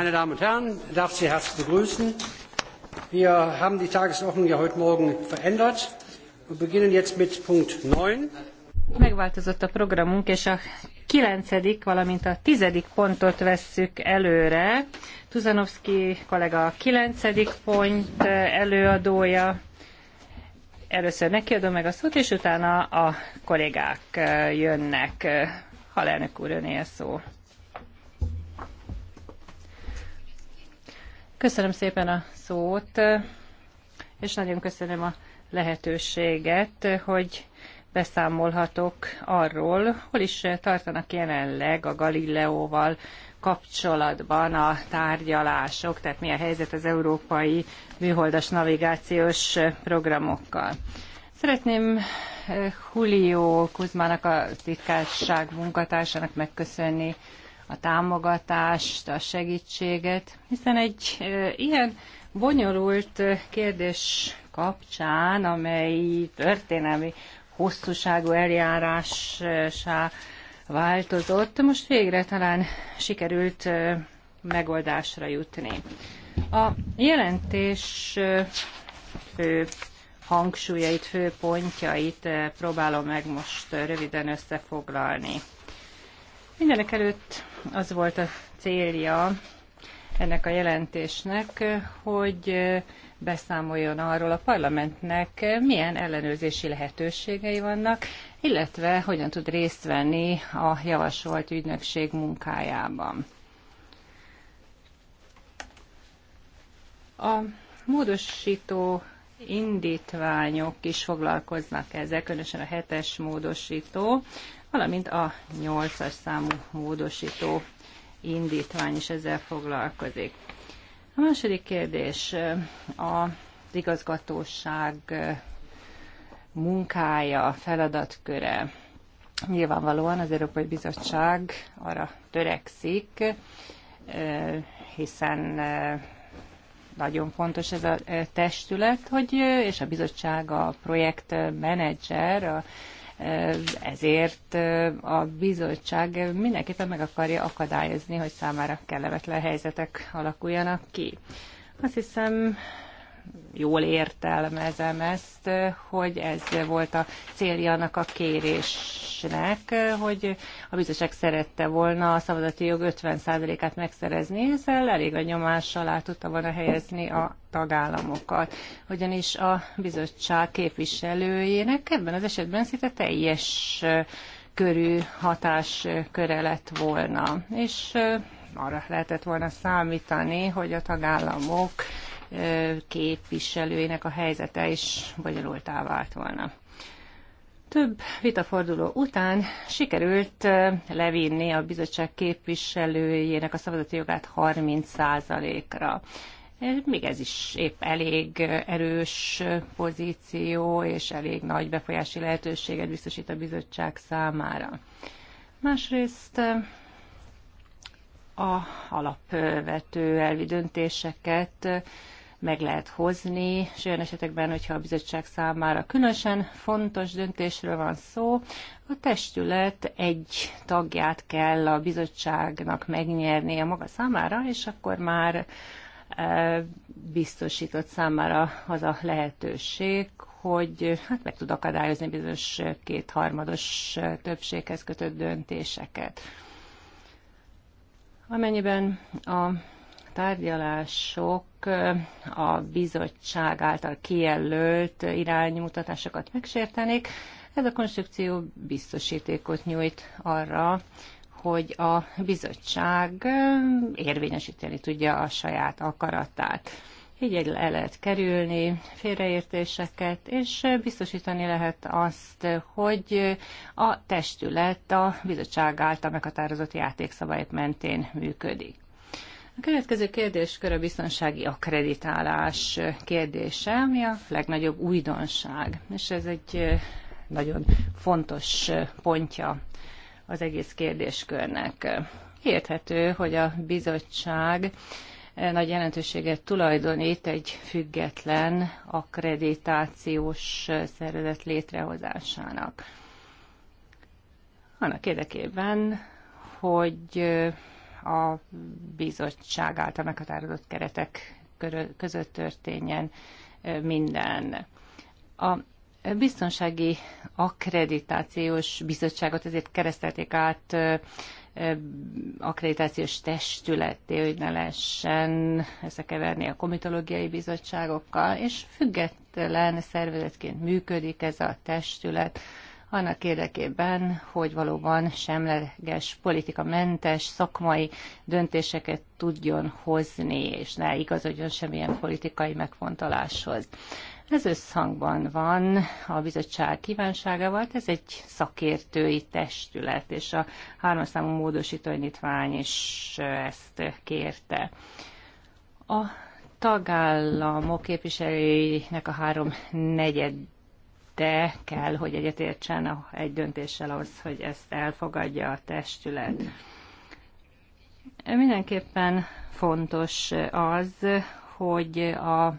Meine Damen und Herren, ich darf Sie herzlich begrüßen. Wir haben die Tagesordnung ja heute Morgen verändert und beginnen jetzt mit Punkt 9. Megváltozott a programunk, és a kilencedik, valamint a tizedik pontot vesszük előre. Tuzanovszki kollega a kilencedik pont előadója. Először neki adom meg a szót, és utána a kollégák jönnek. Halelnök úr, szó. Köszönöm szépen a szót, és nagyon köszönöm a lehetőséget, hogy beszámolhatok arról, hol is tartanak jelenleg a Galileóval kapcsolatban a tárgyalások, tehát mi a helyzet az európai műholdas navigációs programokkal. Szeretném eh, Julio Kuzmának a titkárság munkatársának megköszönni a támogatást, a segítséget, hiszen egy ilyen bonyolult kérdés kapcsán, amely történelmi hosszúságú eljárássá változott, most végre talán sikerült megoldásra jutni. A jelentés fő hangsúlyait, főpontjait pontjait próbálom meg most röviden összefoglalni. Mindenek előtt az volt a célja ennek a jelentésnek, hogy beszámoljon arról a parlamentnek, milyen ellenőrzési lehetőségei vannak, illetve hogyan tud részt venni a javasolt ügynökség munkájában. A módosító indítványok is foglalkoznak ezzel, különösen a hetes módosító, valamint a 8-as számú módosító indítvány is ezzel foglalkozik. A második kérdés a igazgatóság munkája, feladatköre. Nyilvánvalóan az Európai Bizottság arra törekszik, hiszen nagyon fontos ez a testület, hogy, és a bizottság a projektmenedzser, a ezért a bizottság mindenképpen meg akarja akadályozni, hogy számára kellemetlen helyzetek alakuljanak ki. Azt hiszem, jól értelmezem ezt, hogy ez volt a célja annak a kérésnek, hogy a bizottság szerette volna a szavazati jog 50%-át megszerezni, ezzel elég a nyomás alá tudta volna helyezni a tagállamokat. Ugyanis a bizottság képviselőjének ebben az esetben szinte teljes körű hatásköre lett volna. És arra lehetett volna számítani, hogy a tagállamok képviselőinek a helyzete is bonyolultá vált volna. Több vitaforduló után sikerült levinni a bizottság képviselőjének a szavazati jogát 30%-ra. Még ez is épp elég erős pozíció, és elég nagy befolyási lehetőséget biztosít a bizottság számára. Másrészt a alapvető elvi döntéseket meg lehet hozni, és olyan esetekben, hogyha a bizottság számára különösen fontos döntésről van szó, a testület egy tagját kell a bizottságnak megnyerni a maga számára, és akkor már e, biztosított számára az a lehetőség, hogy hát meg tud akadályozni bizonyos kétharmados többséghez kötött döntéseket. Amennyiben a tárgyalások a bizottság által kijelölt iránymutatásokat megsértenék, ez a konstrukció biztosítékot nyújt arra, hogy a bizottság érvényesíteni tudja a saját akaratát. Így el lehet kerülni félreértéseket, és biztosítani lehet azt, hogy a testület a bizottság által meghatározott játékszabályok mentén működik. A következő kérdéskör a biztonsági akreditálás kérdése, ami a legnagyobb újdonság, és ez egy nagyon fontos pontja az egész kérdéskörnek. Érthető, hogy a bizottság nagy jelentőséget tulajdonít egy független akkreditációs szervezet létrehozásának. Annak érdekében, hogy a bizottság által meghatározott keretek között történjen minden. A biztonsági akkreditációs bizottságot ezért keresztelték át akkreditációs testületté, hogy ne lehessen összekeverni a komitológiai bizottságokkal, és független szervezetként működik ez a testület, annak érdekében, hogy valóban semleges, politikamentes, szakmai döntéseket tudjon hozni, és ne igazodjon semmilyen politikai megfontoláshoz. Ez összhangban van a bizottság kívánságával, ez egy szakértői testület, és a hármaszámú módosító nyitvány is ezt kérte. A tagállamok képviselőinek a három negyed de kell, hogy egyetértsen egy döntéssel ahhoz, hogy ezt elfogadja a testület. Mindenképpen fontos az, hogy a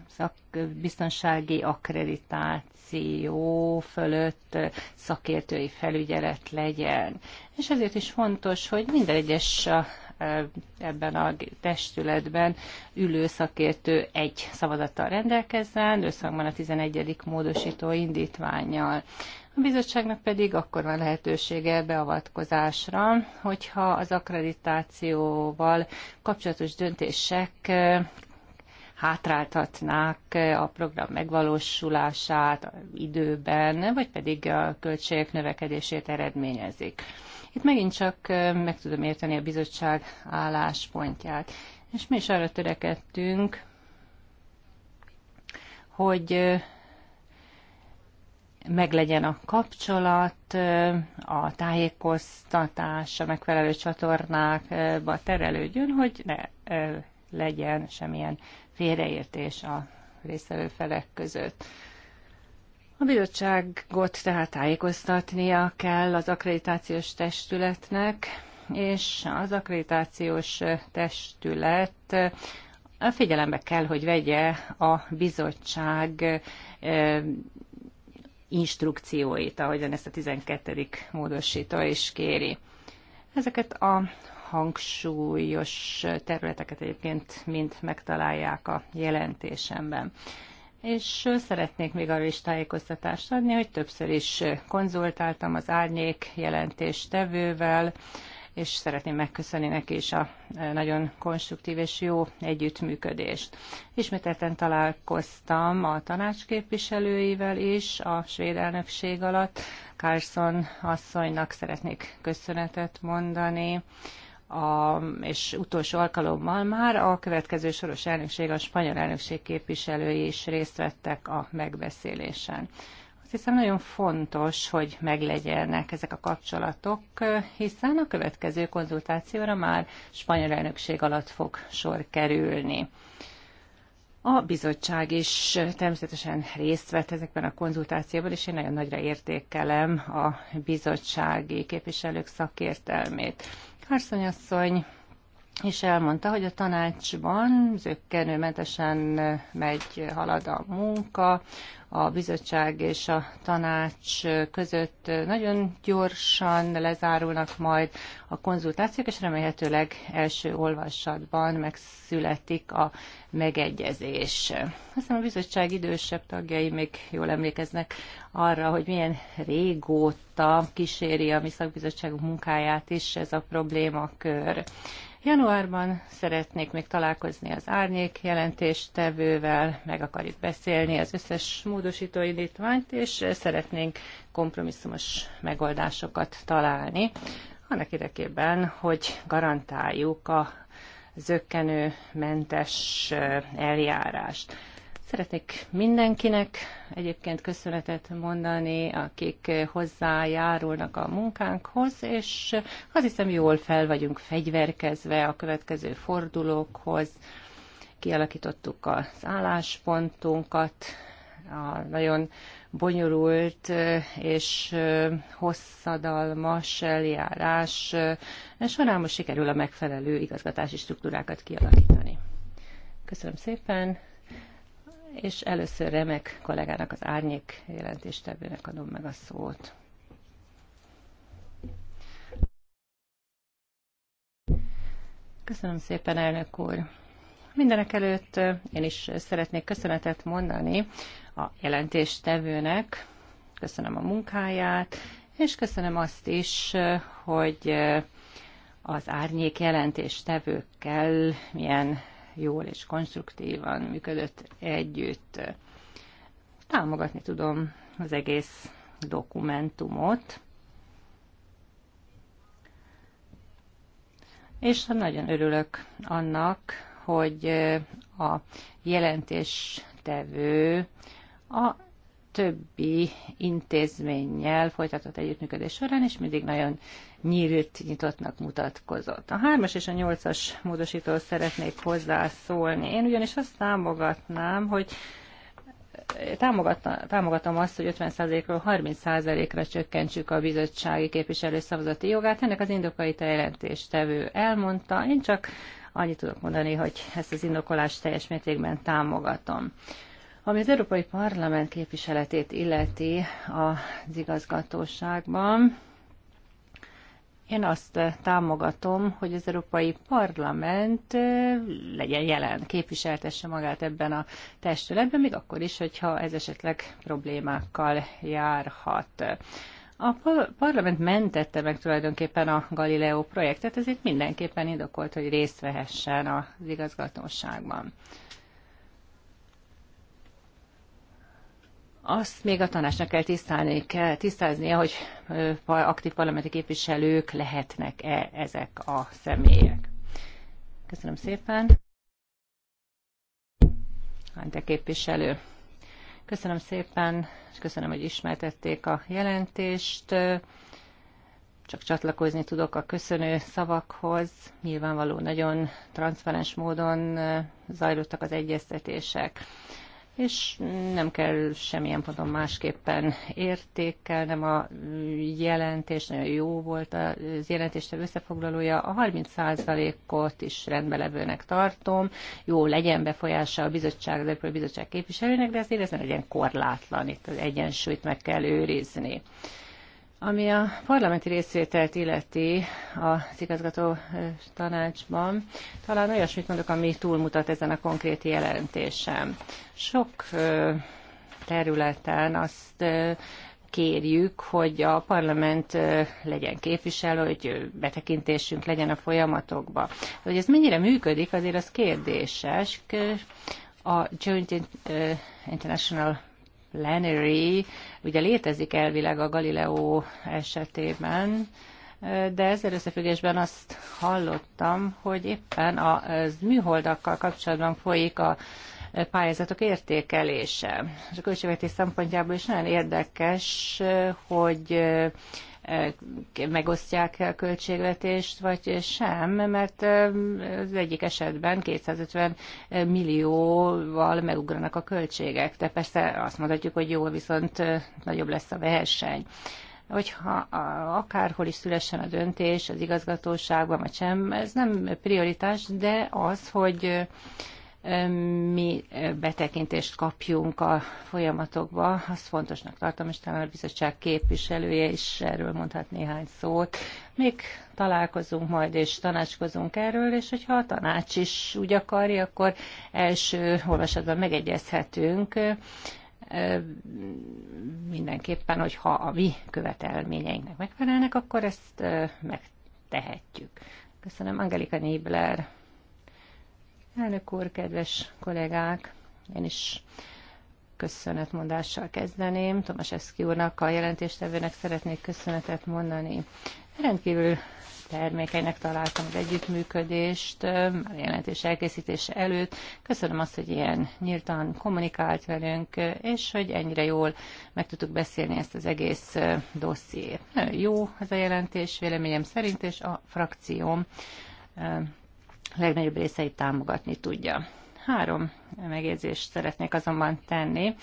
biztonsági akkreditáció fölött szakértői felügyelet legyen. És ezért is fontos, hogy minden egyes ebben a testületben ülő szakértő egy szavazattal rendelkezzen, összhangban a 11. módosító indítványjal. A bizottságnak pedig akkor van lehetősége beavatkozásra, hogyha az akkreditációval kapcsolatos döntések hátráltatnák a program megvalósulását időben, vagy pedig a költségek növekedését eredményezik. Itt megint csak meg tudom érteni a bizottság álláspontját. És mi is arra törekedtünk, hogy meglegyen a kapcsolat, a tájékoztatás, a megfelelő csatornákba terelődjön, hogy ne legyen semmilyen félreértés a résztvevő felek között. A bizottságot tehát tájékoztatnia kell az akkreditációs testületnek, és az akkreditációs testület eh, figyelembe kell, hogy vegye a bizottság eh, instrukcióit, ahogyan ezt a 12. módosító is kéri. Ezeket a hangsúlyos területeket egyébként mind megtalálják a jelentésemben és szeretnék még arra is tájékoztatást adni, hogy többször is konzultáltam az árnyék jelentéstevővel, és szeretném megköszönni neki is a nagyon konstruktív és jó együttműködést. Ismételten találkoztam a tanácsképviselőivel is a svéd elnökség alatt. Carson asszonynak szeretnék köszönetet mondani a, és utolsó alkalommal már a következő soros elnökség, a spanyol elnökség képviselői is részt vettek a megbeszélésen. Azt hiszem nagyon fontos, hogy meglegyenek ezek a kapcsolatok, hiszen a következő konzultációra már spanyol elnökség alatt fog sor kerülni. A bizottság is természetesen részt vett ezekben a konzultációban, és én nagyon nagyra értékelem a bizottsági képviselők szakértelmét. Harszony asszony, és elmondta, hogy a tanácsban zöggenőmentesen megy, halad a munka, a bizottság és a tanács között nagyon gyorsan lezárulnak majd a konzultációk, és remélhetőleg első olvasatban megszületik a megegyezés. Aztán a bizottság idősebb tagjai még jól emlékeznek arra, hogy milyen régóta kíséri a mi szakbizottságunk munkáját is ez a problémakör Januárban szeretnék még találkozni az árnyék jelentéstevővel, meg akarjuk beszélni az összes módosító indítványt, és szeretnénk kompromisszumos megoldásokat találni, annak érdekében, hogy garantáljuk a zöggenőmentes eljárást. Szeretnék mindenkinek egyébként köszönetet mondani, akik hozzájárulnak a munkánkhoz, és azt hiszem jól fel vagyunk fegyverkezve a következő fordulókhoz. Kialakítottuk az álláspontunkat, a nagyon bonyolult és hosszadalmas eljárás során most sikerül a megfelelő igazgatási struktúrákat kialakítani. Köszönöm szépen! és először remek kollégának, az árnyék jelentéstevőnek adom meg a szót. Köszönöm szépen, elnök úr! Mindenek előtt én is szeretnék köszönetet mondani a jelentéstevőnek. Köszönöm a munkáját, és köszönöm azt is, hogy az árnyék jelentéstevőkkel milyen jól és konstruktívan működött együtt. Támogatni tudom az egész dokumentumot. És nagyon örülök annak, hogy a jelentéstevő a többi intézménnyel folytatott együttműködés során, és mindig nagyon nyílt, nyitottnak mutatkozott. A hármas és a nyolcas módosító szeretnék hozzászólni. Én ugyanis azt támogatnám, hogy támogatom azt, hogy 50%-ról 30%-ra csökkentsük a bizottsági képviselő szavazati jogát. Ennek az indokait a jelentéstevő elmondta. Én csak annyit tudok mondani, hogy ezt az indokolást teljes mértékben támogatom. Ami az Európai Parlament képviseletét illeti az igazgatóságban, én azt eh, támogatom, hogy az Európai Parlament eh, legyen jelen, képviseltesse magát ebben a testületben, még akkor is, hogyha ez esetleg problémákkal járhat. A parlament mentette meg tulajdonképpen a Galileo projektet, ezért mindenképpen indokolt, hogy részt vehessen az igazgatóságban. azt még a tanácsnak kell tisztálni, kell tisztáznia, hogy aktív parlamenti képviselők lehetnek-e ezek a személyek. Köszönöm szépen. Hánte képviselő. Köszönöm szépen, és köszönöm, hogy ismertették a jelentést. Csak csatlakozni tudok a köszönő szavakhoz. Nyilvánvaló nagyon transzparens módon zajlottak az egyeztetések és nem kell semmilyen ponton másképpen értékelnem a jelentés, nagyon jó volt az jelentéssel összefoglalója, a 30%-ot is rendbelevőnek tartom, jó legyen befolyása a bizottság, az Európai Bizottság képviselőnek, de azért ez nem legyen korlátlan, itt az egyensúlyt meg kell őrizni. Ami a parlamenti részvételt illeti a igazgató tanácsban, talán olyasmit mondok, ami túlmutat ezen a konkrét jelentésem. Sok területen azt kérjük, hogy a parlament legyen képviselő, hogy betekintésünk legyen a folyamatokba. Hogy ez mennyire működik, azért az kérdéses. A Joint International Lennery, ugye létezik elvileg a Galileo esetében, de ezzel összefüggésben azt hallottam, hogy éppen a műholdakkal kapcsolatban folyik a pályázatok értékelése. És a költségvetés szempontjából is nagyon érdekes, hogy Eh, megosztják a költségvetést, vagy sem, mert eh, az egyik esetben 250 millióval megugranak a költségek. De persze azt mondhatjuk, hogy jó, viszont eh, nagyobb lesz a verseny hogyha akárhol is szülessen a döntés az igazgatóságban, vagy sem, ez nem prioritás, de az, hogy mi betekintést kapjunk a folyamatokba, azt fontosnak tartom, és talán a bizottság képviselője is erről mondhat néhány szót. Még találkozunk majd, és tanácskozunk erről, és hogyha a tanács is úgy akarja, akkor első olvasatban megegyezhetünk mindenképpen, hogyha a mi követelményeinknek megfelelnek, akkor ezt megtehetjük. Köszönöm, Angelika Nébler. Elnök úr, kedves kollégák, én is köszönetmondással kezdeném. Tomas Eszki úrnak, a jelentéstevőnek szeretnék köszönetet mondani. Rendkívül termékeinek találtam az együttműködést, a jelentés elkészítése előtt. Köszönöm azt, hogy ilyen nyíltan kommunikált velünk, és hogy ennyire jól meg tudtuk beszélni ezt az egész dossziét. Jó ez a jelentés véleményem szerint, és a frakcióm legnagyobb részeit támogatni tudja. Három megjegyzést szeretnék azonban tenni,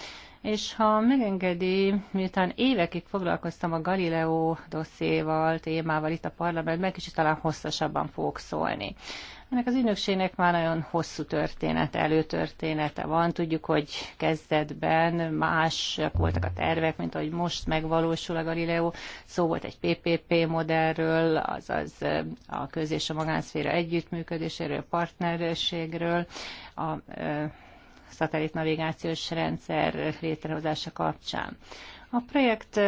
és ha megengedi, miután évekig foglalkoztam a Galileo dosszéval, témával itt a parlamentben, kicsit talán hosszasabban fogok szólni. Ennek az ügynökségnek már nagyon hosszú történet, előtörténete van. Tudjuk, hogy kezdetben más voltak a tervek, mint ahogy most megvalósul a Galileo. Szó volt egy PPP modellről, azaz a köz- és a magánszféra együttműködéséről, partnerségről. A, szatellit navigációs rendszer létrehozása kapcsán. A projekt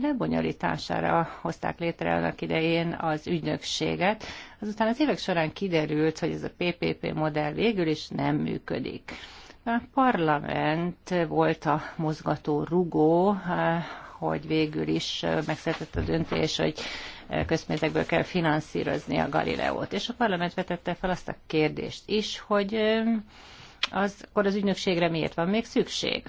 lebonyolítására hozták létre annak idején az ügynökséget, azután az évek során kiderült, hogy ez a PPP modell végül is nem működik. A parlament volt a mozgató rugó, hogy végül is megszületett a döntés, hogy közpénzekből kell finanszírozni a Galileót. És a parlament vetette fel azt a kérdést is, hogy az, akkor az ügynökségre miért van még szükség?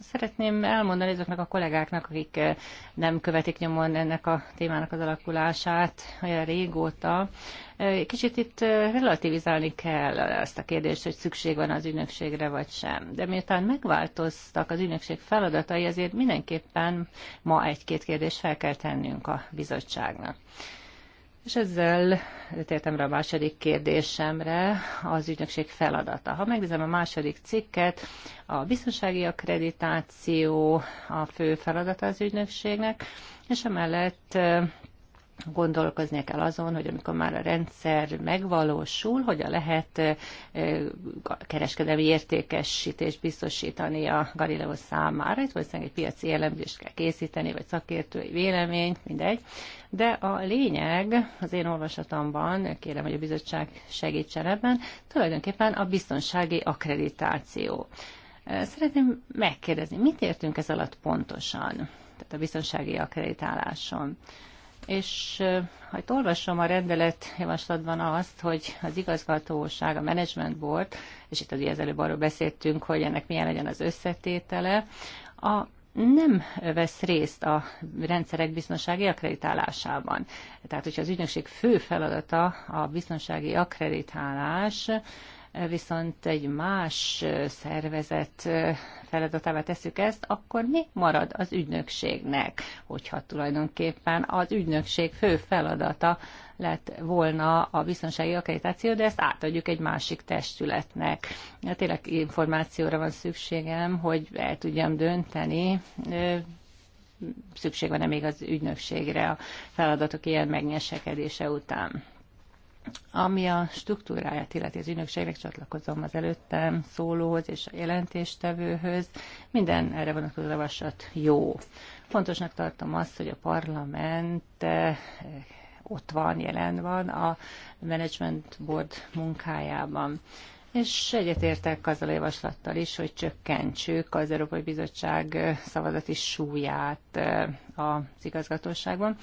Szeretném elmondani azoknak a kollégáknak, akik eh, nem követik nyomon ennek a témának az alakulását olyan régóta. Eh, kicsit itt eh, relativizálni kell ezt a kérdést, hogy szükség van az ügynökségre vagy sem. De miután megváltoztak az ügynökség feladatai, azért mindenképpen ma egy-két kérdést fel kell tennünk a bizottságnak. És ezzel tértem rá a második kérdésemre, az ügynökség feladata. Ha megnézem a második cikket, a biztonsági akkreditáció a fő feladata az ügynökségnek, és emellett gondolkoznia kell azon, hogy amikor már a rendszer megvalósul, hogyan lehet kereskedelmi értékesítést biztosítani a Galileo számára. Itt valószínűleg egy piaci jellemzést kell készíteni, vagy szakértői vélemény, mindegy. De a lényeg az én olvasatomban, kérem, hogy a bizottság segítsen ebben, tulajdonképpen a biztonsági akkreditáció. Szeretném megkérdezni, mit értünk ez alatt pontosan? Tehát a biztonsági akkreditáláson és ha itt olvasom a rendelet javaslatban azt, hogy az igazgatóság, a management board, és itt az előbb arról beszéltünk, hogy ennek milyen legyen az összetétele, a nem vesz részt a rendszerek biztonsági akreditálásában. Tehát, hogyha az ügynökség fő feladata a biztonsági akreditálás, viszont egy más szervezet feladatává tesszük ezt, akkor mi marad az ügynökségnek, hogyha tulajdonképpen az ügynökség fő feladata lett volna a biztonsági akkreditáció, de ezt átadjuk egy másik testületnek. Tényleg információra van szükségem, hogy el tudjam dönteni, szükség van-e még az ügynökségre a feladatok ilyen megnyesekedése után. Ami a struktúráját illeti az ügynökségnek, csatlakozom az előttem szólóhoz és a jelentéstevőhöz. Minden erre vonatkozó javaslat jó. Fontosnak tartom azt, hogy a parlament eh, ott van, jelen van a Management Board munkájában és egyetértek azzal a javaslattal is, hogy csökkentsük az Európai Bizottság szavazati súlyát eh, az igazgatóságban.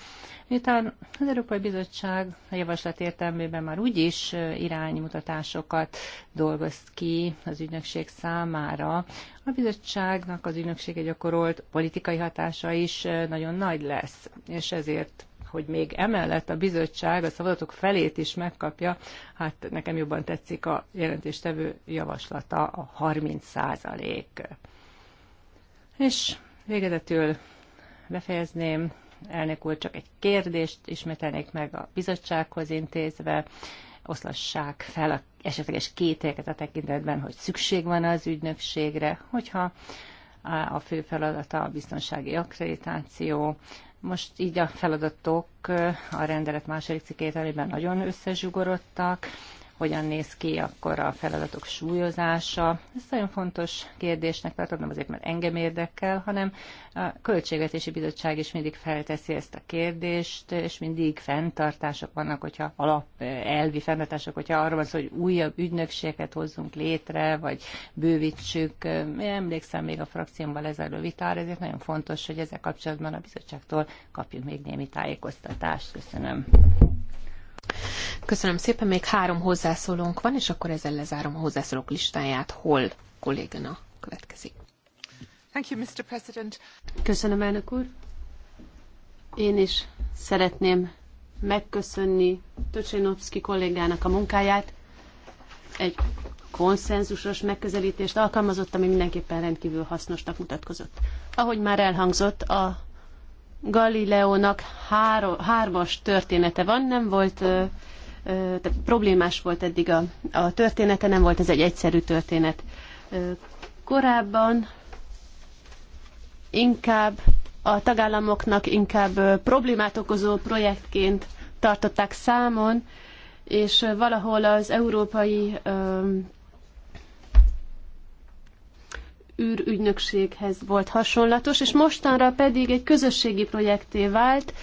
Miután az Európai Bizottság a javaslat értelmében már úgyis eh, iránymutatásokat dolgoz ki az ügynökség számára, a bizottságnak az ügynöksége gyakorolt politikai hatása is eh, nagyon nagy lesz, és ezért hogy még emellett a bizottság a szavazatok felét is megkapja, hát nekem jobban tetszik a jelentéstevő javaslata, a 30 százalék. És végezetül befejezném, elnök úr, csak egy kérdést ismételnék meg a bizottsághoz intézve, oszlassák fel a esetleges kételyeket a tekintetben, hogy szükség van az ügynökségre, hogyha a fő feladata a biztonsági akkreditáció, most így a feladatok a rendelet második cikkét, amiben nagyon összezsugorodtak, hogyan néz ki akkor a feladatok súlyozása. Ez nagyon fontos kérdésnek tartom, nem azért, mert engem érdekel, hanem a Költségvetési Bizottság is mindig felteszi ezt a kérdést, és mindig fenntartások vannak, hogyha alap elvi fenntartások, hogyha arról van szó, hogy újabb ügynökségeket hozzunk létre, vagy bővítsük. Én emlékszem még a frakciómban lezáró vitára, ezért nagyon fontos, hogy ezzel kapcsolatban a bizottságtól kapjuk még némi tájékoztatást. Köszönöm. Köszönöm szépen, még három hozzászólónk van, és akkor ezzel lezárom a hozzászólók listáját. Hol kollégana következik? Thank you, Mr. President. Köszönöm, elnök úr. Én is szeretném megköszönni Töcsénovszki kollégának a munkáját. Egy konszenzusos megközelítést alkalmazott, ami mindenképpen rendkívül hasznosnak mutatkozott. Ahogy már elhangzott, a Galileónak háro, hármas története van, nem volt tehát problémás volt eddig a, a története, nem volt ez egy egyszerű történet. Korábban inkább a tagállamoknak inkább problémát okozó projektként tartották számon, és valahol az európai űrügynökséghez volt hasonlatos, és mostanra pedig egy közösségi projekté vált,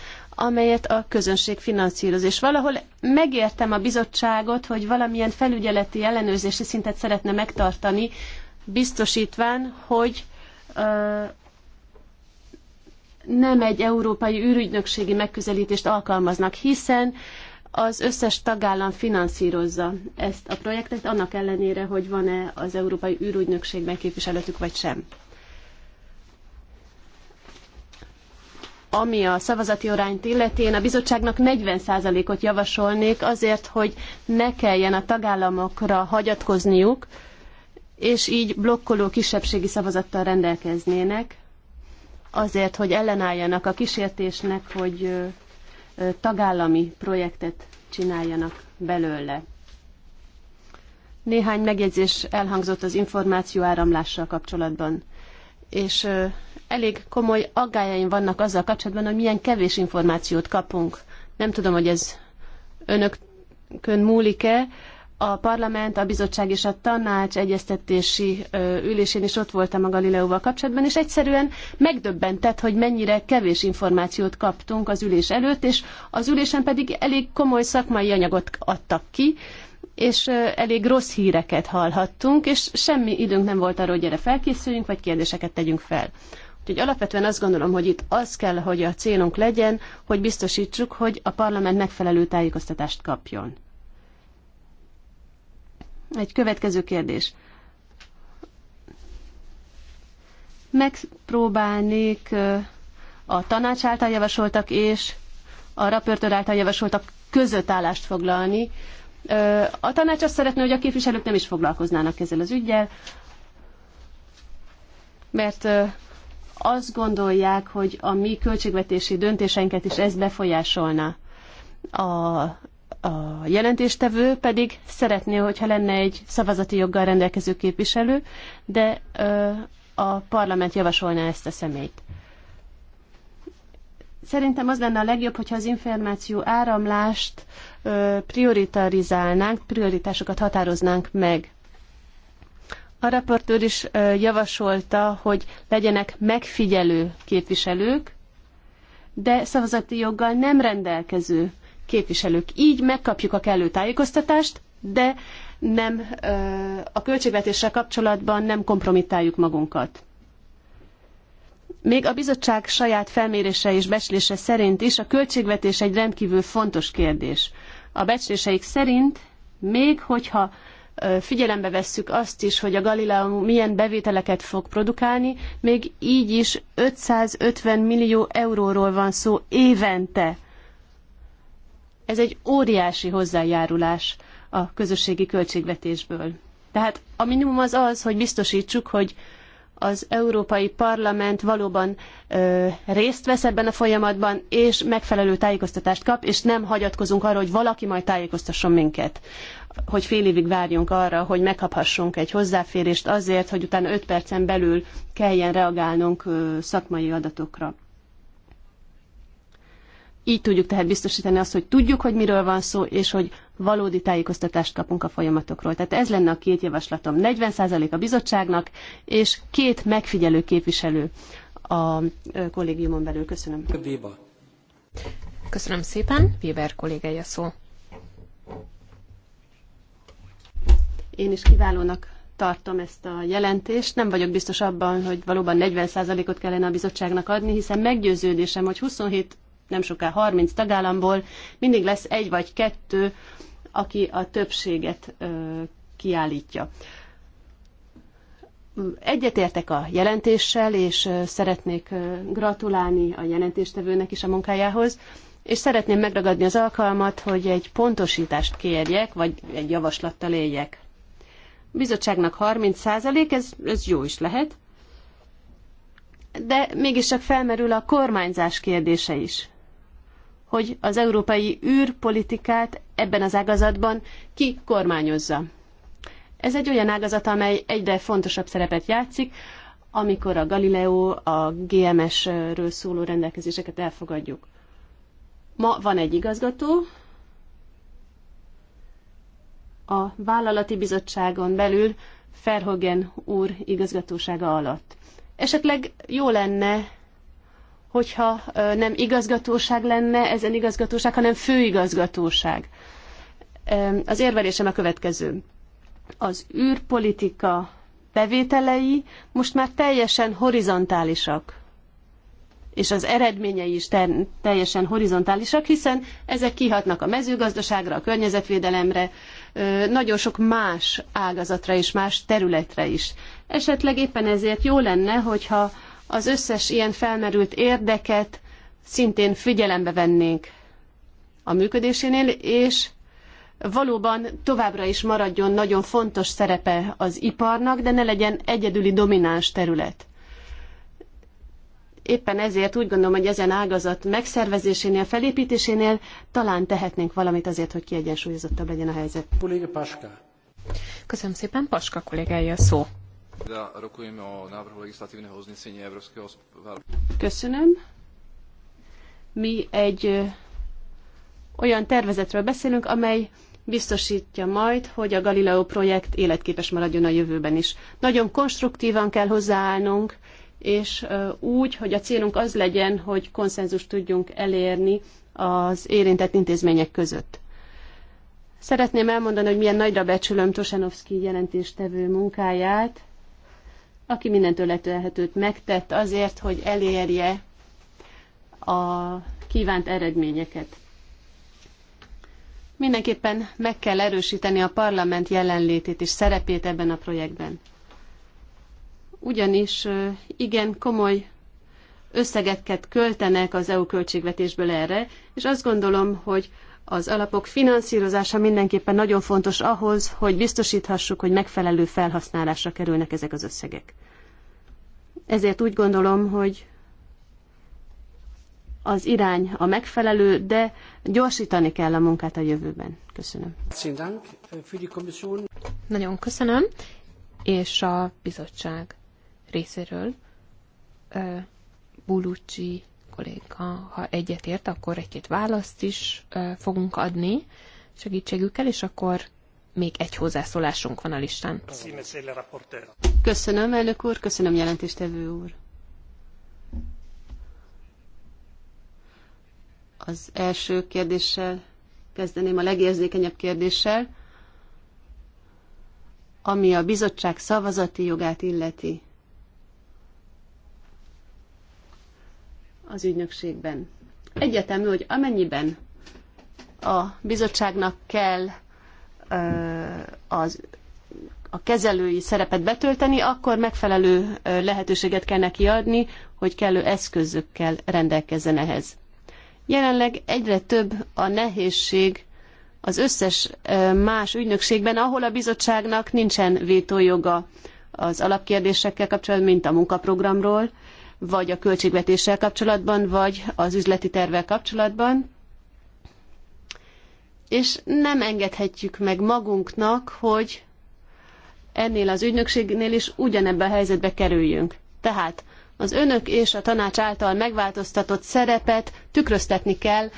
amelyet a közönség finanszíroz. És valahol megértem a bizottságot, hogy valamilyen felügyeleti ellenőrzési szintet szeretne megtartani, biztosítván, hogy nem egy európai űrügynökségi megközelítést alkalmaznak, hiszen az összes tagállam finanszírozza ezt a projektet, annak ellenére, hogy van-e az Európai űrügynökség képviseletük vagy sem. Ami a szavazati arányt illeti, én a bizottságnak 40%-ot javasolnék azért, hogy ne kelljen a tagállamokra hagyatkozniuk, és így blokkoló kisebbségi szavazattal rendelkeznének, azért, hogy ellenálljanak a kísértésnek, hogy tagállami projektet csináljanak belőle. Néhány megjegyzés elhangzott az információ áramlással kapcsolatban, és elég komoly aggályaim vannak azzal kapcsolatban, hogy milyen kevés információt kapunk. Nem tudom, hogy ez önökön múlik-e. A parlament, a bizottság és a tanács egyeztetési ülésén is ott voltam a Galileóval kapcsolatban, és egyszerűen megdöbbentett, hogy mennyire kevés információt kaptunk az ülés előtt, és az ülésen pedig elég komoly szakmai anyagot adtak ki, és elég rossz híreket hallhattunk, és semmi időnk nem volt arra, hogy erre felkészüljünk, vagy kérdéseket tegyünk fel. Úgyhogy alapvetően azt gondolom, hogy itt az kell, hogy a célunk legyen, hogy biztosítsuk, hogy a parlament megfelelő tájékoztatást kapjon. Egy következő kérdés. Megpróbálnék a tanács által javasoltak és a rapörtör által javasoltak között állást foglalni. A tanács azt szeretné, hogy a képviselők nem is foglalkoznának ezzel az ügyjel, mert azt gondolják, hogy a mi költségvetési döntéseinket is ez befolyásolna. A, a jelentéstevő pedig szeretné, hogyha lenne egy szavazati joggal rendelkező képviselő, de ö, a parlament javasolná ezt a személyt. Szerintem az lenne a legjobb, hogyha az információ áramlást prioritarizálnánk, prioritásokat határoznánk meg a raportőr is javasolta, hogy legyenek megfigyelő képviselők, de szavazati joggal nem rendelkező képviselők. Így megkapjuk a kellő tájékoztatást, de nem a költségvetéssel kapcsolatban nem kompromittáljuk magunkat. Még a bizottság saját felmérése és becslése szerint is a költségvetés egy rendkívül fontos kérdés. A becsléseik szerint, még hogyha figyelembe vesszük azt is, hogy a Galileo milyen bevételeket fog produkálni, még így is 550 millió euróról van szó évente. Ez egy óriási hozzájárulás a közösségi költségvetésből. Tehát a minimum az az, hogy biztosítsuk, hogy az Európai Parlament valóban ö, részt vesz ebben a folyamatban, és megfelelő tájékoztatást kap, és nem hagyatkozunk arra, hogy valaki majd tájékoztasson minket. Hogy fél évig várjunk arra, hogy megkaphassunk egy hozzáférést azért, hogy utána öt percen belül kelljen reagálnunk szakmai adatokra. Így tudjuk tehát biztosítani azt, hogy tudjuk, hogy miről van szó, és hogy valódi tájékoztatást kapunk a folyamatokról. Tehát ez lenne a két javaslatom. 40% a bizottságnak, és két megfigyelő képviselő a kollégiumon belül. Köszönöm. Köszönöm szépen. Weber kollégája szó. Én is kiválónak tartom ezt a jelentést. Nem vagyok biztos abban, hogy valóban 40%-ot kellene a bizottságnak adni, hiszen meggyőződésem, hogy 27 nem soká 30 tagállamból mindig lesz egy vagy kettő, aki a többséget ö, kiállítja. Egyetértek a jelentéssel, és szeretnék gratulálni a jelentéstevőnek is a munkájához, és szeretném megragadni az alkalmat, hogy egy pontosítást kérjek, vagy egy javaslattal éljek. A bizottságnak 30 százalék, ez, ez jó is lehet, de mégis csak felmerül a kormányzás kérdése is hogy az európai űrpolitikát ebben az ágazatban ki kormányozza. Ez egy olyan ágazat, amely egyre fontosabb szerepet játszik, amikor a Galileo, a GMS-ről szóló rendelkezéseket elfogadjuk. Ma van egy igazgató, a vállalati bizottságon belül Ferhogen úr igazgatósága alatt. Esetleg jó lenne hogyha nem igazgatóság lenne ezen igazgatóság, hanem főigazgatóság. Az érvelésem a következő. Az űrpolitika bevételei most már teljesen horizontálisak és az eredményei is teljesen horizontálisak, hiszen ezek kihatnak a mezőgazdaságra, a környezetvédelemre, nagyon sok más ágazatra és más területre is. Esetleg éppen ezért jó lenne, hogyha az összes ilyen felmerült érdeket szintén figyelembe vennénk a működésénél, és valóban továbbra is maradjon nagyon fontos szerepe az iparnak, de ne legyen egyedüli domináns terület. Éppen ezért úgy gondolom, hogy ezen ágazat megszervezésénél, felépítésénél talán tehetnénk valamit azért, hogy kiegyensúlyozottabb legyen a helyzet. Köszönöm szépen, Paska kollégája szó. Rokujeme o návrhu legislatívneho uznesenia Európskeho... Köszönöm. Mi egy olyan tervezetről beszélünk, amely biztosítja majd, hogy a Galileo projekt életképes maradjon a jövőben is. Nagyon konstruktívan kell hozzáállnunk, és úgy, hogy a célunk az legyen, hogy konszenzust tudjunk elérni az érintett intézmények között. Szeretném elmondani, hogy milyen nagyra becsülöm Tosanovszki jelentéstevő munkáját, aki mindentől letelhetőt megtett azért, hogy elérje a kívánt eredményeket. Mindenképpen meg kell erősíteni a parlament jelenlétét és szerepét ebben a projektben. Ugyanis igen komoly összegeket költenek az EU költségvetésből erre, és azt gondolom, hogy az alapok finanszírozása mindenképpen nagyon fontos ahhoz, hogy biztosíthassuk, hogy megfelelő felhasználásra kerülnek ezek az összegek. Ezért úgy gondolom, hogy az irány a megfelelő, de gyorsítani kell a munkát a jövőben. Köszönöm. Nagyon köszönöm, és a bizottság részéről Bulucsi kolléga, ha egyet ért, akkor egy-két választ is fogunk adni segítségükkel, és akkor még egy hozzászólásunk van a listán. Köszönöm, elnök úr, köszönöm, jelentéstevő úr. Az első kérdéssel kezdeném a legérzékenyebb kérdéssel, ami a bizottság szavazati jogát illeti. az ügynökségben. Egyetemű, hogy amennyiben a bizottságnak kell az, a kezelői szerepet betölteni, akkor megfelelő lehetőséget kell neki adni, hogy kellő eszközökkel rendelkezzen ehhez. Jelenleg egyre több a nehézség az összes más ügynökségben, ahol a bizottságnak nincsen vétójoga az alapkérdésekkel kapcsolatban, mint a munkaprogramról, vagy a költségvetéssel kapcsolatban, vagy az üzleti tervel kapcsolatban. És nem engedhetjük meg magunknak, hogy ennél az ügynökségnél is ugyanebbe a helyzetbe kerüljünk. Tehát az önök és a tanács által megváltoztatott szerepet tükröztetni kell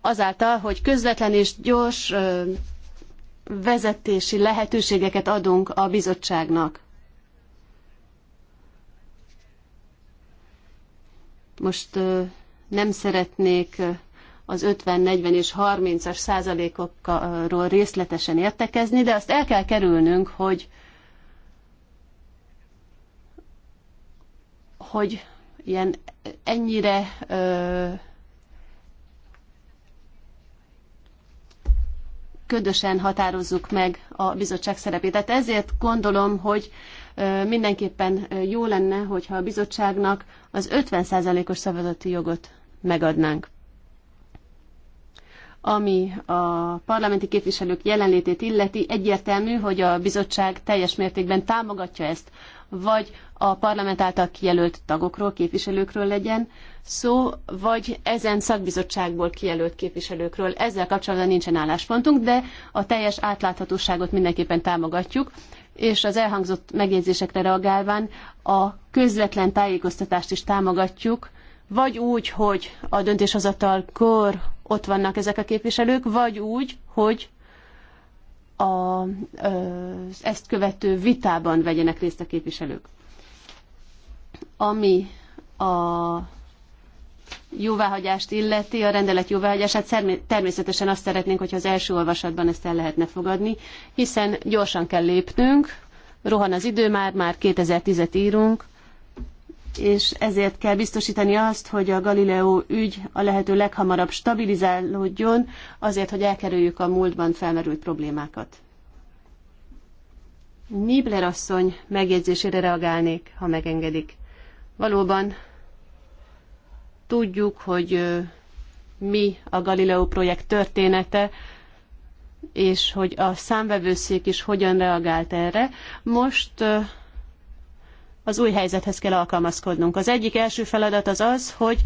azáltal, hogy közvetlen és gyors vezetési lehetőségeket adunk a bizottságnak. Most nem szeretnék az 50, 40 és 30-as százalékokról részletesen értekezni, de azt el kell kerülnünk, hogy hogy ilyen ennyire ö, ködösen határozzuk meg a bizottság szerepét. Tehát ezért gondolom, hogy mindenképpen jó lenne, hogyha a bizottságnak az 50%-os szavazati jogot megadnánk. Ami a parlamenti képviselők jelenlétét illeti, egyértelmű, hogy a bizottság teljes mértékben támogatja ezt, vagy a parlament által kijelölt tagokról, képviselőkről legyen szó, vagy ezen szakbizottságból kijelölt képviselőkről. Ezzel kapcsolatban nincsen álláspontunk, de a teljes átláthatóságot mindenképpen támogatjuk, és az elhangzott megjegyzésekre reagálván a közvetlen tájékoztatást is támogatjuk, vagy úgy, hogy a döntéshozatalkor ott vannak ezek a képviselők, vagy úgy, hogy a, az ezt követő vitában vegyenek részt a képviselők. Ami a jóváhagyást illeti, a rendelet jóváhagyását, természetesen azt szeretnénk, hogyha az első olvasatban ezt el lehetne fogadni, hiszen gyorsan kell lépnünk, rohan az idő már, már 2010-et írunk, és ezért kell biztosítani azt, hogy a Galileo ügy a lehető leghamarabb stabilizálódjon, azért, hogy elkerüljük a múltban felmerült problémákat. Nibler asszony megjegyzésére reagálnék, ha megengedik. Valóban Tudjuk, hogy mi a Galileo projekt története, és hogy a számvevőszék is hogyan reagált erre. Most az új helyzethez kell alkalmazkodnunk. Az egyik első feladat az az, hogy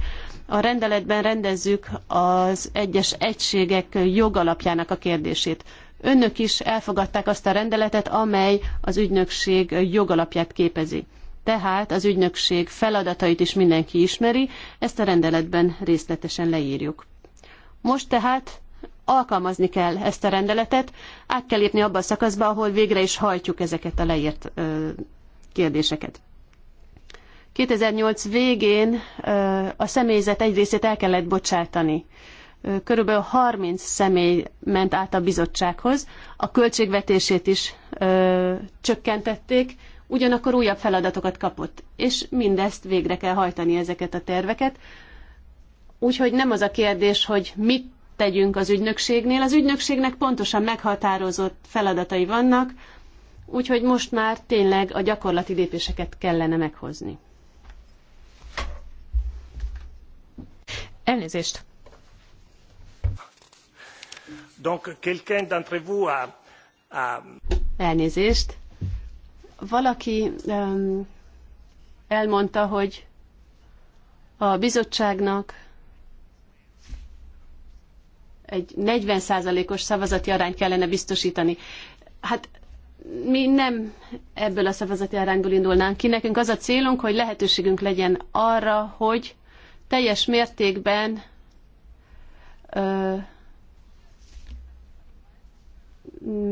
a rendeletben rendezzük az egyes egységek jogalapjának a kérdését. Önök is elfogadták azt a rendeletet, amely az ügynökség jogalapját képezi tehát az ügynökség feladatait is mindenki ismeri, ezt a rendeletben részletesen leírjuk. Most tehát alkalmazni kell ezt a rendeletet, át kell lépni abba a szakaszba, ahol végre is hajtjuk ezeket a leírt ö, kérdéseket. 2008 végén ö, a személyzet egy részét el kellett bocsátani. körülbelül 30 személy ment át a bizottsághoz, a költségvetését is ö, csökkentették, ugyanakkor újabb feladatokat kapott, és mindezt végre kell hajtani ezeket a terveket. Úgyhogy nem az a kérdés, hogy mit tegyünk az ügynökségnél. Az ügynökségnek pontosan meghatározott feladatai vannak, úgyhogy most már tényleg a gyakorlati lépéseket kellene meghozni. Elnézést. Donc, quelqu'un d'entre vous a, a... Elnézést. Valaki elmondta, hogy a bizottságnak egy 40%-os szavazati arányt kellene biztosítani. Hát mi nem ebből a szavazati arányból indulnánk ki. Nekünk az a célunk, hogy lehetőségünk legyen arra, hogy teljes mértékben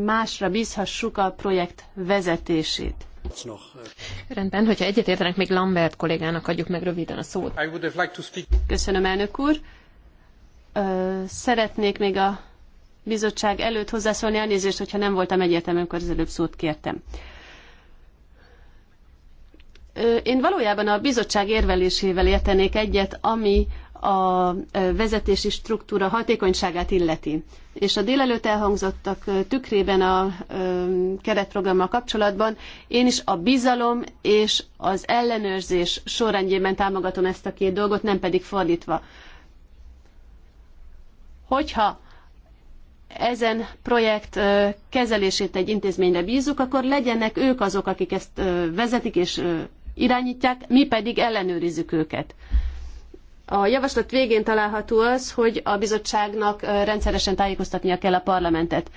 másra bízhassuk a projekt vezetését. Rendben, hogyha egyetértenek, még Lambert kollégának adjuk meg röviden a szót. Köszönöm, elnök úr. Szeretnék még a bizottság előtt hozzászólni, elnézést, hogyha nem voltam egyértelmű, amikor az előbb szót kértem. Én valójában a bizottság érvelésével értenék egyet, ami a vezetési struktúra hatékonyságát illeti. És a délelőtt elhangzottak tükrében a keretprogrammal kapcsolatban én is a bizalom és az ellenőrzés sorrendjében támogatom ezt a két dolgot, nem pedig fordítva. Hogyha ezen projekt kezelését egy intézményre bízunk, akkor legyenek ők azok, akik ezt vezetik és irányítják, mi pedig ellenőrizzük őket. A javaslat végén található az, hogy a bizottságnak rendszeresen tájékoztatnia kell a parlamentet.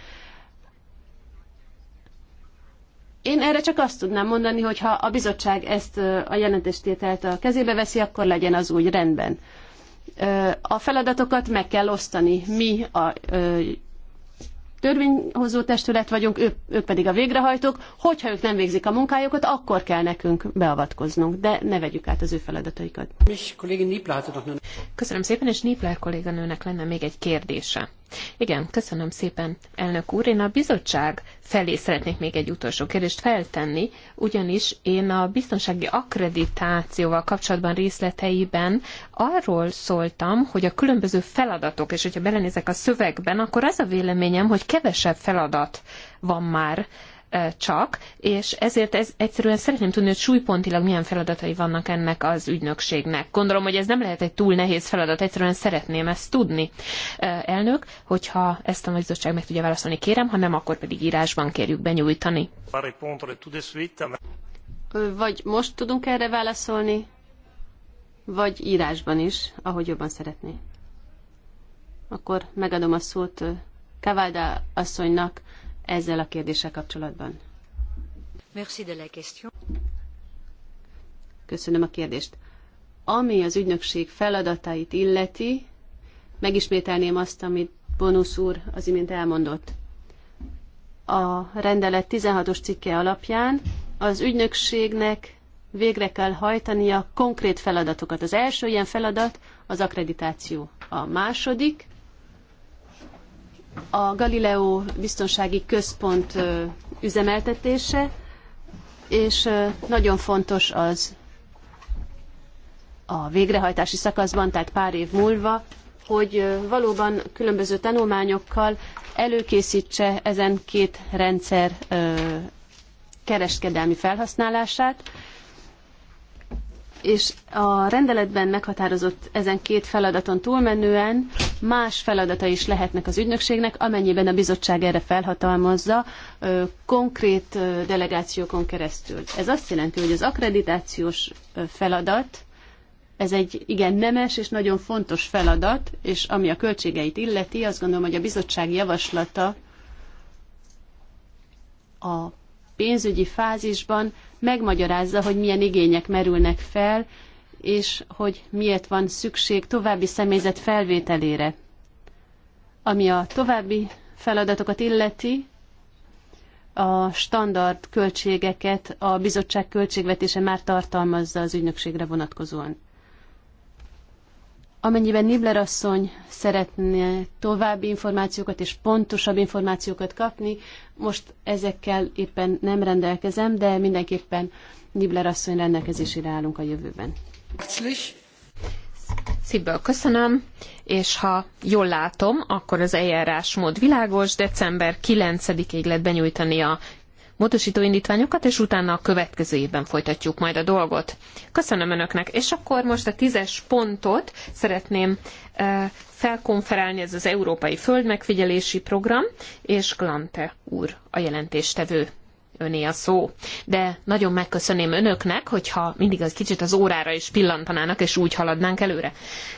Én erre csak azt tudnám mondani, hogy ha a bizottság ezt a jelentéstételt a kezébe veszi, akkor legyen az úgy rendben. A feladatokat meg kell osztani. Mi a törvényhozó testület vagyunk, ők, ők pedig a végrehajtók. Hogyha ők nem végzik a munkájukat, akkor kell nekünk beavatkoznunk, de ne vegyük át az ő feladataikat. Köszönöm szépen, és Nipler kolléganőnek lenne még egy kérdése. Igen, köszönöm szépen, elnök úr. Én a bizottság felé szeretnék még egy utolsó kérdést feltenni, ugyanis én a biztonsági akkreditációval kapcsolatban részleteiben arról szóltam, hogy a különböző feladatok, és hogyha belenézek a szövegben, akkor az a véleményem, hogy kevesebb feladat van már csak, és ezért ez, egyszerűen szeretném tudni, hogy súlypontilag milyen feladatai vannak ennek az ügynökségnek. Gondolom, hogy ez nem lehet egy túl nehéz feladat, egyszerűen szeretném ezt tudni. Elnök, hogyha ezt a bizottság meg tudja válaszolni, kérem, ha nem, akkor pedig írásban kérjük benyújtani. Vagy most tudunk erre válaszolni, vagy írásban is, ahogy jobban szeretné. Akkor megadom a szót Kavalda asszonynak, ezzel a kérdéssel kapcsolatban? Merci de la question. Köszönöm a kérdést. Ami az ügynökség feladatait illeti, megismételném azt, amit Bonusz úr az imént elmondott. A rendelet 16-os cikke alapján az ügynökségnek végre kell hajtania konkrét feladatokat. Az első ilyen feladat az akkreditáció. A második a Galileo Biztonsági Központ üzemeltetése, és nagyon fontos az a végrehajtási szakaszban, tehát pár év múlva, hogy valóban különböző tanulmányokkal előkészítse ezen két rendszer kereskedelmi felhasználását, és a rendeletben meghatározott ezen két feladaton túlmenően más feladata is lehetnek az ügynökségnek, amennyiben a bizottság erre felhatalmazza konkrét delegációkon keresztül. Ez azt jelenti, hogy az akkreditációs feladat ez egy igen nemes és nagyon fontos feladat, és ami a költségeit illeti, azt gondolom, hogy a bizottság javaslata a pénzügyi fázisban megmagyarázza, hogy milyen igények merülnek fel, és hogy miért van szükség további személyzet felvételére. Ami a további feladatokat illeti, a standard költségeket a bizottság költségvetése már tartalmazza az ügynökségre vonatkozóan. Amennyiben Nibler asszony szeretne további információkat és pontosabb információkat kapni, most ezekkel éppen nem rendelkezem, de mindenképpen Nibler asszony rendelkezésére állunk a jövőben. Szívből köszönöm, és ha jól látom, akkor az eljárásmód világos, december 9-ig lehet benyújtani a módosító indítványokat, és utána a következő évben folytatjuk majd a dolgot. Köszönöm Önöknek, és akkor most a tízes pontot szeretném eh, felkonferálni, ez az Európai Földmegfigyelési Program, és Glante úr a jelentéstevő öné a szó. De nagyon megköszönném önöknek, hogyha mindig az kicsit az órára is pillantanának, és úgy haladnánk előre.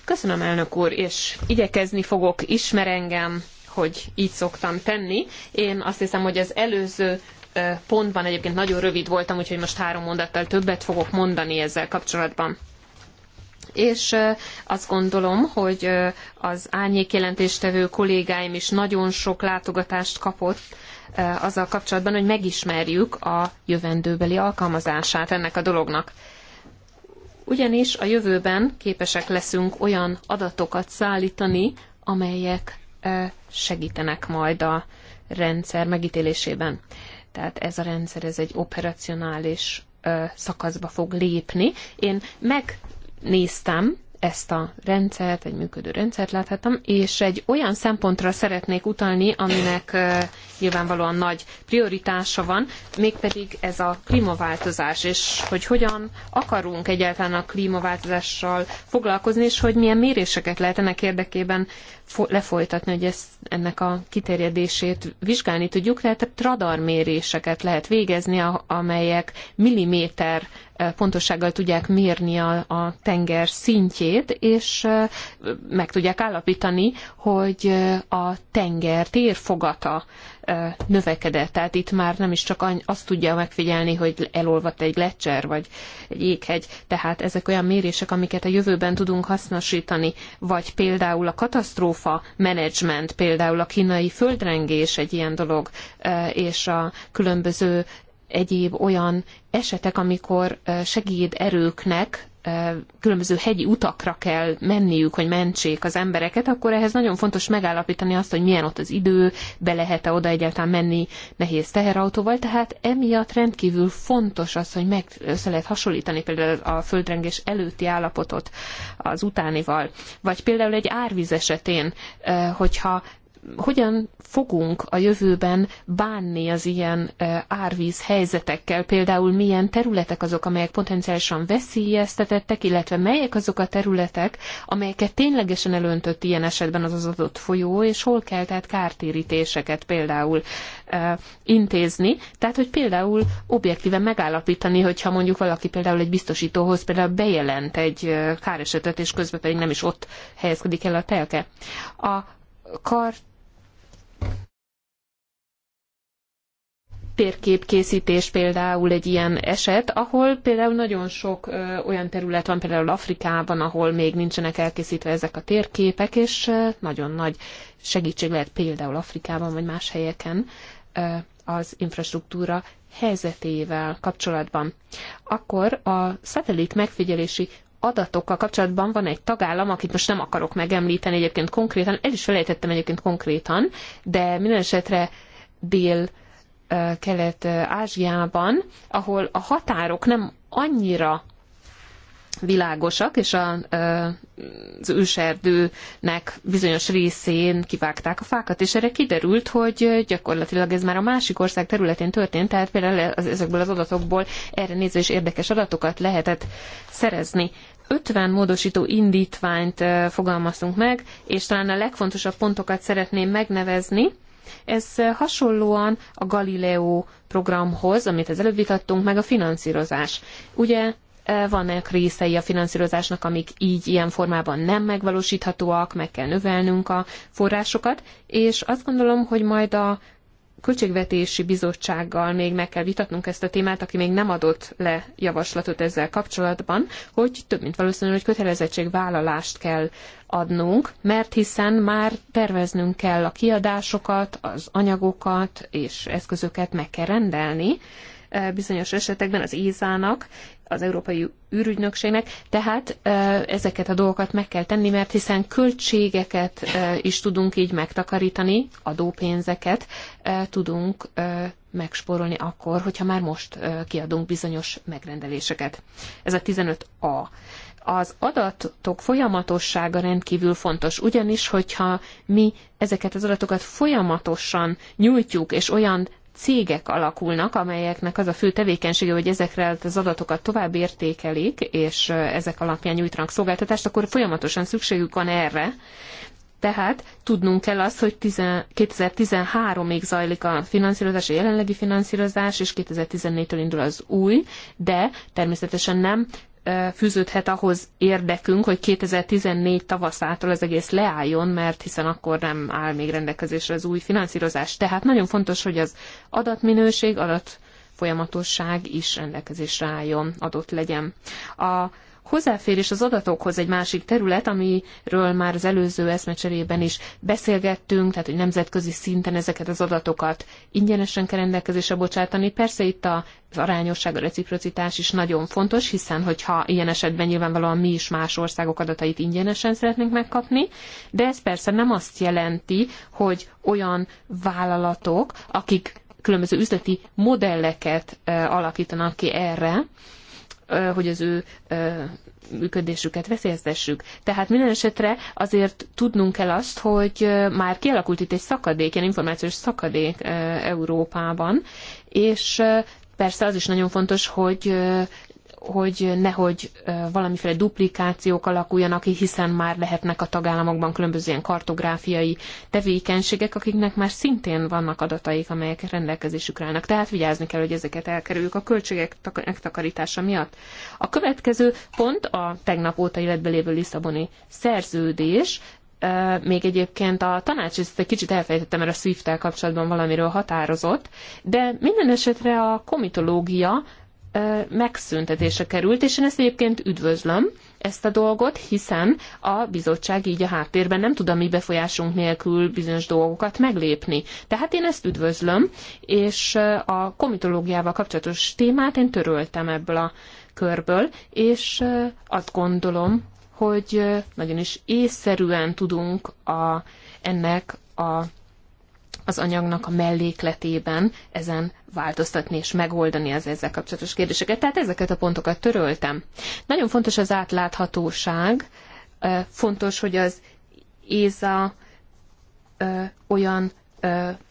Köszönöm, elnök úr, és igyekezni fogok, ismer engem, hogy így szoktam tenni. Én azt hiszem, hogy az előző pontban egyébként nagyon rövid voltam, úgyhogy most három mondattal többet fogok mondani ezzel kapcsolatban és azt gondolom, hogy az árnyék jelentéstevő kollégáim is nagyon sok látogatást kapott azzal kapcsolatban, hogy megismerjük a jövendőbeli alkalmazását ennek a dolognak. Ugyanis a jövőben képesek leszünk olyan adatokat szállítani, amelyek segítenek majd a rendszer megítélésében. Tehát ez a rendszer, ez egy operacionális szakaszba fog lépni. Én megnéztem ezt a rendszert, egy működő rendszert láthattam, és egy olyan szempontra szeretnék utalni, aminek nyilvánvalóan nagy prioritása van, mégpedig ez a klímaváltozás, és hogy hogyan akarunk egyáltalán a klímaváltozással foglalkozni, és hogy milyen méréseket lehet ennek érdekében lefolytatni, hogy ezt, ennek a kiterjedését vizsgálni tudjuk, tehát radarméréseket lehet végezni, amelyek milliméter pontossággal tudják mérni a, a tenger szintjét, és meg tudják állapítani, hogy a tenger térfogata növekedett. Tehát itt már nem is csak azt tudja megfigyelni, hogy elolvadt egy lecser vagy egy jéghegy. Tehát ezek olyan mérések, amiket a jövőben tudunk hasznosítani, vagy például a katasztrófa menedzsment, például a kínai földrengés egy ilyen dolog, és a különböző egyéb olyan esetek, amikor segéderőknek különböző hegyi utakra kell menniük, hogy mentsék az embereket, akkor ehhez nagyon fontos megállapítani azt, hogy milyen ott az idő, be lehet-e oda egyáltalán menni nehéz teherautóval, tehát emiatt rendkívül fontos az, hogy meg össze lehet hasonlítani például a földrengés előtti állapotot az utánival, vagy például egy árvíz esetén, hogyha hogyan fogunk a jövőben bánni az ilyen árvíz helyzetekkel, például milyen területek azok, amelyek potenciálisan veszélyeztetettek, illetve melyek azok a területek, amelyeket ténylegesen elöntött ilyen esetben az az adott folyó, és hol kell tehát kártérítéseket például intézni. Tehát, hogy például objektíven megállapítani, hogyha mondjuk valaki például egy biztosítóhoz például bejelent egy káresetet, és közben pedig nem is ott helyezkedik el a telke. A kart térképkészítés például egy ilyen eset, ahol például nagyon sok ö, olyan terület van, például Afrikában, ahol még nincsenek elkészítve ezek a térképek, és ö, nagyon nagy segítség lehet például Afrikában vagy más helyeken ö, az infrastruktúra helyzetével kapcsolatban. Akkor a szatellit megfigyelési adatokkal kapcsolatban van egy tagállam, akit most nem akarok megemlíteni egyébként konkrétan, el is felejtettem egyébként konkrétan, de minden esetre dél Kelet-Ázsiában, ahol a határok nem annyira világosak, és a, az őserdőnek bizonyos részén kivágták a fákat, és erre kiderült, hogy gyakorlatilag ez már a másik ország területén történt, tehát például az, ezekből az adatokból erre nézve is érdekes adatokat lehetett szerezni. 50 módosító indítványt fogalmaztunk meg, és talán a legfontosabb pontokat szeretném megnevezni, ez hasonlóan a Galileo programhoz, amit az előbb vitattunk, meg a finanszírozás. Ugye e, vannak részei a finanszírozásnak, amik így ilyen formában nem megvalósíthatóak, meg kell növelnünk a forrásokat, és azt gondolom, hogy majd a költségvetési bizottsággal még meg kell vitatnunk ezt a témát, aki még nem adott le javaslatot ezzel kapcsolatban, hogy több mint valószínű, hogy kötelezettségvállalást kell adnunk, mert hiszen már terveznünk kell a kiadásokat, az anyagokat és eszközöket meg kell rendelni, bizonyos esetekben az ízának, az Európai űrügynökségnek, tehát ezeket a dolgokat meg kell tenni, mert hiszen költségeket is tudunk így megtakarítani, adópénzeket tudunk megsporolni akkor, hogyha már most kiadunk bizonyos megrendeléseket. Ez a 15A az adatok folyamatossága rendkívül fontos, ugyanis, hogyha mi ezeket az adatokat folyamatosan nyújtjuk, és olyan cégek alakulnak, amelyeknek az a fő tevékenysége, hogy ezekre az adatokat tovább értékelik, és ezek alapján nyújtanak szolgáltatást, akkor folyamatosan szükségük van erre, tehát tudnunk kell azt, hogy 2013-ig zajlik a finanszírozás, a jelenlegi finanszírozás, és 2014-től indul az új, de természetesen nem fűződhet ahhoz érdekünk, hogy 2014 tavaszától az egész leálljon, mert hiszen akkor nem áll még rendelkezésre az új finanszírozás. Tehát nagyon fontos, hogy az adatminőség, adat folyamatosság is rendelkezésre álljon, adott legyen. A hozzáférés az adatokhoz egy másik terület, amiről már az előző eszmecserében is beszélgettünk, tehát hogy nemzetközi szinten ezeket az adatokat ingyenesen kell rendelkezésre bocsátani. Persze itt az arányosság, a reciprocitás is nagyon fontos, hiszen hogyha ilyen esetben nyilvánvalóan mi is más országok adatait ingyenesen szeretnénk megkapni, de ez persze nem azt jelenti, hogy olyan vállalatok, akik különböző üzleti modelleket eh, alakítanak ki erre, hogy az ő működésüket veszélyeztessük. Tehát minden esetre azért tudnunk kell azt, hogy már kialakult itt egy szakadék, ilyen információs szakadék Európában, és persze az is nagyon fontos, hogy hogy nehogy valamiféle duplikációk alakuljanak ki, hiszen már lehetnek a tagállamokban különböző ilyen kartográfiai tevékenységek, akiknek már szintén vannak adataik, amelyek rendelkezésükre állnak. Tehát vigyázni kell, hogy ezeket elkerüljük a költségek megtakarítása miatt. A következő pont a tegnap óta életbe lévő Lisszaboni szerződés, még egyébként a tanács ezt egy kicsit elfejtettem, mert a SWIFT-tel kapcsolatban valamiről határozott, de minden esetre a komitológia megszüntetése került, és én ezt egyébként üdvözlöm, ezt a dolgot, hiszen a bizottság így a háttérben nem tud a mi befolyásunk nélkül bizonyos dolgokat meglépni. Tehát én ezt üdvözlöm, és a komitológiával kapcsolatos témát én töröltem ebből a körből, és azt gondolom, hogy nagyon is észszerűen tudunk a, ennek a az anyagnak a mellékletében ezen változtatni és megoldani az ezzel kapcsolatos kérdéseket. Tehát ezeket a pontokat töröltem. Nagyon fontos az átláthatóság, fontos, hogy az ÉZA olyan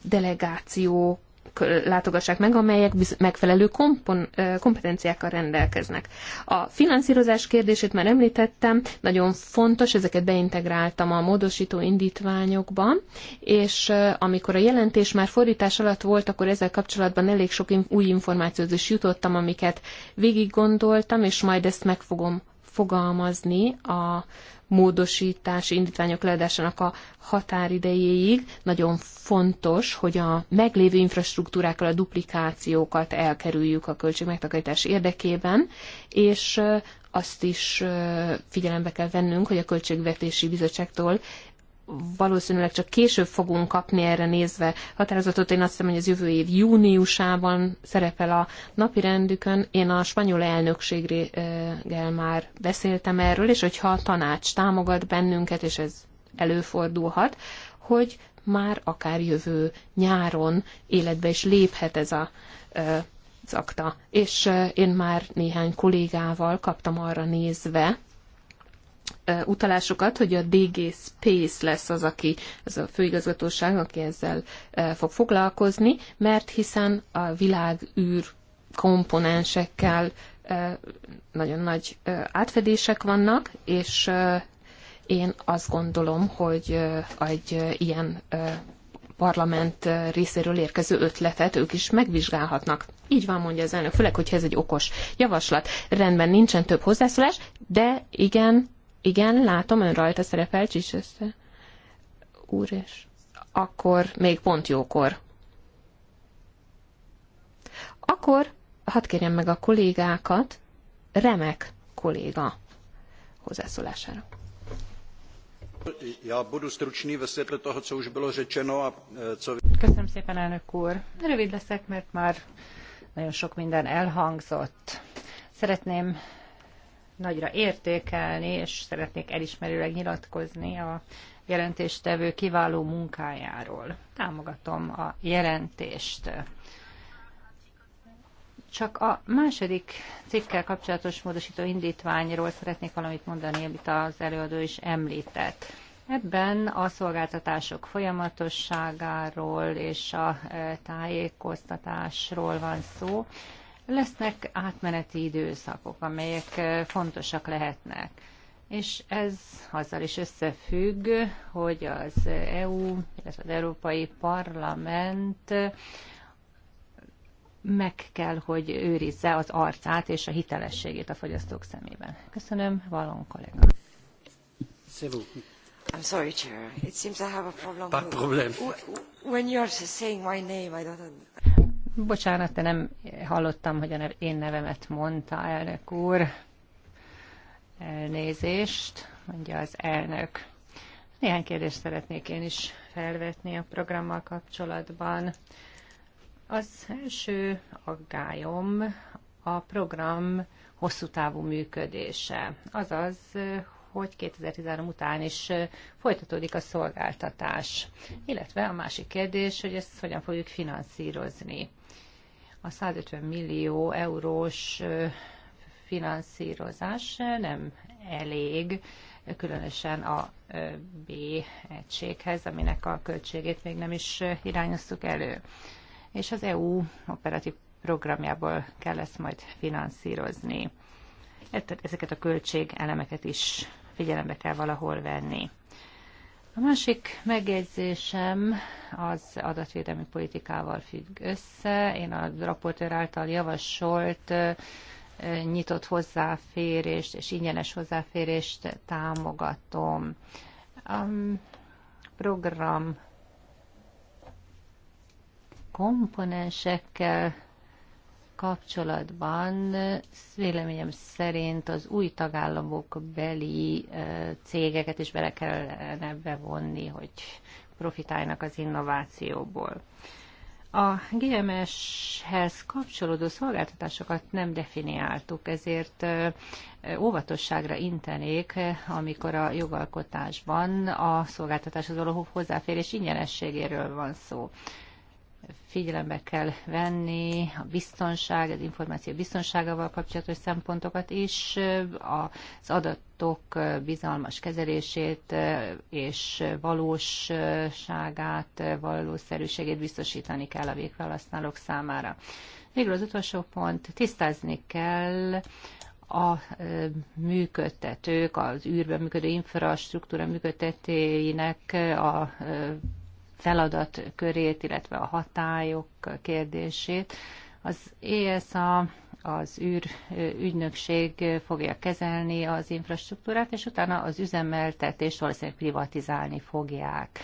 delegációk látogassák meg, amelyek megfelelő kompon, kompetenciákkal rendelkeznek. A finanszírozás kérdését már említettem, nagyon fontos, ezeket beintegráltam a módosító indítványokban, és amikor a jelentés már fordítás alatt volt, akkor ezzel kapcsolatban elég sok új információhoz is jutottam, amiket végig gondoltam, és majd ezt meg fogom fogalmazni a módosítási indítványok leadásának a határidejéig nagyon fontos, hogy a meglévő infrastruktúrákkal a duplikációkat elkerüljük a költségmegtakarítás érdekében, és azt is figyelembe kell vennünk, hogy a Költségvetési Bizottságtól valószínűleg csak később fogunk kapni erre nézve határozatot. Én azt hiszem, hogy az jövő év júniusában szerepel a napi rendükön. Én a spanyol elnökséggel már beszéltem erről, és hogyha a tanács támogat bennünket, és ez előfordulhat, hogy már akár jövő nyáron életbe is léphet ez a szakta. És én már néhány kollégával kaptam arra nézve utalásokat, hogy a DG Space lesz az, aki, az a főigazgatóság, aki ezzel fog foglalkozni, mert hiszen a világ űr komponensekkel nagyon nagy átfedések vannak, és én azt gondolom, hogy egy ilyen parlament részéről érkező ötletet ők is megvizsgálhatnak. Így van, mondja az elnök, főleg, hogyha ez egy okos javaslat. Rendben, nincsen több hozzászólás, de igen, igen, látom, ön rajta szerepel, csis össze. Úr, és akkor még pont jókor. Akkor hadd kérjem meg a kollégákat, remek kolléga hozzászólására. Já budu stručný ve světle toho, co už bylo řečeno a e, co... Köszönöm szépen, elnök úr. Rövid leszek, mert már nagyon sok minden elhangzott. Szeretném nagyra értékelni, és szeretnék elismerőleg nyilatkozni a jelentéstevő kiváló munkájáról. Támogatom a jelentést. Csak a második cikkel kapcsolatos módosító indítványról szeretnék valamit mondani, amit az előadó is említett. Ebben a szolgáltatások folyamatosságáról és a e, tájékoztatásról van szó lesznek átmeneti időszakok, amelyek fontosak lehetnek. És ez azzal is összefügg, hogy az EU, illetve az Európai Parlament meg kell, hogy őrizze az arcát és a hitelességét a fogyasztók szemében. Köszönöm, Valon kollega. I'm sorry, Chair. It seems I have a problem. Pas problem. problème. When you're saying my name, I don't Bocsánat, de nem hallottam, hogy a nev, én nevemet mondta elnök úr. Elnézést, mondja az elnök. Néhány kérdést szeretnék én is felvetni a programmal kapcsolatban. Az első aggályom a program hosszú távú működése, azaz, hogy 2013 után is folytatódik a szolgáltatás. Illetve a másik kérdés, hogy ezt hogyan fogjuk finanszírozni a 150 millió eurós finanszírozás nem elég, különösen a B egységhez, aminek a költségét még nem is irányoztuk elő. És az EU operatív programjából kell ezt majd finanszírozni. Ezeket a költségelemeket is figyelembe kell valahol venni. A másik megjegyzésem az adatvédelmi politikával függ össze. Én a raportőr által javasolt nyitott hozzáférést és ingyenes hozzáférést támogatom. A program komponensekkel kapcsolatban véleményem szerint az új tagállamok beli cégeket is bele kellene bevonni, hogy profitáljanak az innovációból. A GMS-hez kapcsolódó szolgáltatásokat nem definiáltuk, ezért óvatosságra intenék, amikor a jogalkotásban a szolgáltatáshoz való hozzáférés ingyenességéről van szó figyelembe kell venni a biztonság, az információ biztonságával kapcsolatos szempontokat is, az adatok bizalmas kezelését és valóságát, valószerűségét biztosítani kell a végfelhasználók számára. Végül az utolsó pont, tisztázni kell a működtetők, az űrben működő infrastruktúra működtetéinek a feladat körét illetve a hatályok kérdését. Az ESA az űr ügynökség fogja kezelni az infrastruktúrát, és utána az üzemeltetést valószínűleg privatizálni fogják.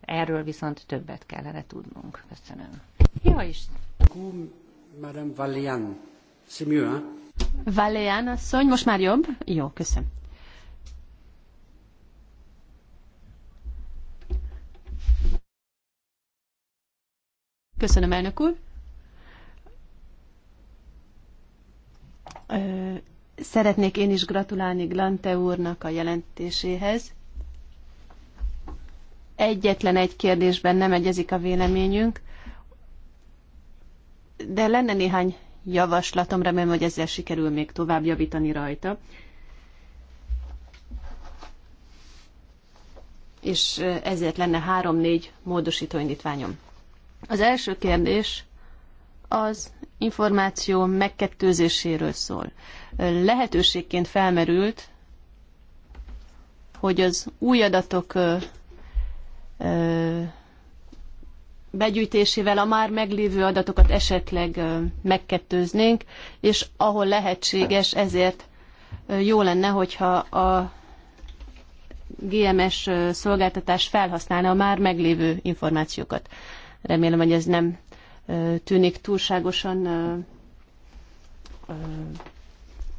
Erről viszont többet kellene tudnunk. Köszönöm. Jó is. Madame Valéan. Valéan asszony, most már jobb? Jó, köszönöm. Köszönöm, elnök úr. Szeretnék én is gratulálni Glante úrnak a jelentéséhez. Egyetlen egy kérdésben nem egyezik a véleményünk, de lenne néhány javaslatom, remélem, hogy ezzel sikerül még tovább javítani rajta. És ezért lenne három-négy módosító indítványom. Az első kérdés az információ megkettőzéséről szól. Lehetőségként felmerült, hogy az új adatok begyűjtésével a már meglévő adatokat esetleg megkettőznénk, és ahol lehetséges, ezért jó lenne, hogyha a GMS szolgáltatás felhasználna a már meglévő információkat. Remélem, hogy ez nem tűnik túlságosan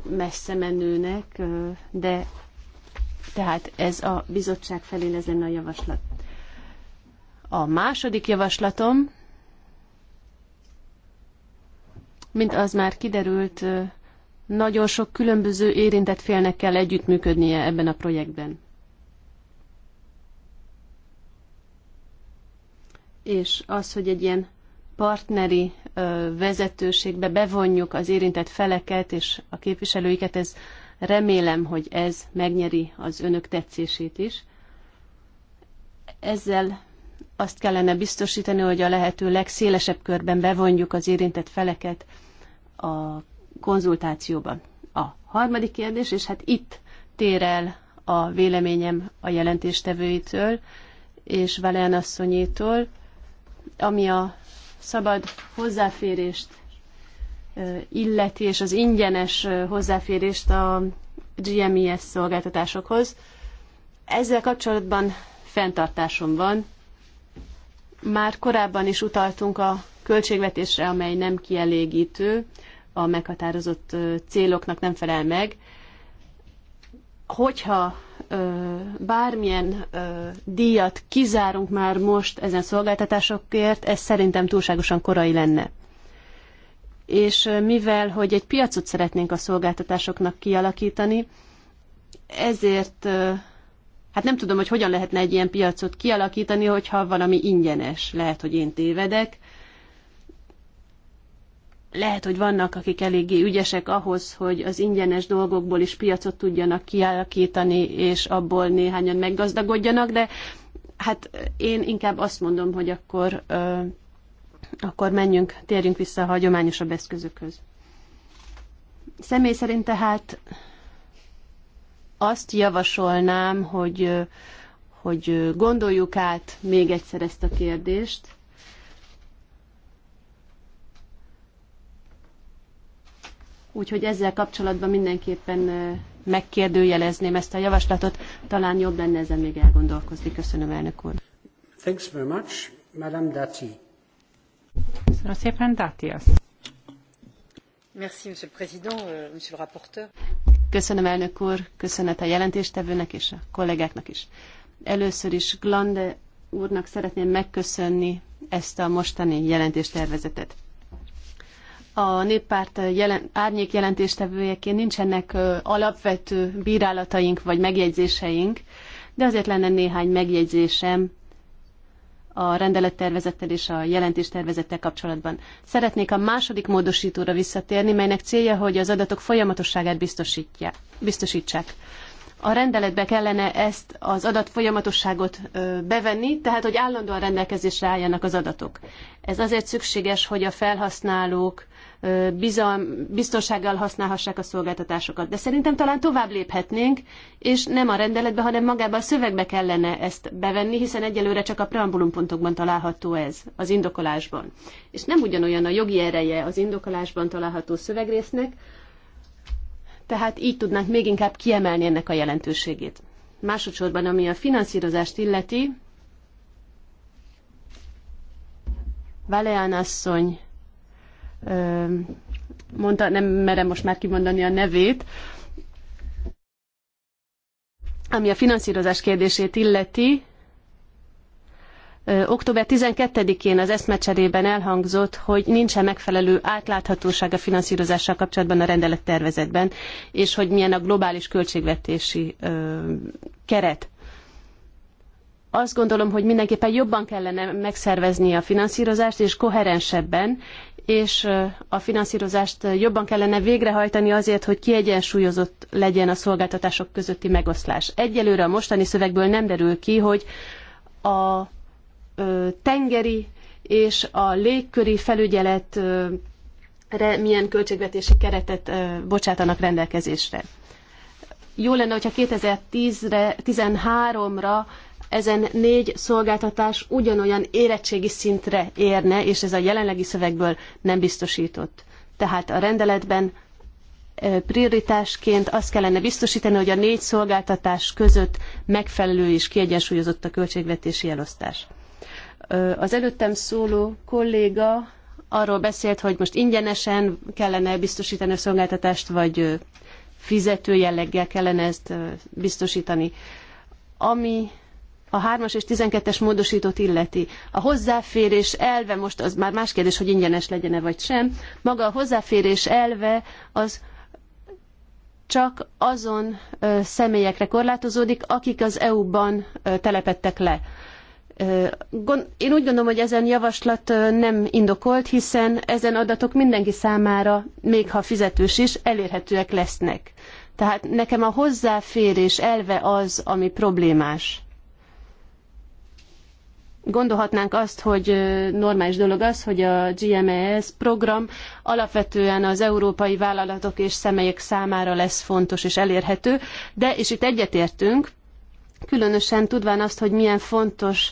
messze menőnek, de tehát ez a bizottság felé ez lenne a javaslat. A második javaslatom, mint az már kiderült, nagyon sok különböző érintett félnek kell együttműködnie ebben a projektben. és az, hogy egy ilyen partneri vezetőségbe bevonjuk az érintett feleket és a képviselőiket, ez remélem, hogy ez megnyeri az önök tetszését is. Ezzel azt kellene biztosítani, hogy a lehető legszélesebb körben bevonjuk az érintett feleket a konzultációban. A harmadik kérdés, és hát itt tér el a véleményem a jelentéstevőitől és Valán asszonyétól, ami a szabad hozzáférést illeti, és az ingyenes hozzáférést a GMES szolgáltatásokhoz. Ezzel kapcsolatban fenntartásom van. Már korábban is utaltunk a költségvetésre, amely nem kielégítő, a meghatározott céloknak nem felel meg. Hogyha bármilyen díjat kizárunk már most ezen szolgáltatásokért, ez szerintem túlságosan korai lenne. És mivel, hogy egy piacot szeretnénk a szolgáltatásoknak kialakítani, ezért hát nem tudom, hogy hogyan lehetne egy ilyen piacot kialakítani, hogyha valami ingyenes. Lehet, hogy én tévedek, lehet, hogy vannak, akik eléggé ügyesek ahhoz, hogy az ingyenes dolgokból is piacot tudjanak kialakítani, és abból néhányan meggazdagodjanak, de hát én inkább azt mondom, hogy akkor, ö, akkor menjünk, térjünk vissza a hagyományosabb eszközökhöz. Személy szerint tehát azt javasolnám, hogy, hogy gondoljuk át még egyszer ezt a kérdést, Úgyhogy ezzel kapcsolatban mindenképpen megkérdőjelezném ezt a javaslatot. Talán jobb lenne ezen még elgondolkozni. Köszönöm, elnök úr. Thanks very much, Madame Dati. Köszönöm szépen, Dati Merci, Monsieur le Président, euh, Monsieur le Rapporteur. Köszönöm, elnök úr, köszönet a jelentéstevőnek és a kollégáknak is. Először is Glande úrnak szeretném megköszönni ezt a mostani jelentéstervezetet a néppárt jelen, árnyék jelentéstevőjeként nincsenek alapvető bírálataink vagy megjegyzéseink, de azért lenne néhány megjegyzésem a rendelettervezettel és a jelentéstervezettel kapcsolatban. Szeretnék a második módosítóra visszatérni, melynek célja, hogy az adatok folyamatosságát biztosítsák. A rendeletbe kellene ezt az adat folyamatosságot bevenni, tehát hogy állandóan rendelkezésre álljanak az adatok. Ez azért szükséges, hogy a felhasználók bizalm, biztonsággal használhassák a szolgáltatásokat. De szerintem talán tovább léphetnénk, és nem a rendeletbe, hanem magába a szövegbe kellene ezt bevenni, hiszen egyelőre csak a preambulum pontokban található ez, az indokolásban. És nem ugyanolyan a jogi ereje az indokolásban található szövegrésznek, tehát így tudnánk még inkább kiemelni ennek a jelentőségét. Másodszorban, ami a finanszírozást illeti, Valeán asszony mondta, nem merem most már kimondani a nevét, ami a finanszírozás kérdését illeti, Október 12-én az eszmecserében elhangzott, hogy nincsen megfelelő átláthatóság a finanszírozással kapcsolatban a rendelettervezetben, és hogy milyen a globális költségvetési ö, keret. Azt gondolom, hogy mindenképpen jobban kellene megszervezni a finanszírozást, és koherensebben, és a finanszírozást jobban kellene végrehajtani azért, hogy kiegyensúlyozott legyen a szolgáltatások közötti megoszlás. Egyelőre a mostani szövegből nem derül ki, hogy a tengeri és a légköri felügyelet milyen költségvetési keretet bocsátanak rendelkezésre. Jó lenne, hogyha 2010-re, 13-ra ezen négy szolgáltatás ugyanolyan érettségi szintre érne, és ez a jelenlegi szövegből nem biztosított. Tehát a rendeletben prioritásként azt kellene biztosítani, hogy a négy szolgáltatás között megfelelő és kiegyensúlyozott a költségvetési elosztás. Az előttem szóló kolléga arról beszélt, hogy most ingyenesen kellene biztosítani a szolgáltatást, vagy fizető jelleggel kellene ezt biztosítani. Ami a 3-as és 12-es módosítót illeti. A hozzáférés elve, most az már más kérdés, hogy ingyenes legyen-e vagy sem, maga a hozzáférés elve az csak azon személyekre korlátozódik, akik az EU-ban telepettek le. Én úgy gondolom, hogy ezen javaslat nem indokolt, hiszen ezen adatok mindenki számára, még ha fizetős is, elérhetőek lesznek. Tehát nekem a hozzáférés elve az, ami problémás gondolhatnánk azt, hogy normális dolog az, hogy a GMES program alapvetően az európai vállalatok és személyek számára lesz fontos és elérhető, de, és itt egyetértünk, különösen tudván azt, hogy milyen fontos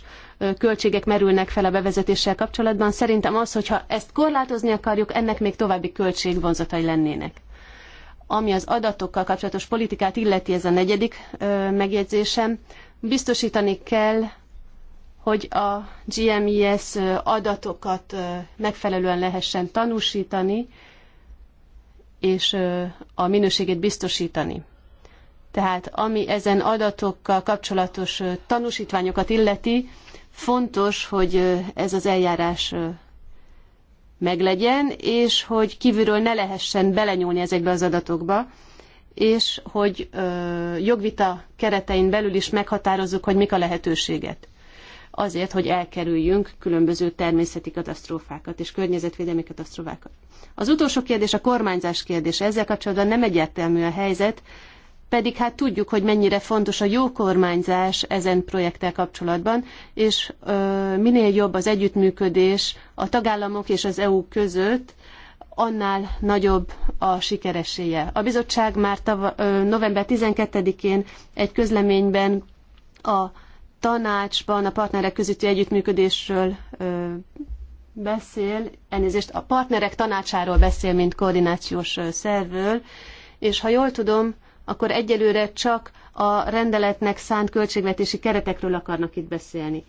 költségek merülnek fel a bevezetéssel kapcsolatban, szerintem az, hogyha ezt korlátozni akarjuk, ennek még további költségvonzatai lennének. Ami az adatokkal kapcsolatos politikát illeti, ez a negyedik megjegyzésem, biztosítani kell hogy a GMIS e adatokat megfelelően lehessen tanúsítani, és a minőségét biztosítani. Tehát ami ezen adatokkal kapcsolatos tanúsítványokat illeti, fontos, hogy ez az eljárás meglegyen, és hogy kívülről ne lehessen belenyúlni ezekbe az adatokba, és hogy jogvita keretein belül is meghatározzuk, hogy mik a lehetőséget azért, hogy elkerüljünk különböző természeti katasztrófákat és környezetvédelmi katasztrófákat. Az utolsó kérdés a kormányzás kérdése. Ezzel kapcsolatban nem egyértelmű a helyzet, pedig hát tudjuk, hogy mennyire fontos a jó kormányzás ezen projekttel kapcsolatban, és ö, minél jobb az együttműködés a tagállamok és az EU között, annál nagyobb a sikeressége. A bizottság már tava, ö, november 12-én egy közleményben a tanácsban a partnerek közötti együttműködésről ö, beszél, elnézést, a partnerek tanácsáról beszél, mint koordinációs szervről, és ha jól tudom, akkor egyelőre csak a rendeletnek szánt költségvetési keretekről akarnak itt beszélni.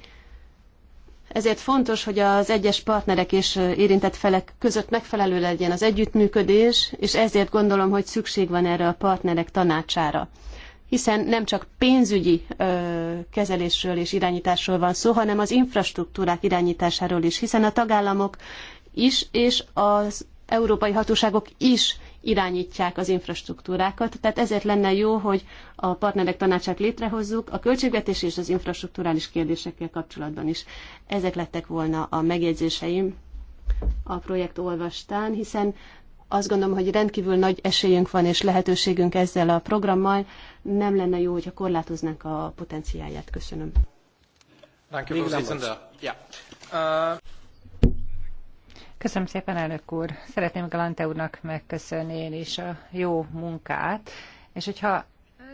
Ezért fontos, hogy az egyes partnerek és érintett felek között megfelelő legyen az együttműködés, és ezért gondolom, hogy szükség van erre a partnerek tanácsára hiszen nem csak pénzügyi ö, kezelésről és irányításról van szó, hanem az infrastruktúrák irányításáról is, hiszen a tagállamok is és az európai hatóságok is irányítják az infrastruktúrákat, tehát ezért lenne jó, hogy a partnerek tanácsát létrehozzuk a költségvetés és az infrastruktúrális kérdésekkel kapcsolatban is. Ezek lettek volna a megjegyzéseim a projekt olvastán, hiszen azt gondolom, hogy rendkívül nagy esélyünk van és lehetőségünk ezzel a programmal. Nem lenne jó, hogyha korlátoznánk a potenciáját. Köszönöm. Uh, Köszönöm szépen, elnök úr. Szeretném Galante úrnak megköszönni én is a jó munkát, és hogyha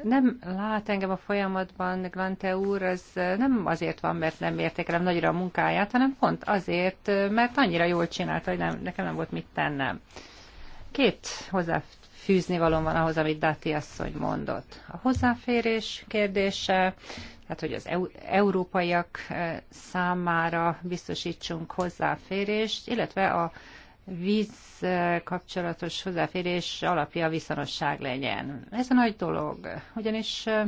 nem lát engem a folyamatban, Glante úr, ez nem azért van, mert nem értékelem nagyra a munkáját, hanem pont azért, mert annyira jól csinálta, hogy nem, nekem nem volt mit tennem. Két hozzáfűzni való van ahhoz, amit Dati asszony mondott. A hozzáférés kérdése, tehát hogy az eu- európaiak eh, számára biztosítsunk hozzáférést, illetve a víz eh, kapcsolatos hozzáférés alapja viszonosság legyen. Ez a nagy dolog, ugyanis eh,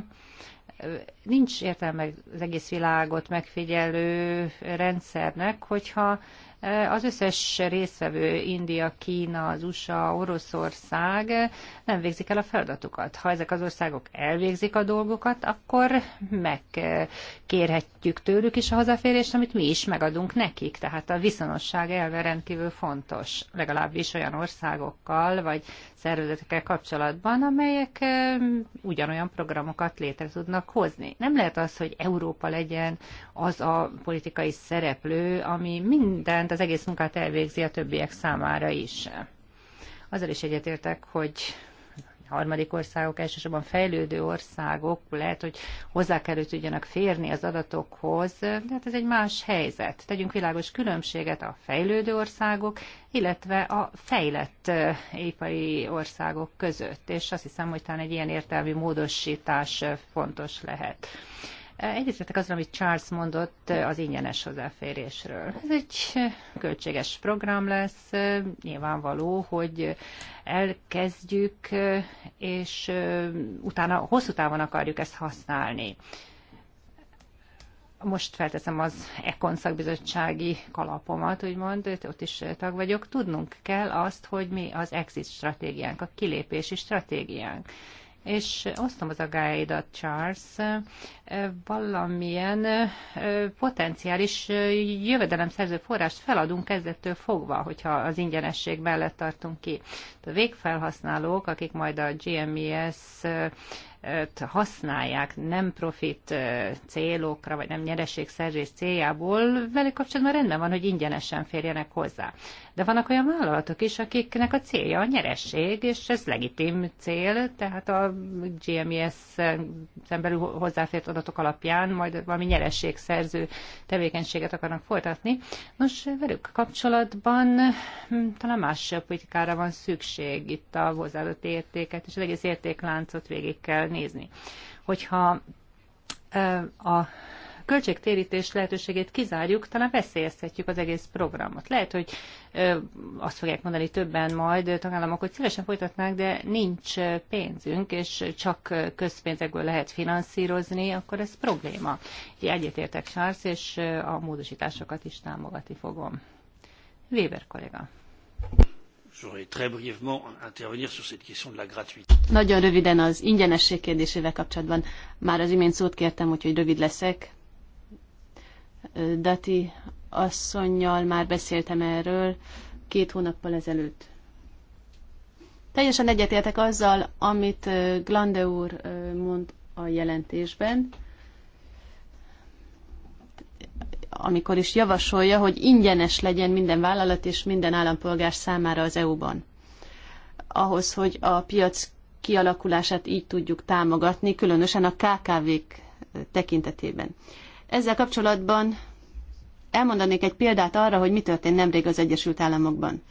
nincs értelme az egész világot megfigyelő rendszernek, hogyha az összes részvevő, India, Kína, az USA, Oroszország nem végzik el a feladatukat. Ha ezek az országok elvégzik a dolgokat, akkor megkérhetjük tőlük is a hozzáférést, amit mi is megadunk nekik. Tehát a viszonosság elve rendkívül fontos, legalábbis olyan országokkal, vagy szervezetekkel kapcsolatban, amelyek ugyanolyan programokat létre tudnak hozni. Nem lehet az, hogy Európa legyen az a politikai szereplő, ami mindent, az egész munkát elvégzi a többiek számára is. Azzal is egyetértek, hogy harmadik országok, elsősorban fejlődő országok lehet, hogy hozzá kell, hogy tudjanak férni az adatokhoz, de hát ez egy más helyzet. Tegyünk világos különbséget a fejlődő országok, illetve a fejlett eh, ipari országok között, és azt hiszem, hogy talán egy ilyen értelmi módosítás eh, fontos lehet. Egyetértek azon, amit Charles mondott eh, az ingyenes hozzáférésről. Ez egy eh, költséges program lesz, eh, nyilvánvaló, hogy elkezdjük, és utána hosszú távon akarjuk ezt használni. Most felteszem az Econ szakbizottsági kalapomat, úgymond, ott is tag vagyok. Tudnunk kell azt, hogy mi az exit stratégiánk, a kilépési stratégiánk és osztom az agáidat, Charles, valamilyen potenciális jövedelemszerző forrást feladunk kezdettől fogva, hogyha az ingyenesség mellett tartunk ki. A végfelhasználók, akik majd a GMES használják nem profit célokra, vagy nem nyereségszerzés céljából, velük kapcsolatban rendben van, hogy ingyenesen férjenek hozzá. De vannak olyan vállalatok is, akiknek a célja a nyeresség, és ez legitim cél, tehát a gms e en belül hozzáfért adatok alapján majd valami nyerességszerző tevékenységet akarnak folytatni. Nos, velük kapcsolatban hm, talán más politikára van szükség itt a hozzáadott értéket, és az egész értékláncot végig kell nézni. Hogyha a költségtérítés lehetőségét kizárjuk, talán veszélyeztetjük az egész programot. Lehet, hogy ö, azt fogják mondani többen majd tagállamok, hogy szívesen folytatnánk, de nincs pénzünk, és csak közpénzekből lehet finanszírozni, akkor ez probléma. Így egyetértek Sársz, és a módosításokat is támogatni fogom. Weber kolléga. Nagyon röviden az ingyenesség kérdésével kapcsolatban. Már az imént szót kértem, úgyhogy rövid leszek. Dati asszonynal már beszéltem erről két hónappal ezelőtt. Teljesen egyetértek azzal, amit Glande úr mond a jelentésben, amikor is javasolja, hogy ingyenes legyen minden vállalat és minden állampolgár számára az EU-ban. Ahhoz, hogy a piac kialakulását így tudjuk támogatni, különösen a KKV-k tekintetében. Ezzel kapcsolatban elmondanék egy példát arra, hogy mi történt nemrég az Egyesült Államokban.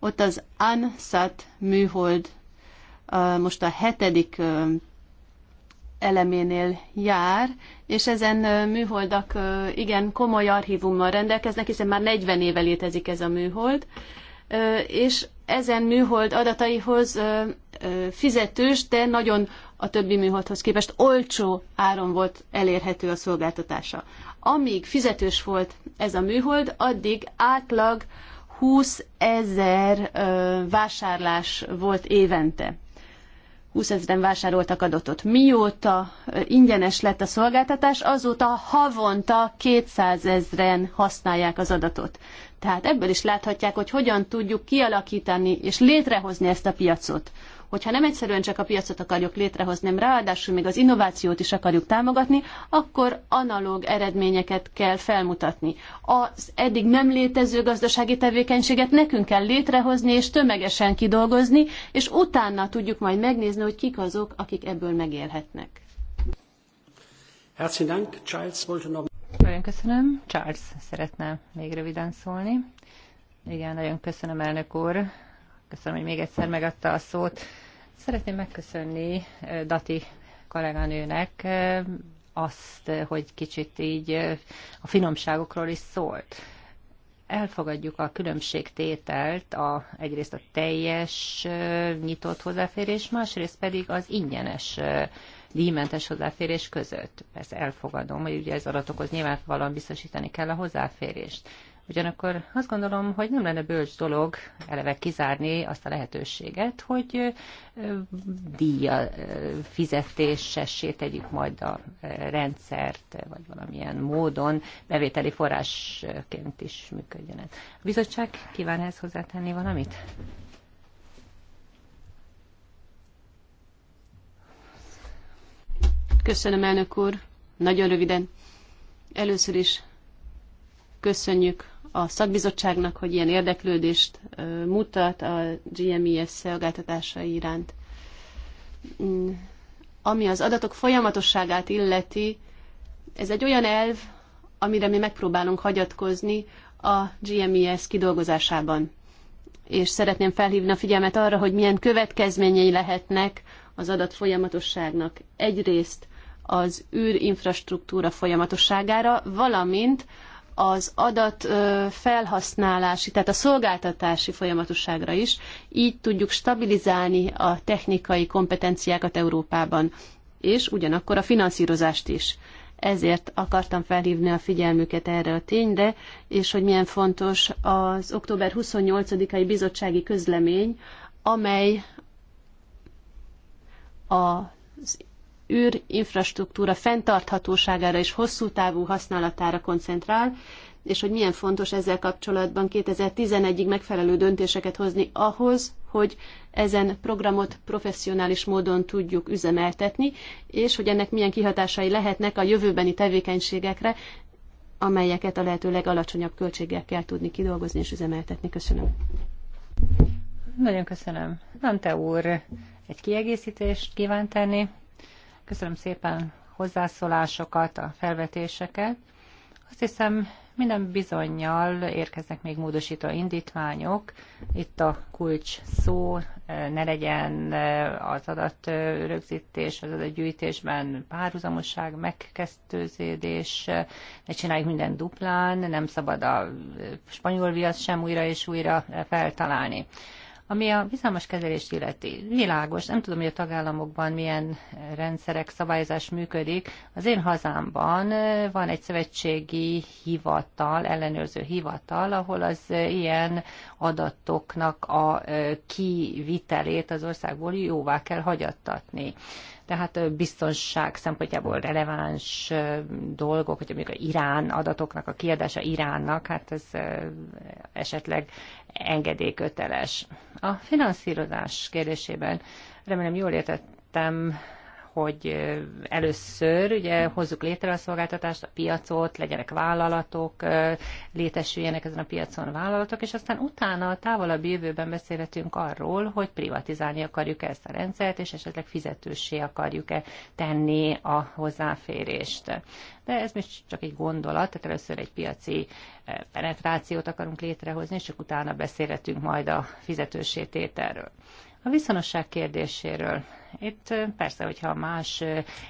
Ott az ANSAT műhold most a hetedik eleménél jár, és ezen műholdak igen komoly archívummal rendelkeznek, hiszen már 40 éve létezik ez a műhold, és ezen műhold adataihoz fizetős, de nagyon a többi műholdhoz képest olcsó áron volt elérhető a szolgáltatása. Amíg fizetős volt ez a műhold, addig átlag 20 ezer vásárlás volt évente. 20 ezeren vásároltak adatot. Mióta ingyenes lett a szolgáltatás, azóta havonta 200 ezeren használják az adatot. Tehát ebből is láthatják, hogy hogyan tudjuk kialakítani és létrehozni ezt a piacot. Hogyha nem egyszerűen csak a piacot akarjuk létrehozni, nem ráadásul még az innovációt is akarjuk támogatni, akkor analóg eredményeket kell felmutatni. Az eddig nem létező gazdasági tevékenységet nekünk kell létrehozni és tömegesen kidolgozni, és utána tudjuk majd megnézni, hogy kik azok, akik ebből megélhetnek. Dank. Charles Nagyon köszönöm. Charles szeretne még röviden szólni. Igen, nagyon köszönöm, elnök úr. Köszönöm, hogy még egyszer megadta a szót. Szeretném megköszönni Dati kolléganőnek azt, hogy kicsit így a finomságokról is szólt. Elfogadjuk a különbségtételt, a, egyrészt a teljes nyitott hozzáférés, másrészt pedig az ingyenes díjmentes hozzáférés között. Persze elfogadom, hogy ugye ez adatokhoz nyilvánvalóan biztosítani kell a hozzáférést. Ugyanakkor azt gondolom, hogy nem lenne bölcs dolog eleve kizárni azt a lehetőséget, hogy díja fizetésessé tegyük majd a rendszert, vagy valamilyen módon bevételi forrásként is működjön. A bizottság kíván ehhez hozzátenni valamit? Köszönöm, elnök úr. Nagyon röviden. Először is köszönjük a szakbizottságnak, hogy ilyen érdeklődést mutat a GMIS e szolgáltatásai iránt. Mm, ami az adatok folyamatosságát illeti, ez egy olyan elv, amire mi megpróbálunk hagyatkozni a GMIS e kidolgozásában. És szeretném felhívni a figyelmet arra, hogy milyen következményei lehetnek az adat folyamatosságnak. Egyrészt az űrinfrastruktúra folyamatosságára, valamint az adat felhasználási, tehát a szolgáltatási folyamatosságra is, így tudjuk stabilizálni a technikai kompetenciákat Európában, és ugyanakkor a finanszírozást is. Ezért akartam felhívni a figyelmüket erre a tényre, és hogy milyen fontos az október 28-ai bizottsági közlemény, amely az űrinfrastruktúra fenntarthatóságára és hosszú távú használatára koncentrál, és hogy milyen fontos ezzel kapcsolatban 2011-ig megfelelő döntéseket hozni ahhoz, hogy ezen programot professzionális módon tudjuk üzemeltetni, és hogy ennek milyen kihatásai lehetnek a jövőbeni tevékenységekre, amelyeket a lehető legalacsonyabb költséggel kell tudni kidolgozni és üzemeltetni. Köszönöm. Nagyon köszönöm. Dante úr, egy kiegészítést kíván tenni? Köszönöm szépen hozzászólásokat, a felvetéseket. Azt hiszem, minden bizonyjal érkeznek még módosító indítványok. Itt a kulcs szó e, ne legyen e, az adatrögzítés, e, az adatgyűjtésben párhuzamosság, megkezdőződés, ne csináljuk minden duplán, nem szabad a spanyol viasz sem újra és újra feltalálni. Ami a bizalmas kezelést illeti, világos, nem tudom, hogy a tagállamokban milyen rendszerek, szabályozás működik. Az én hazámban van egy szövetségi hivatal, ellenőrző hivatal, ahol az ilyen adatoknak a kivitelét az országból jóvá kell hagyattatni tehát biztonság szempontjából releváns dolgok, hogy amikor Irán adatoknak a kiadása Iránnak, hát ez esetleg engedélyköteles. A finanszírozás kérdésében remélem jól értettem hogy először ugye hozzuk létre a szolgáltatást, a piacot, legyenek vállalatok, létesüljenek ezen a piacon vállalatok, és aztán utána a távolabb jövőben beszélhetünk arról, hogy privatizálni akarjuk ezt a rendszert, és esetleg fizetőssé akarjuk-e tenni a hozzáférést. De ez most csak egy gondolat, tehát először egy piaci penetrációt akarunk létrehozni, és csak utána beszélhetünk majd a fizetősétételről. A viszonosság kérdéséről. Itt persze, hogyha más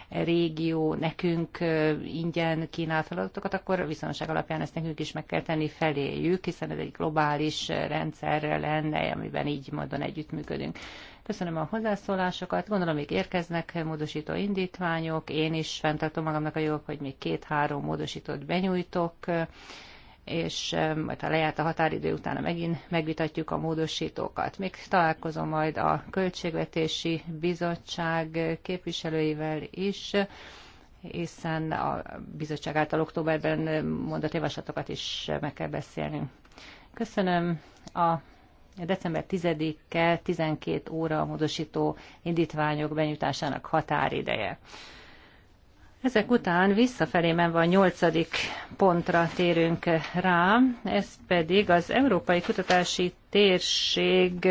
régió nekünk ingyen kínál feladatokat, akkor viszonosság alapján ezt nekünk is meg kell tenni feléjük, hiszen ez egy globális rendszer lenne, amiben így módon együttműködünk. Köszönöm a hozzászólásokat, gondolom még érkeznek módosító indítványok, én is fenntartom magamnak a jogok, hogy még két-három módosítót benyújtok és majd ha lejárt a határidő utána megint megvitatjuk a módosítókat. Még találkozom majd a Költségvetési Bizottság képviselőivel is, hiszen a bizottság által októberben mondott javaslatokat is meg kell beszélni. Köszönöm a december 10-e 12 óra a módosító indítványok benyújtásának határideje. Ezek után visszafelé menve a nyolcadik pontra térünk rá, ez pedig az Európai Kutatási Térség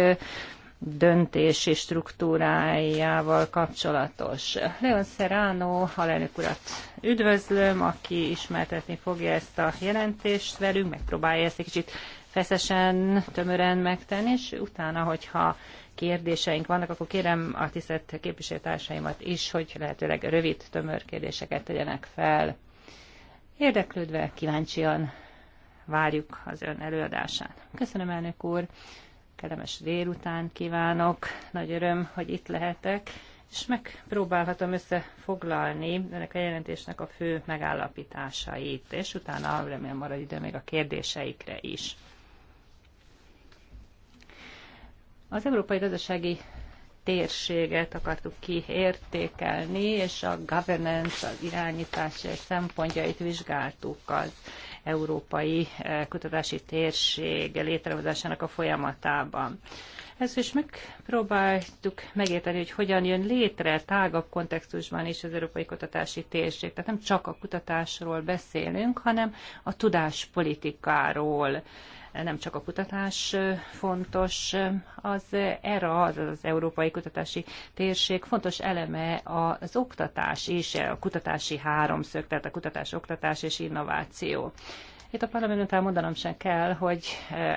döntési struktúrájával kapcsolatos. Leon Serrano, alelnök urat üdvözlöm, aki ismertetni fogja ezt a jelentést velünk, megpróbálja ezt egy kicsit feszesen, tömören megtenni, és utána, hogyha kérdéseink vannak, akkor kérem a tisztelt képviselőtársaimat is, hogy lehetőleg rövid, tömör kérdéseket tegyenek fel. Érdeklődve, kíváncsian várjuk az ön előadását. Köszönöm, elnök úr! Kellemes délután kívánok! Nagy öröm, hogy itt lehetek, és megpróbálhatom összefoglalni ennek a jelentésnek a fő megállapításait, és utána remélem marad idő még a kérdéseikre is. Az európai gazdasági térséget akartuk kiértékelni, és a governance, az irányítás szempontjait vizsgáltuk az európai eh, kutatási térség létrehozásának a folyamatában. Ezt is megpróbáltuk megérteni, hogy hogyan jön létre tágabb kontextusban is az európai kutatási térség. Tehát nem csak a kutatásról beszélünk, hanem a tudáspolitikáról nem csak a kutatás fontos, az ERA, az, az Európai Kutatási Térség fontos eleme az oktatás és a kutatási háromszög, tehát a kutatás, oktatás és innováció. Itt a parlamentben mondanom sem kell, hogy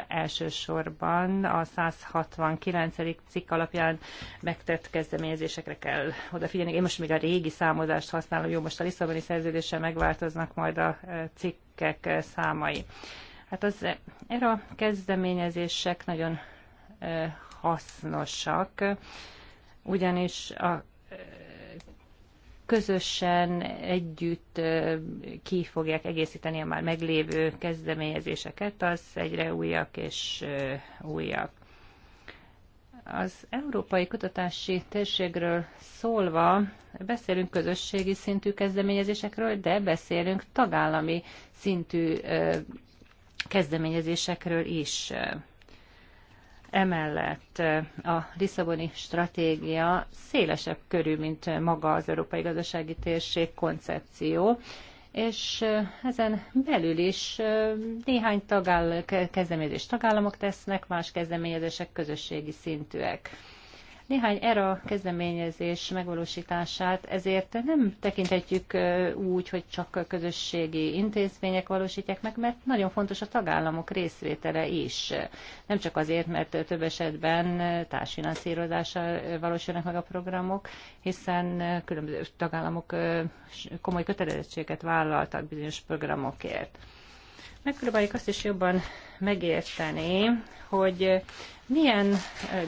elsősorban a 169. cikk alapján megtett kezdeményezésekre kell odafigyelni. Én most még a régi számozást használom, jó, most a Lisszaboni szerződéssel megváltoznak majd a cikkek számai. Hát az erre a kezdeményezések nagyon hasznosak, ugyanis a közösen együtt ki fogják egészíteni a már meglévő kezdeményezéseket, az egyre újak és újak. Az európai kutatási térségről szólva beszélünk közösségi szintű kezdeményezésekről, de beszélünk tagállami szintű kezdeményezésekről is. Emellett a Lisszaboni stratégia szélesebb körű, mint maga az Európai Gazdasági Térség koncepció, és ezen belül is néhány tagáll, kezdeményezés tagállamok tesznek, más kezdeményezések közösségi szintűek. Néhány ERA kezdeményezés megvalósítását ezért nem tekinthetjük úgy, hogy csak a közösségi intézmények valósítják meg, mert nagyon fontos a tagállamok részvétele is. Nem csak azért, mert több esetben társfinanszírozással valósulnak meg a programok, hiszen különböző tagállamok komoly kötelezettséget vállaltak bizonyos programokért megpróbáljuk azt is jobban megérteni, hogy milyen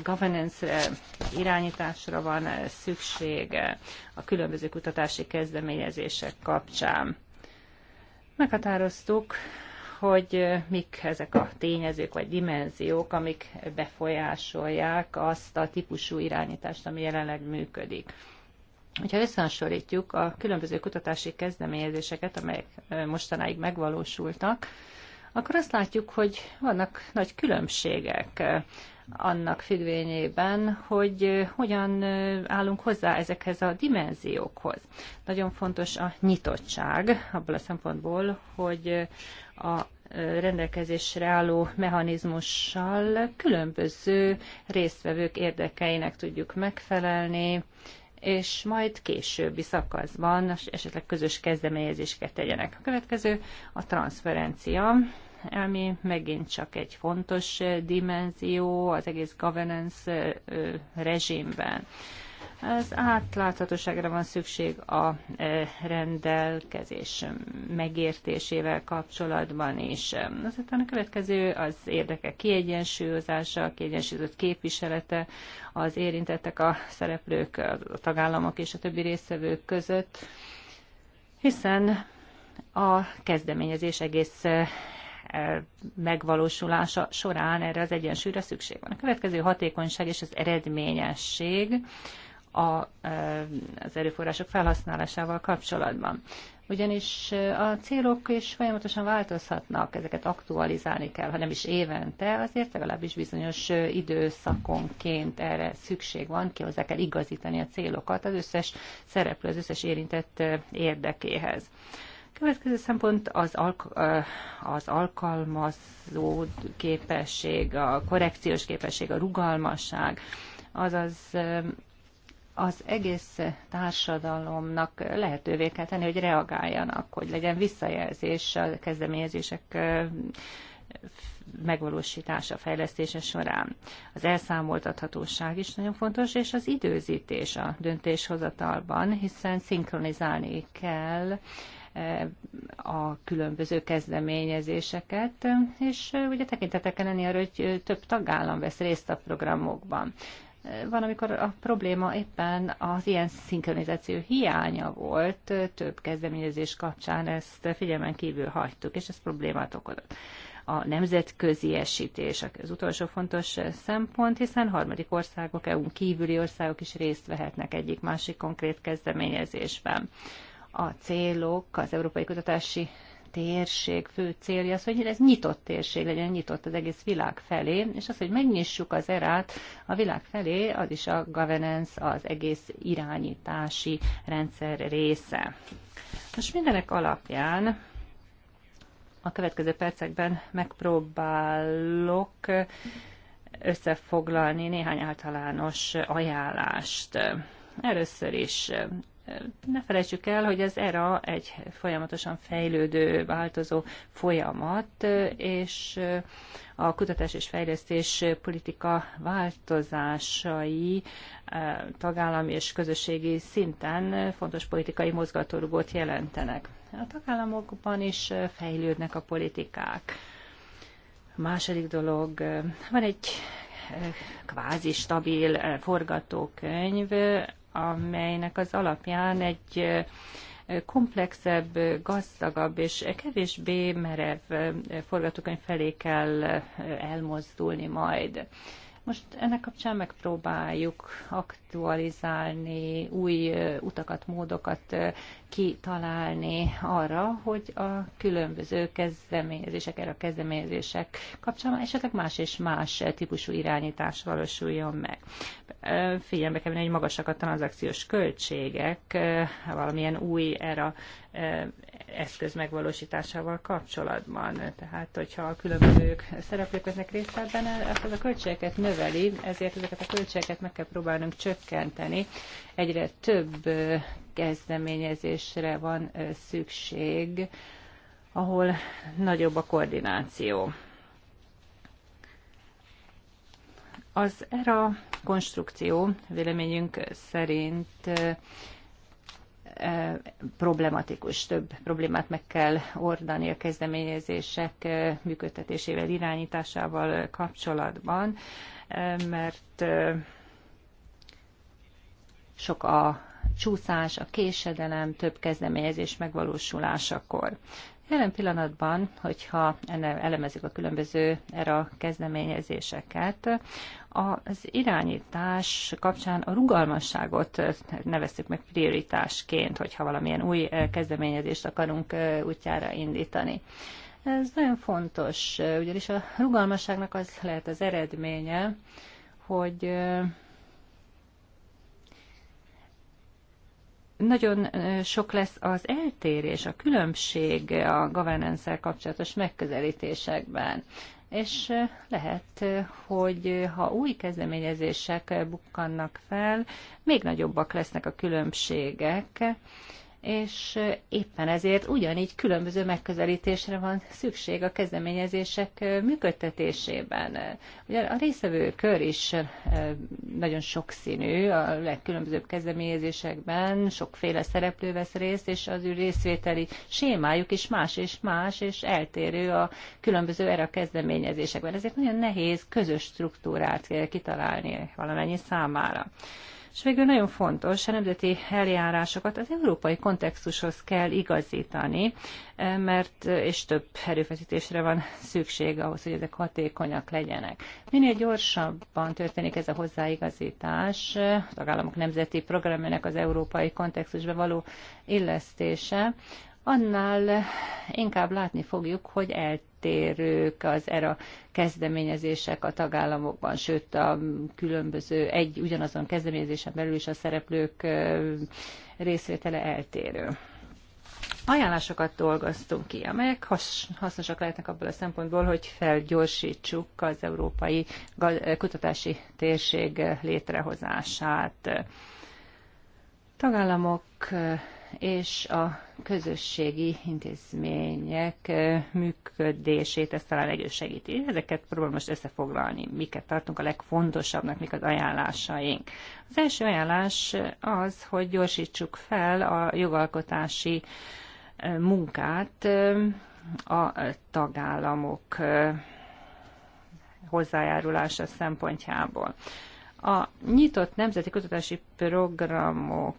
governance irányításra van szüksége a különböző kutatási kezdeményezések kapcsán. Meghatároztuk, hogy mik ezek a tényezők vagy dimenziók, amik befolyásolják azt a típusú irányítást, ami jelenleg működik. Hogyha összehasonlítjuk a különböző kutatási kezdeményezéseket, amelyek mostanáig megvalósultak, akkor azt látjuk, hogy vannak nagy különbségek annak függvényében, hogy hogyan állunk hozzá ezekhez a dimenziókhoz. Nagyon fontos a nyitottság abból a szempontból, hogy a rendelkezésre álló mechanizmussal különböző résztvevők érdekeinek tudjuk megfelelni, és majd későbbi szakaszban esetleg közös kezdeményezéseket tegyenek. A következő a transferencia, ami megint csak egy fontos dimenzió az egész governance rezsimben. Az átláthatóságra van szükség a e, rendelkezés megértésével kapcsolatban is. aztán a következő az érdekek kiegyensúlyozása, a kiegyensúlyozott képviselete az érintettek, a szereplők, a tagállamok és a többi résztvevők között, hiszen a kezdeményezés egész e, e, megvalósulása során erre az egyensúlyra szükség van. A következő hatékonyság és az eredményesség a, az erőforrások felhasználásával kapcsolatban. Ugyanis a célok is folyamatosan változhatnak, ezeket aktualizálni kell, ha nem is évente, azért legalábbis bizonyos időszakonként erre szükség van, ki hozzá kell igazítani a célokat az összes szereplő, az összes érintett érdekéhez. Következő szempont az, alk- az alkalmazó képesség, a korrekciós képesség, a rugalmasság, azaz az egész társadalomnak lehetővé kell tenni, hogy reagáljanak, hogy legyen visszajelzés a kezdeményezések megvalósítása, fejlesztése során. Az elszámoltathatóság is nagyon fontos, és az időzítés a döntéshozatalban, hiszen szinkronizálni kell a különböző kezdeményezéseket, és ugye tekintetek kell lenni arra, hogy több tagállam vesz részt a programokban van, amikor a probléma éppen az ilyen szinkronizáció hiánya volt, több kezdeményezés kapcsán ezt figyelmen kívül hagytuk, és ez problémát okozott. A nemzetközi esítés az utolsó fontos szempont, hiszen harmadik országok, EU-n kívüli országok is részt vehetnek egyik-másik konkrét kezdeményezésben. A célok az európai kutatási térség fő célja az, hogy ez nyitott térség legyen, nyitott az egész világ felé, és az, hogy megnyissuk az erát a világ felé, az is a governance, az egész irányítási rendszer része. Most mindenek alapján a következő percekben megpróbálok összefoglalni néhány általános ajánlást. Először is ne felejtsük el, hogy az ERA egy folyamatosan fejlődő, változó folyamat, és a kutatás és fejlesztés politika változásai e, tagállami és közösségi szinten fontos politikai mozgatórugót jelentenek. A tagállamokban is fejlődnek a politikák. A második dolog, e, van egy e, kvázi stabil forgatókönyv, amelynek az alapján egy komplexebb, gazdagabb és kevésbé merev forgatókönyv felé kell elmozdulni majd. Most ennek kapcsán megpróbáljuk aktualizálni, új utakat, módokat kitalálni arra, hogy a különböző kezdeményezések, erre a kezdeményezések kapcsán esetleg más és más típusú irányítás valósuljon meg. Figyelme kell venni, hogy magasak a tranzakciós költségek valamilyen új erre eszköz megvalósításával kapcsolatban. Tehát, hogyha a különböző szereplők vesznek részt ebben, az a költségeket növeli, ezért ezeket a költségeket meg kell próbálnunk csökkenteni. Egyre több kezdeményezésre van szükség, ahol nagyobb a koordináció. Az ERA konstrukció véleményünk szerint problematikus, több problémát meg kell ordani a kezdeményezések működtetésével, irányításával kapcsolatban, mert sok a csúszás, a késedelem több kezdeményezés megvalósulásakor. Jelen pillanatban, hogyha elemezzük a különböző erre a kezdeményezéseket, az irányítás kapcsán a rugalmasságot neveztük meg prioritásként, hogyha valamilyen új kezdeményezést akarunk útjára indítani. Ez nagyon fontos, ugyanis a rugalmasságnak az lehet az eredménye, hogy nagyon sok lesz az eltérés, a különbség a governance kapcsolatos megközelítésekben. És lehet, hogy ha új kezdeményezések bukkannak fel, még nagyobbak lesznek a különbségek, és éppen ezért ugyanígy különböző megközelítésre van szükség a kezdeményezések működtetésében. Ugyan a részvevő kör is nagyon sokszínű, a legkülönbözőbb kezdeményezésekben sokféle szereplő vesz részt, és az ő részvételi sémájuk is más és más, és eltérő a különböző erre a kezdeményezésekben. Ezért nagyon nehéz közös struktúrát kitalálni valamennyi számára. És végül nagyon fontos, a nemzeti eljárásokat az európai kontextushoz kell igazítani, eh, mert eh, és több erőfeszítésre van szükség ahhoz, hogy ezek hatékonyak legyenek. Minél gyorsabban történik ez a hozzáigazítás, eh, a tagállamok nemzeti programjának az európai kontextusba való illesztése, annál inkább látni fogjuk, hogy eltérők az ERA kezdeményezések a tagállamokban, sőt a különböző egy ugyanazon kezdeményezésen belül is a szereplők részvétele eltérő. Ajánlásokat dolgoztunk ki, amelyek hasznosak lehetnek abból a szempontból, hogy felgyorsítsuk az európai kutatási térség létrehozását. Tagállamok és a közösségi intézmények működését ezt talán segíti. Ezeket próbálom most összefoglalni, miket tartunk a legfontosabbnak, mik az ajánlásaink. Az első ajánlás az, hogy gyorsítsuk fel a jogalkotási munkát a tagállamok hozzájárulása szempontjából. A nyitott nemzeti kutatási programok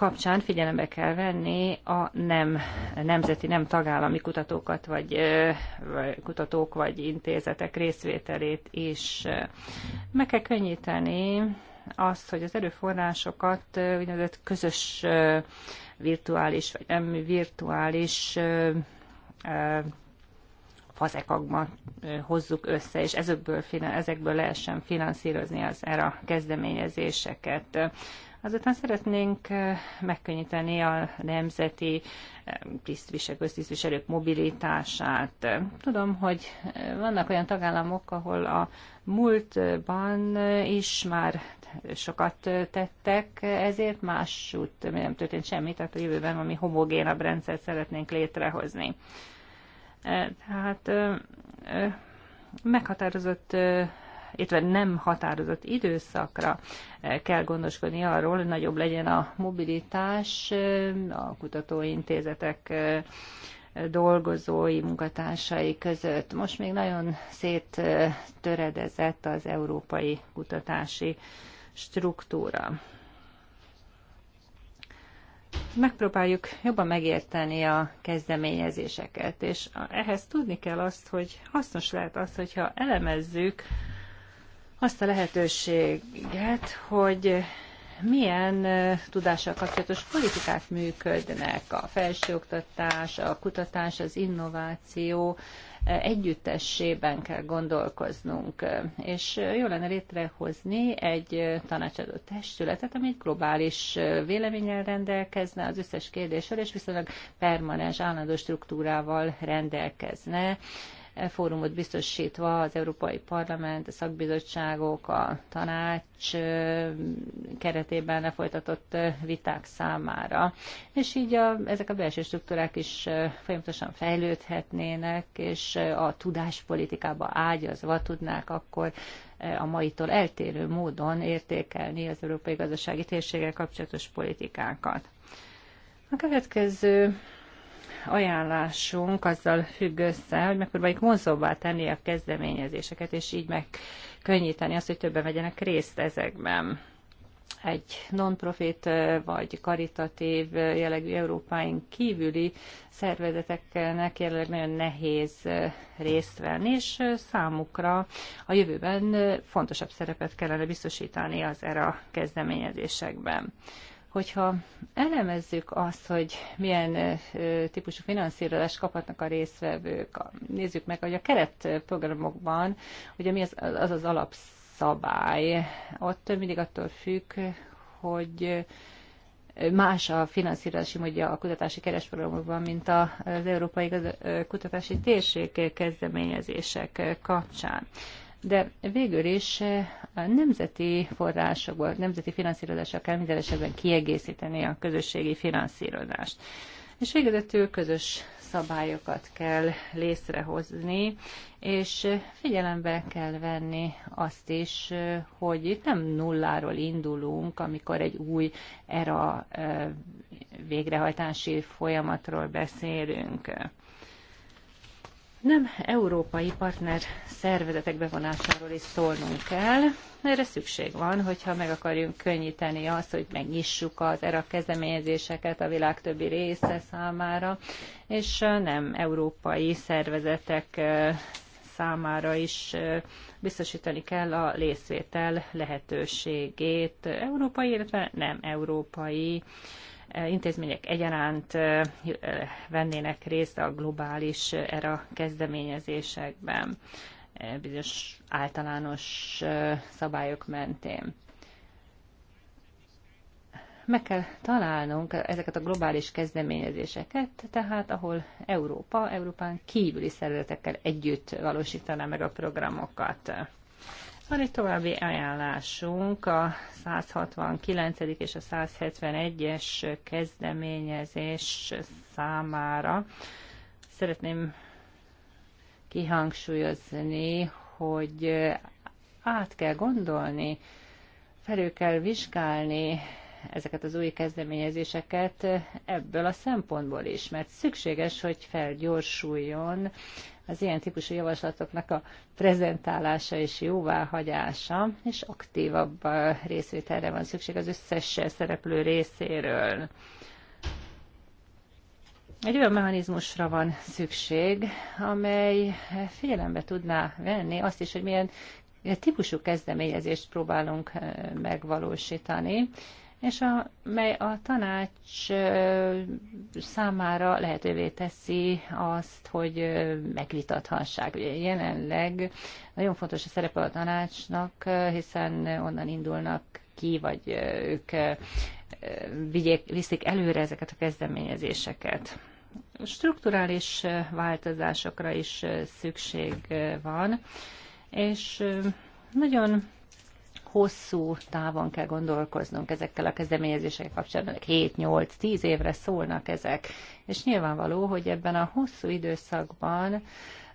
kapcsán figyelembe kell venni a nem nemzeti, nem tagállami kutatókat, vagy, vagy kutatók, vagy intézetek részvételét is. Meg kell könnyíteni azt, hogy az erőforrásokat úgynevezett közös virtuális, vagy nem virtuális fazekakban hozzuk össze, és ezekből, ezekből lehessen finanszírozni az erre a kezdeményezéseket. Azután szeretnénk megkönnyíteni a nemzeti tisztviselők, köztisztviselők mobilitását. Tudom, hogy vannak olyan tagállamok, ahol a múltban is már sokat tettek, ezért másút nem történt semmi, tehát a jövőben valami homogénabb rendszert szeretnénk létrehozni. Tehát meghatározott illetve nem határozott időszakra eh, kell gondoskodni arról, hogy nagyobb legyen a mobilitás eh, a kutatóintézetek eh, dolgozói, munkatársai között. Most még nagyon töredezett az európai kutatási struktúra. Megpróbáljuk jobban megérteni a kezdeményezéseket, és ehhez tudni kell azt, hogy hasznos lehet az, hogyha elemezzük azt a lehetőséget, hogy milyen tudással kapcsolatos politikák működnek, a felsőoktatás, a kutatás, az innováció együttessében kell gondolkoznunk, és jó lenne létrehozni egy tanácsadó testületet, ami egy globális véleménnyel rendelkezne az összes kérdésről, és viszonylag permanens, állandó struktúrával rendelkezne, E fórumot biztosítva az Európai Parlament, a szakbizottságok, a tanács keretében lefolytatott viták számára. És így a, ezek a belső struktúrák is folyamatosan fejlődhetnének, és a tudáspolitikába ágyazva tudnák akkor a maitól eltérő módon értékelni az európai gazdasági térséggel kapcsolatos politikákat. A következő ajánlásunk azzal függ össze, hogy megpróbáljuk vonzóbbá tenni a kezdeményezéseket, és így megkönnyíteni azt, hogy többen vegyenek részt ezekben. Egy non-profit vagy karitatív jellegű Európáin kívüli szervezeteknek jelenleg nagyon nehéz részt venni, és számukra a jövőben fontosabb szerepet kellene biztosítani az erre a kezdeményezésekben hogyha elemezzük azt, hogy milyen típusú finanszírozást kaphatnak a résztvevők, nézzük meg, hogy a keretprogramokban, ugye mi az az, az alapszabály, ott mindig attól függ, hogy más a finanszírozási módja a kutatási keresprogramokban, mint az Európai Kutatási Térség kezdeményezések kapcsán de végül is eh, a nemzeti forrásokból, nemzeti finanszírozással kell minden esetben kiegészíteni a közösségi finanszírozást. És végezetül közös szabályokat kell létrehozni, és figyelembe kell venni azt is, eh, hogy itt nem nulláról indulunk, amikor egy új era eh, végrehajtási folyamatról beszélünk nem európai partner szervezetek bevonásáról is szólnunk kell. Erre szükség van, hogyha meg akarjunk könnyíteni azt, hogy megnyissuk az erre kezdeményezéseket a világ többi része számára, és nem európai szervezetek számára is biztosítani kell a részvétel lehetőségét európai, illetve nem európai intézmények egyaránt vennének részt a globális era kezdeményezésekben bizonyos általános szabályok mentén. Meg kell találnunk ezeket a globális kezdeményezéseket, tehát ahol Európa, Európán kívüli szervezetekkel együtt valósítaná meg a programokat. Van egy további ajánlásunk, a 169. és a 171-es kezdeményezés számára. Szeretném kihangsúlyozni, hogy át kell gondolni, felül kell vizsgálni ezeket az új kezdeményezéseket ebből a szempontból is, mert szükséges, hogy felgyorsuljon az ilyen típusú javaslatoknak a prezentálása és jóváhagyása, és aktívabb részvételre van szükség az összes szereplő részéről. Egy olyan mechanizmusra van szükség, amely figyelembe tudná venni azt is, hogy milyen típusú kezdeményezést próbálunk megvalósítani, és a, mely a tanács számára lehetővé teszi azt, hogy megvitathassák. Ugye jelenleg nagyon fontos a szerepe a tanácsnak, hiszen onnan indulnak ki, vagy ők vigyék, viszik előre ezeket a kezdeményezéseket. Strukturális változásokra is szükség van, és nagyon hosszú távon kell gondolkoznunk ezekkel a kezdeményezésekkel kapcsolatban. 7-8-10 évre szólnak ezek. És nyilvánvaló, hogy ebben a hosszú időszakban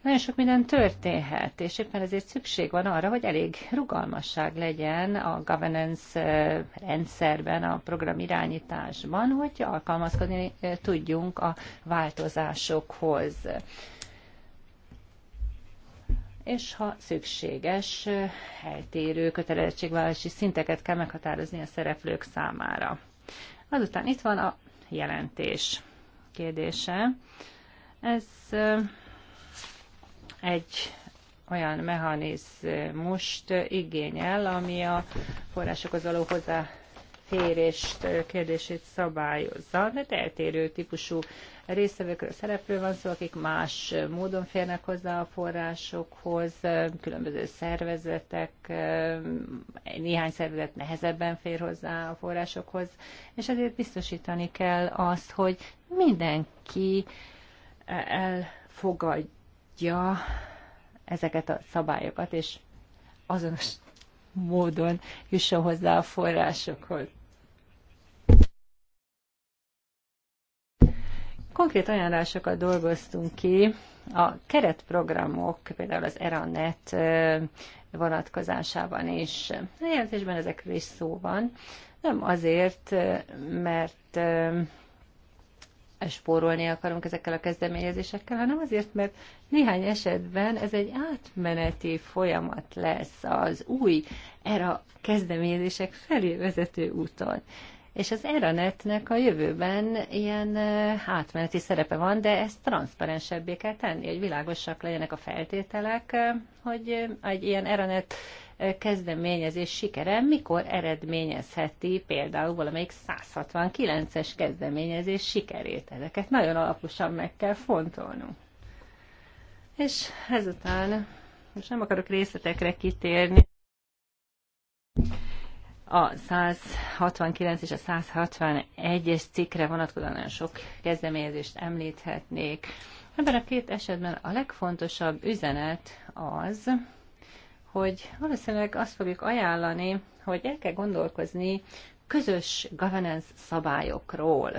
nagyon sok minden történhet, és éppen ezért szükség van arra, hogy elég rugalmasság legyen a governance eh, rendszerben, a program irányításban, hogy alkalmazkodni eh, tudjunk a változásokhoz és ha szükséges, eltérő kötelezettségvállalási szinteket kell meghatározni a szereplők számára. Azután itt van a jelentés kérdése. Ez egy olyan mechanizmust igényel, ami a forrásokhoz való hozzáférést kérdését szabályozza, mert eltérő típusú résztvevőkről, szereplő van szó, akik más módon férnek hozzá a forrásokhoz, különböző szervezetek, néhány szervezet nehezebben fér hozzá a forrásokhoz, és ezért biztosítani kell azt, hogy mindenki elfogadja ezeket a szabályokat, és azonos módon jusson hozzá a forrásokhoz. Konkrét ajánlásokat dolgoztunk ki a keretprogramok, például az ERANET vonatkozásában is. A jelentésben ezekről is szó van. Nem azért, mert spórolni akarunk ezekkel a kezdeményezésekkel, hanem azért, mert néhány esetben ez egy átmeneti folyamat lesz az új ERA a kezdeményezések felé vezető úton és az Eranetnek a jövőben ilyen átmeneti szerepe van, de ezt transzparensebbé kell tenni, hogy világosak legyenek a feltételek, hogy egy ilyen Eranet kezdeményezés sikere mikor eredményezheti például valamelyik 169-es kezdeményezés sikerét. Ezeket nagyon alaposan meg kell fontolnunk. És ezután, most nem akarok részletekre kitérni, a 169 és a 161-es cikkre vonatkozóan nagyon sok kezdeményezést említhetnék. Ebben a két esetben a legfontosabb üzenet az, hogy valószínűleg azt fogjuk ajánlani, hogy el kell gondolkozni közös governance szabályokról.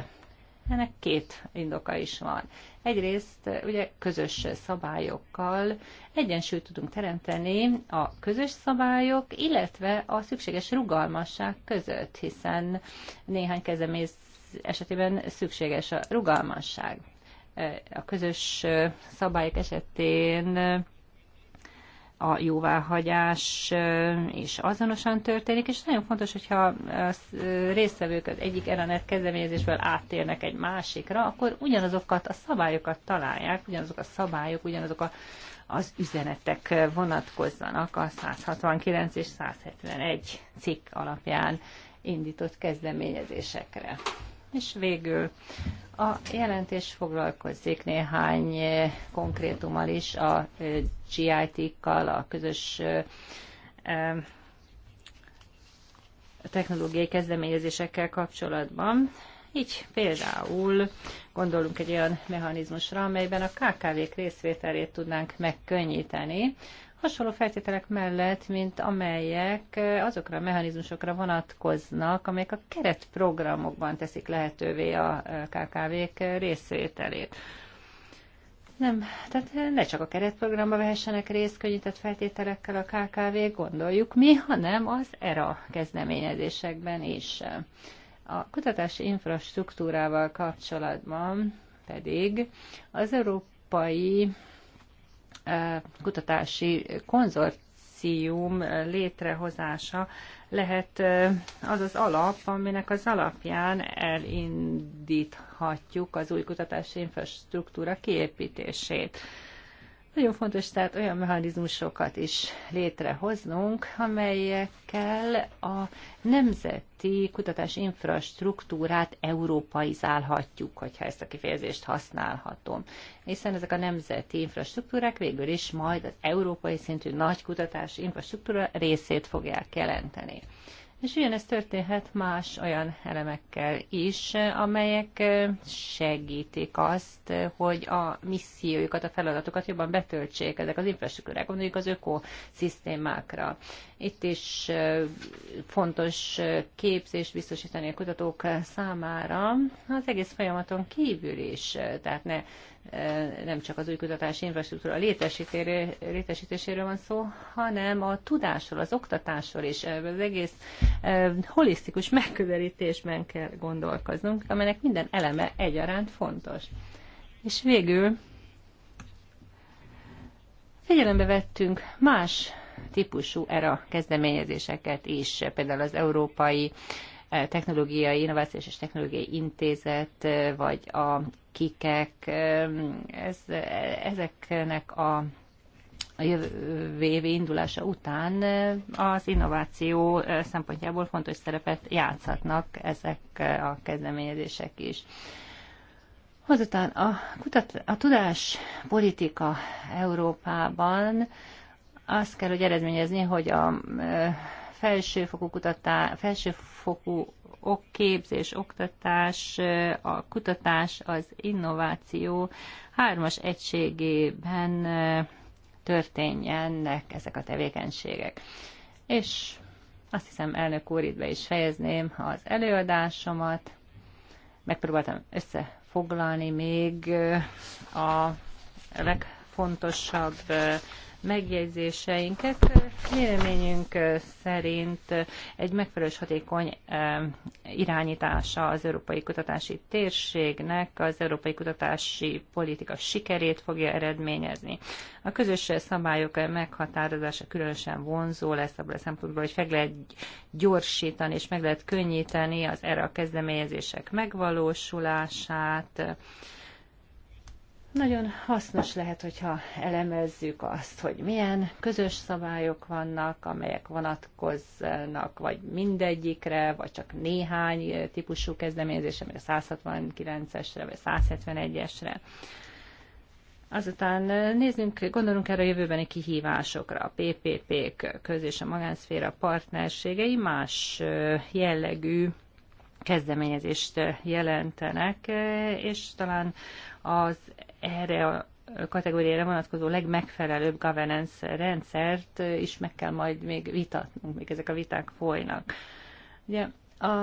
Ennek két indoka is van. Egyrészt ugye közös szabályokkal egyensúlyt tudunk teremteni a közös szabályok, illetve a szükséges rugalmasság között, hiszen néhány kezemész esetében szükséges a rugalmasság. A közös szabályok esetén a jóváhagyás is azonosan történik, és nagyon fontos, hogyha a résztvevők az egyik ellenet kezdeményezésből áttérnek egy másikra, akkor ugyanazokat a szabályokat találják, ugyanazok a szabályok, ugyanazok a, az üzenetek vonatkozzanak a 169 és 171 cikk alapján indított kezdeményezésekre. És végül a jelentés foglalkozik néhány eh, konkrétummal is, a eh, GIT-kkal, a közös eh, technológiai kezdeményezésekkel kapcsolatban. Így például gondolunk egy olyan mechanizmusra, amelyben a KKV-k részvételét tudnánk megkönnyíteni, hasonló feltételek mellett, mint amelyek azokra a mechanizmusokra vonatkoznak, amelyek a keretprogramokban teszik lehetővé a KKV-k részvételét. Nem, tehát ne csak a keretprogramba vehessenek részt könnyített feltételekkel a KKV, gondoljuk mi, hanem az ERA kezdeményezésekben is. A kutatási infrastruktúrával kapcsolatban pedig az Európai kutatási konzorcium létrehozása lehet az az alap, aminek az alapján elindíthatjuk az új kutatási infrastruktúra kiépítését. Nagyon fontos tehát olyan mechanizmusokat is létrehoznunk, amelyekkel a nemzeti kutatási infrastruktúrát európaizálhatjuk, hogyha ezt a kifejezést használhatom. Hiszen ezek a nemzeti infrastruktúrák végül is majd az európai szintű nagy kutatási infrastruktúra részét fogják jelenteni. És ugyanezt történhet más olyan elemekkel is, amelyek segítik azt, hogy a missziójukat, a feladatokat jobban betöltsék ezek az infrastruktúrák, gondoljuk az ökoszisztémákra. Itt is fontos képzést biztosítani a kutatók számára az egész folyamaton kívül is, tehát ne nem csak az új kutatási infrastruktúra létesítéséről van szó, hanem a tudásról, az oktatásról és az egész holisztikus megközelítésben kell gondolkoznunk, amelynek minden eleme egyaránt fontos. És végül figyelembe vettünk más típusú ERA kezdeményezéseket is, például az európai uh, technológiai, innovációs és technológiai intézet, vagy a kikek, ez, ezeknek a a jövő indulása után az innováció szempontjából fontos szerepet játszhatnak ezek a kezdeményezések is. Azután a, kutat, a tudás politika Európában azt kell, hogy eredményezni, hogy a felsőfokú, kutatá, felsőfokú képzés, oktatás, a kutatás, az innováció hármas egységében történjenek ezek a tevékenységek. És azt hiszem, elnök úr, itt be is fejezném az előadásomat. Megpróbáltam összefoglalni még a legfontosabb megjegyzéseinket. Véleményünk szerint egy megfelelő hatékony irányítása az európai kutatási térségnek az európai kutatási politika sikerét fogja eredményezni. A közös szabályok meghatározása különösen vonzó lesz abban a szempontból, hogy meg lehet gyorsítani és meg lehet könnyíteni az erre a kezdeményezések megvalósulását, nagyon hasznos lehet, hogyha elemezzük azt, hogy milyen közös szabályok vannak, amelyek vonatkoznak vagy mindegyikre, vagy csak néhány típusú kezdeményezésre, mert a 169-esre, vagy 171-esre. Azután eh, nézzünk, gondolunk erre a jövőbeni kihívásokra, a PPP-k, köz és a magánszféra partnerségei más eh, jellegű kezdeményezést eh, jelentenek, és talán az erre a kategóriára vonatkozó legmegfelelőbb governance rendszert is meg kell majd még vitatnunk, még ezek a viták folynak. Ugye a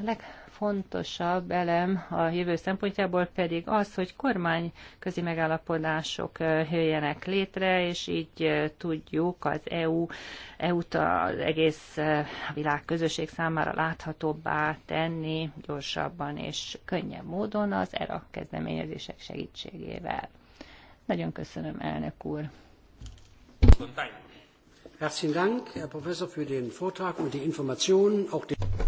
a legfontosabb elem a jövő szempontjából pedig az, hogy kormányközi megállapodások jöjjenek létre, és így tudjuk az EU, EU-t az egész világ közösség számára láthatóbbá tenni gyorsabban és könnyebb módon az ERA kezdeményezések segítségével. Nagyon köszönöm, elnök úr! Köszönöm.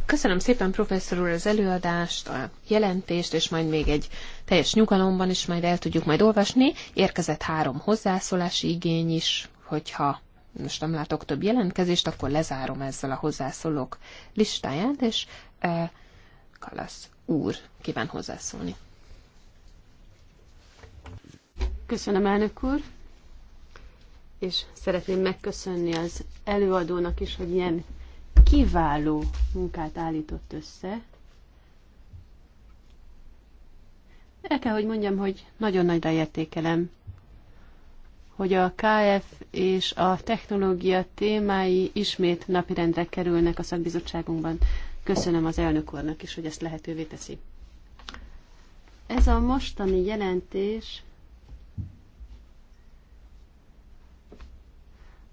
Köszönöm szépen, professzor úr, az előadást, a jelentést, és majd még egy teljes nyugalomban is majd el tudjuk majd olvasni. Érkezett három hozzászólási igény is, hogyha most nem látok több jelentkezést, akkor lezárom ezzel a hozzászólók listáját, és e, Kalasz úr kíván hozzászólni. Köszönöm, elnök úr és szeretném megköszönni az előadónak is, hogy ilyen kiváló munkát állított össze. El kell, hogy mondjam, hogy nagyon nagyra értékelem, hogy a KF és a technológia témái ismét napirendre kerülnek a szakbizottságunkban. Köszönöm az elnök úrnak is, hogy ezt lehetővé teszi. Ez a mostani jelentés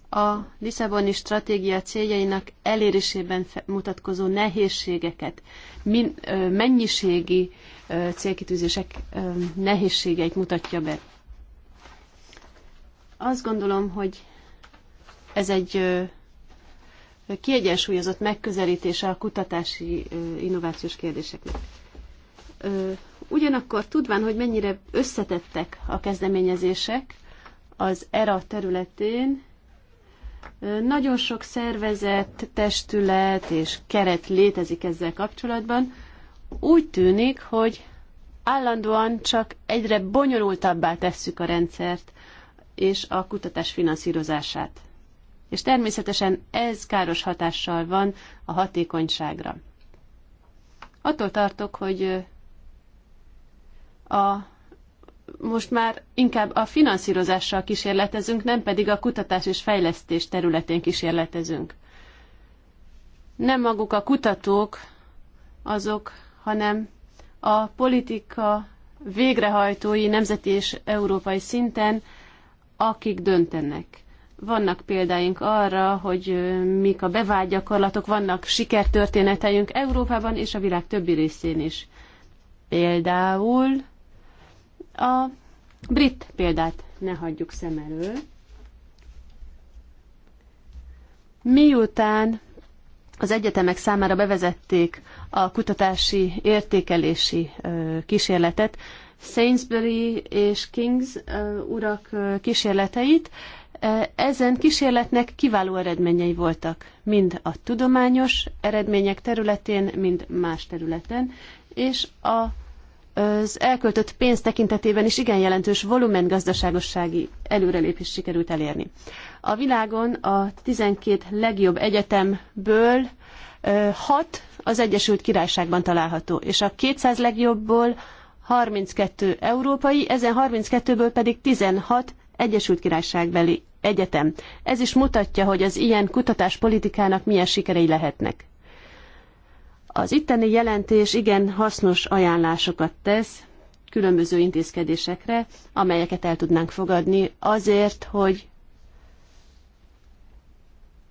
a Lisszaboni stratégia céljainak elérésében mutatkozó nehézségeket, min, mennyiségi célkitűzések nehézségeit mutatja be. Azt gondolom, hogy ez egy kiegyensúlyozott megközelítése a kutatási innovációs kérdéseknek. Ugyanakkor tudván, hogy mennyire összetettek a kezdeményezések az ERA területén, nagyon sok szervezet, testület és keret létezik ezzel kapcsolatban. Úgy tűnik, hogy állandóan csak egyre bonyolultabbá tesszük a rendszert és a kutatás finanszírozását. És természetesen ez káros hatással van a hatékonyságra. Attól tartok, hogy a most már inkább a finanszírozással kísérletezünk, nem pedig a kutatás és fejlesztés területén kísérletezünk. Nem maguk a kutatók azok, hanem a politika végrehajtói nemzeti és európai szinten, akik döntenek. Vannak példáink arra, hogy mik a bevált gyakorlatok, vannak sikertörténeteink Európában és a világ többi részén is. Például a brit példát ne hagyjuk szem elől. Miután az egyetemek számára bevezették a kutatási értékelési kísérletet, Sainsbury és Kings urak kísérleteit. Ezen kísérletnek kiváló eredményei voltak, mind a tudományos eredmények területén, mind más területen, és a az elköltött pénz tekintetében is igen jelentős volumen gazdaságossági előrelépést sikerült elérni. A világon a 12 legjobb egyetemből 6 az Egyesült Királyságban található, és a 200 legjobbból 32 európai, ezen 32-ből pedig 16 Egyesült Királyságbeli egyetem. Ez is mutatja, hogy az ilyen kutatáspolitikának milyen sikerei lehetnek. Az itteni jelentés igen hasznos ajánlásokat tesz különböző intézkedésekre, amelyeket el tudnánk fogadni azért, hogy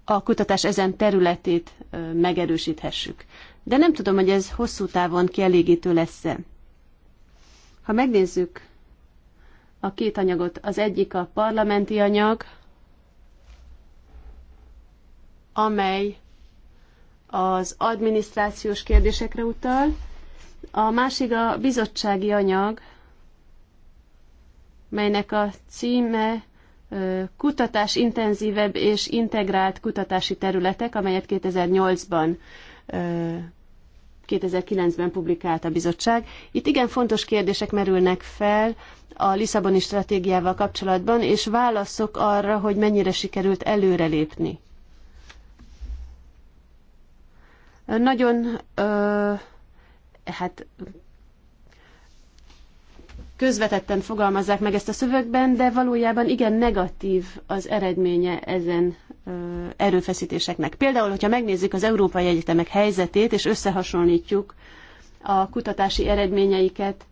a kutatás ezen területét megerősíthessük. De nem tudom, hogy ez hosszú távon kielégítő lesz-e. Ha megnézzük a két anyagot, az egyik a parlamenti anyag, amely az adminisztrációs kérdésekre utal, a másik a bizottsági anyag, melynek a címe kutatás intenzívebb és integrált kutatási területek, amelyet 2008-ban 2009-ben publikált a bizottság. Itt igen fontos kérdések merülnek fel a Lisszaboni stratégiával kapcsolatban, és válaszok arra, hogy mennyire sikerült előrelépni. Nagyon, hát közvetetten fogalmazzák meg ezt a szövegben, de valójában igen negatív az eredménye ezen erőfeszítéseknek. Például, hogyha megnézzük az európai egyetemek helyzetét, és összehasonlítjuk a kutatási eredményeiket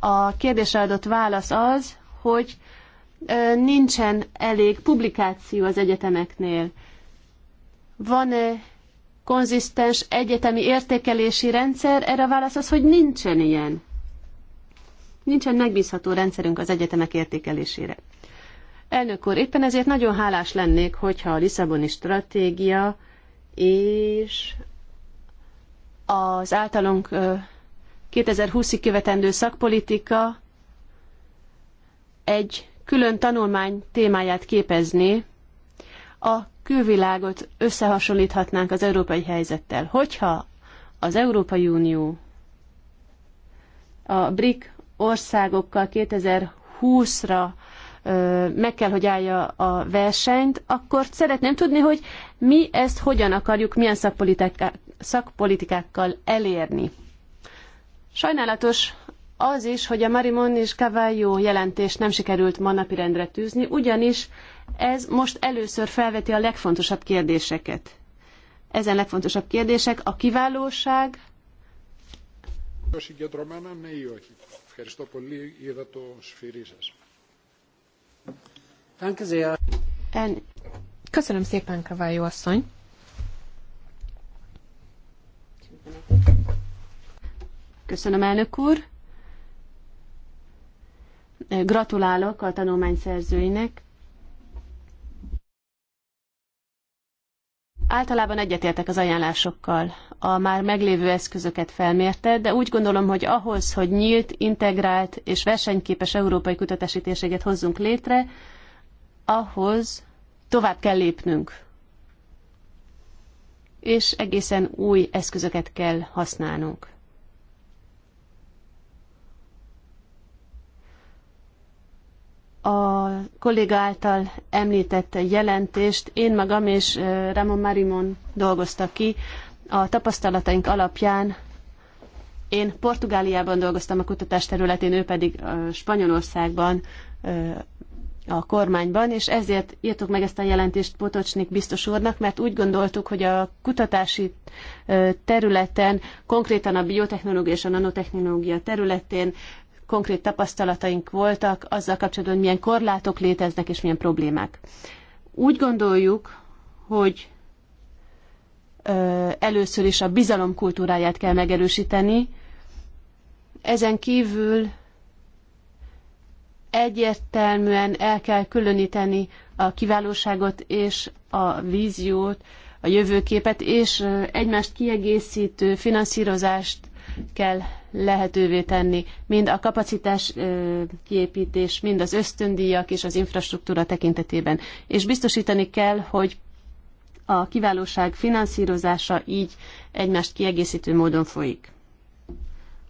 a kérdésre adott válasz az, hogy nincsen elég publikáció az egyetemeknél. Van-e konzisztens egyetemi értékelési rendszer? Erre a válasz az, hogy nincsen ilyen. Nincsen megbízható rendszerünk az egyetemek értékelésére. Elnök úr, éppen ezért nagyon hálás lennék, hogyha a Lisszaboni stratégia és az általunk 2020-ig követendő szakpolitika egy külön tanulmány témáját képezni, a külvilágot összehasonlíthatnánk az európai helyzettel. Hogyha az Európai Unió a BRIC országokkal 2020-ra meg kell, hogy állja a versenyt, akkor szeretném tudni, hogy mi ezt hogyan akarjuk, milyen szakpolitikákkal elérni. Sajnálatos az is, hogy a Marimon és Cavallo jelentést nem sikerült ma napirendre tűzni, ugyanis ez most először felveti a legfontosabb kérdéseket. Ezen legfontosabb kérdések a kiválóság, Köszönöm szépen, Kavályó asszony. Köszönöm, elnök úr. Gratulálok a tanulmány szerzőinek. Általában egyetértek az ajánlásokkal. A már meglévő eszközöket felmérte, de úgy gondolom, hogy ahhoz, hogy nyílt, integrált és versenyképes európai kutatási térséget hozzunk létre, ahhoz tovább kell lépnünk. És egészen új eszközöket kell használnunk. a kolléga által említett jelentést én magam és Ramon Marimon dolgozta ki. A tapasztalataink alapján én Portugáliában dolgoztam a kutatás területén, ő pedig Spanyolországban a kormányban, és ezért írtuk meg ezt a jelentést Potocsnik biztos úrnak, mert úgy gondoltuk, hogy a kutatási területen, konkrétan a biotechnológia és a nanotechnológia területén konkrét tapasztalataink voltak azzal kapcsolatban, milyen korlátok léteznek és milyen problémák. Úgy gondoljuk, hogy először is a bizalom kultúráját kell megerősíteni, ezen kívül egyértelműen el kell különíteni a kiválóságot és a víziót, a jövőképet, és egymást kiegészítő finanszírozást kell lehetővé tenni, mind a kapacitás kiépítés, mind az ösztöndíjak és az infrastruktúra tekintetében. És biztosítani kell, hogy a kiválóság finanszírozása így egymást kiegészítő módon folyik.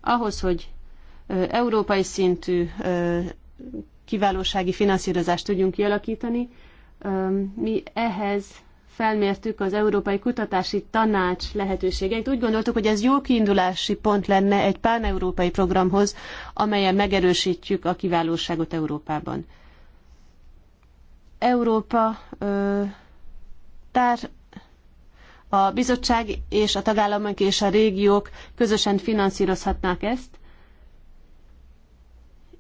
Ahhoz, hogy európai szintű kiválósági finanszírozást tudjunk kialakítani, mi ehhez felmértük az Európai Kutatási Tanács lehetőségeit. Úgy gondoltuk, hogy ez jó kiindulási pont lenne egy európai programhoz, amelyen megerősítjük a kiválóságot Európában. Európa ö, tár a bizottság és a tagállamok és a régiók közösen finanszírozhatnák ezt,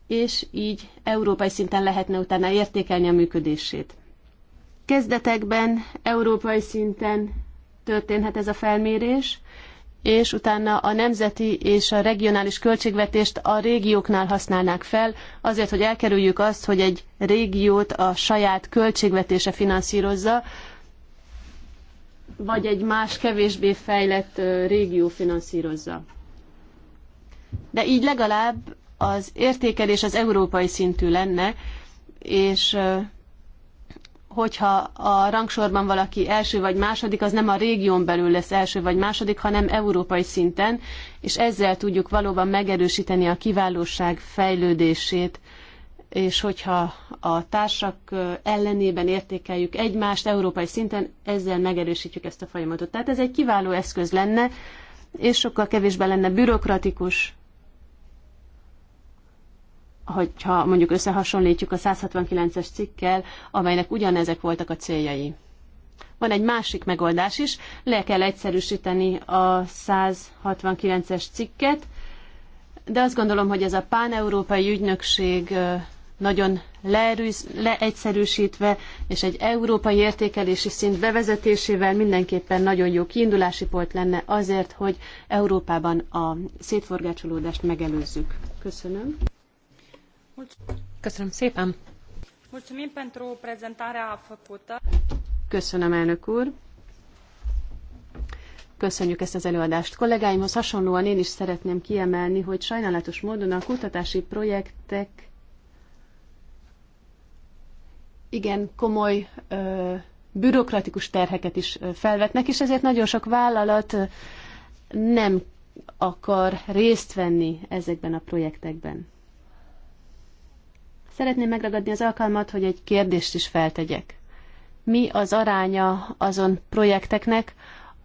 és így európai szinten lehetne utána értékelni a működését. Kezdetekben európai szinten történhet ez a felmérés, és utána a nemzeti és a regionális költségvetést a régióknál használnák fel, azért, hogy elkerüljük azt, hogy egy régiót a saját költségvetése finanszírozza, vagy egy más, kevésbé fejlett régió finanszírozza. De így legalább az értékelés az európai szintű lenne, és hogyha a rangsorban valaki első vagy második, az nem a régión belül lesz első vagy második, hanem európai szinten, és ezzel tudjuk valóban megerősíteni a kiválóság fejlődését, és hogyha a társak ellenében értékeljük egymást európai szinten, ezzel megerősítjük ezt a folyamatot. Tehát ez egy kiváló eszköz lenne, és sokkal kevésbé lenne bürokratikus, hogyha mondjuk összehasonlítjuk a 169-es cikkel, amelynek ugyanezek voltak a céljai. Van egy másik megoldás is, le kell egyszerűsíteni a 169-es cikket, de azt gondolom, hogy ez a páneurópai ügynökség nagyon leerűz, leegyszerűsítve, és egy európai értékelési szint bevezetésével mindenképpen nagyon jó kiindulási pont lenne azért, hogy Európában a szétforgácsolódást megelőzzük. Köszönöm. Köszönöm szépen. Mulțumim pentru prezentarea făcută. Köszönöm, elnök úr. Köszönjük ezt az előadást. Kollégáimhoz hasonlóan én is szeretném kiemelni, hogy sajnálatos módon a kutatási projektek igen komoly ö, bürokratikus terheket is felvetnek, és ezért nagyon sok vállalat nem akar részt venni ezekben a projektekben. Szeretném megragadni az alkalmat, hogy egy kérdést is feltegyek. Mi az aránya azon projekteknek,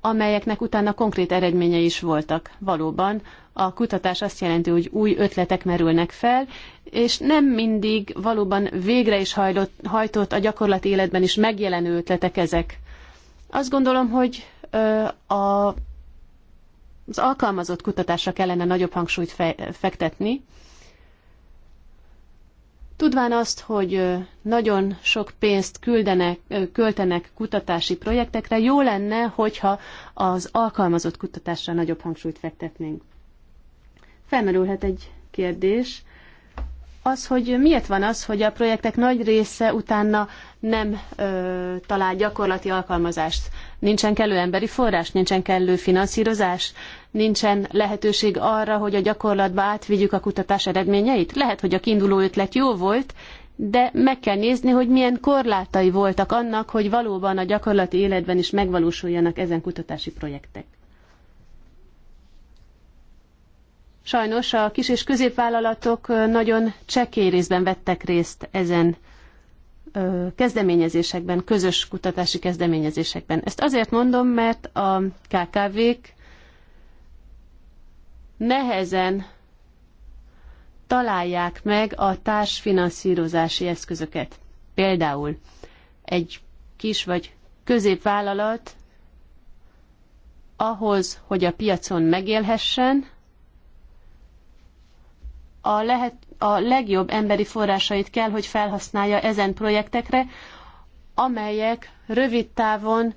amelyeknek utána konkrét eredményei is voltak valóban. A kutatás azt jelenti, hogy új ötletek merülnek fel, és nem mindig valóban végre is hajlott, hajtott a gyakorlati életben is megjelenő ötletek ezek. Azt gondolom, hogy ö, a, az alkalmazott kutatásra kellene nagyobb hangsúlyt fe, fektetni, Tudván azt, hogy nagyon sok pénzt küldenek, költenek kutatási projektekre, jó lenne, hogyha az alkalmazott kutatásra nagyobb hangsúlyt fektetnénk. Felmerülhet egy kérdés, az, hogy miért van az, hogy a projektek nagy része utána nem ö, talál gyakorlati alkalmazást. Nincsen kellő emberi forrás, nincsen kellő finanszírozás, nincsen lehetőség arra, hogy a gyakorlatba átvigyük a kutatás eredményeit. Lehet, hogy a kiinduló ötlet jó volt, de meg kell nézni, hogy milyen korlátai voltak annak, hogy valóban a gyakorlati életben is megvalósuljanak ezen kutatási projektek. Sajnos a kis és középvállalatok nagyon csekély részben vettek részt ezen kezdeményezésekben, közös kutatási kezdeményezésekben. Ezt azért mondom, mert a KKV-k nehezen találják meg a társfinanszírozási eszközöket. Például egy kis vagy középvállalat ahhoz, hogy a piacon megélhessen, a, lehet, a legjobb emberi forrásait kell, hogy felhasználja ezen projektekre, amelyek rövid távon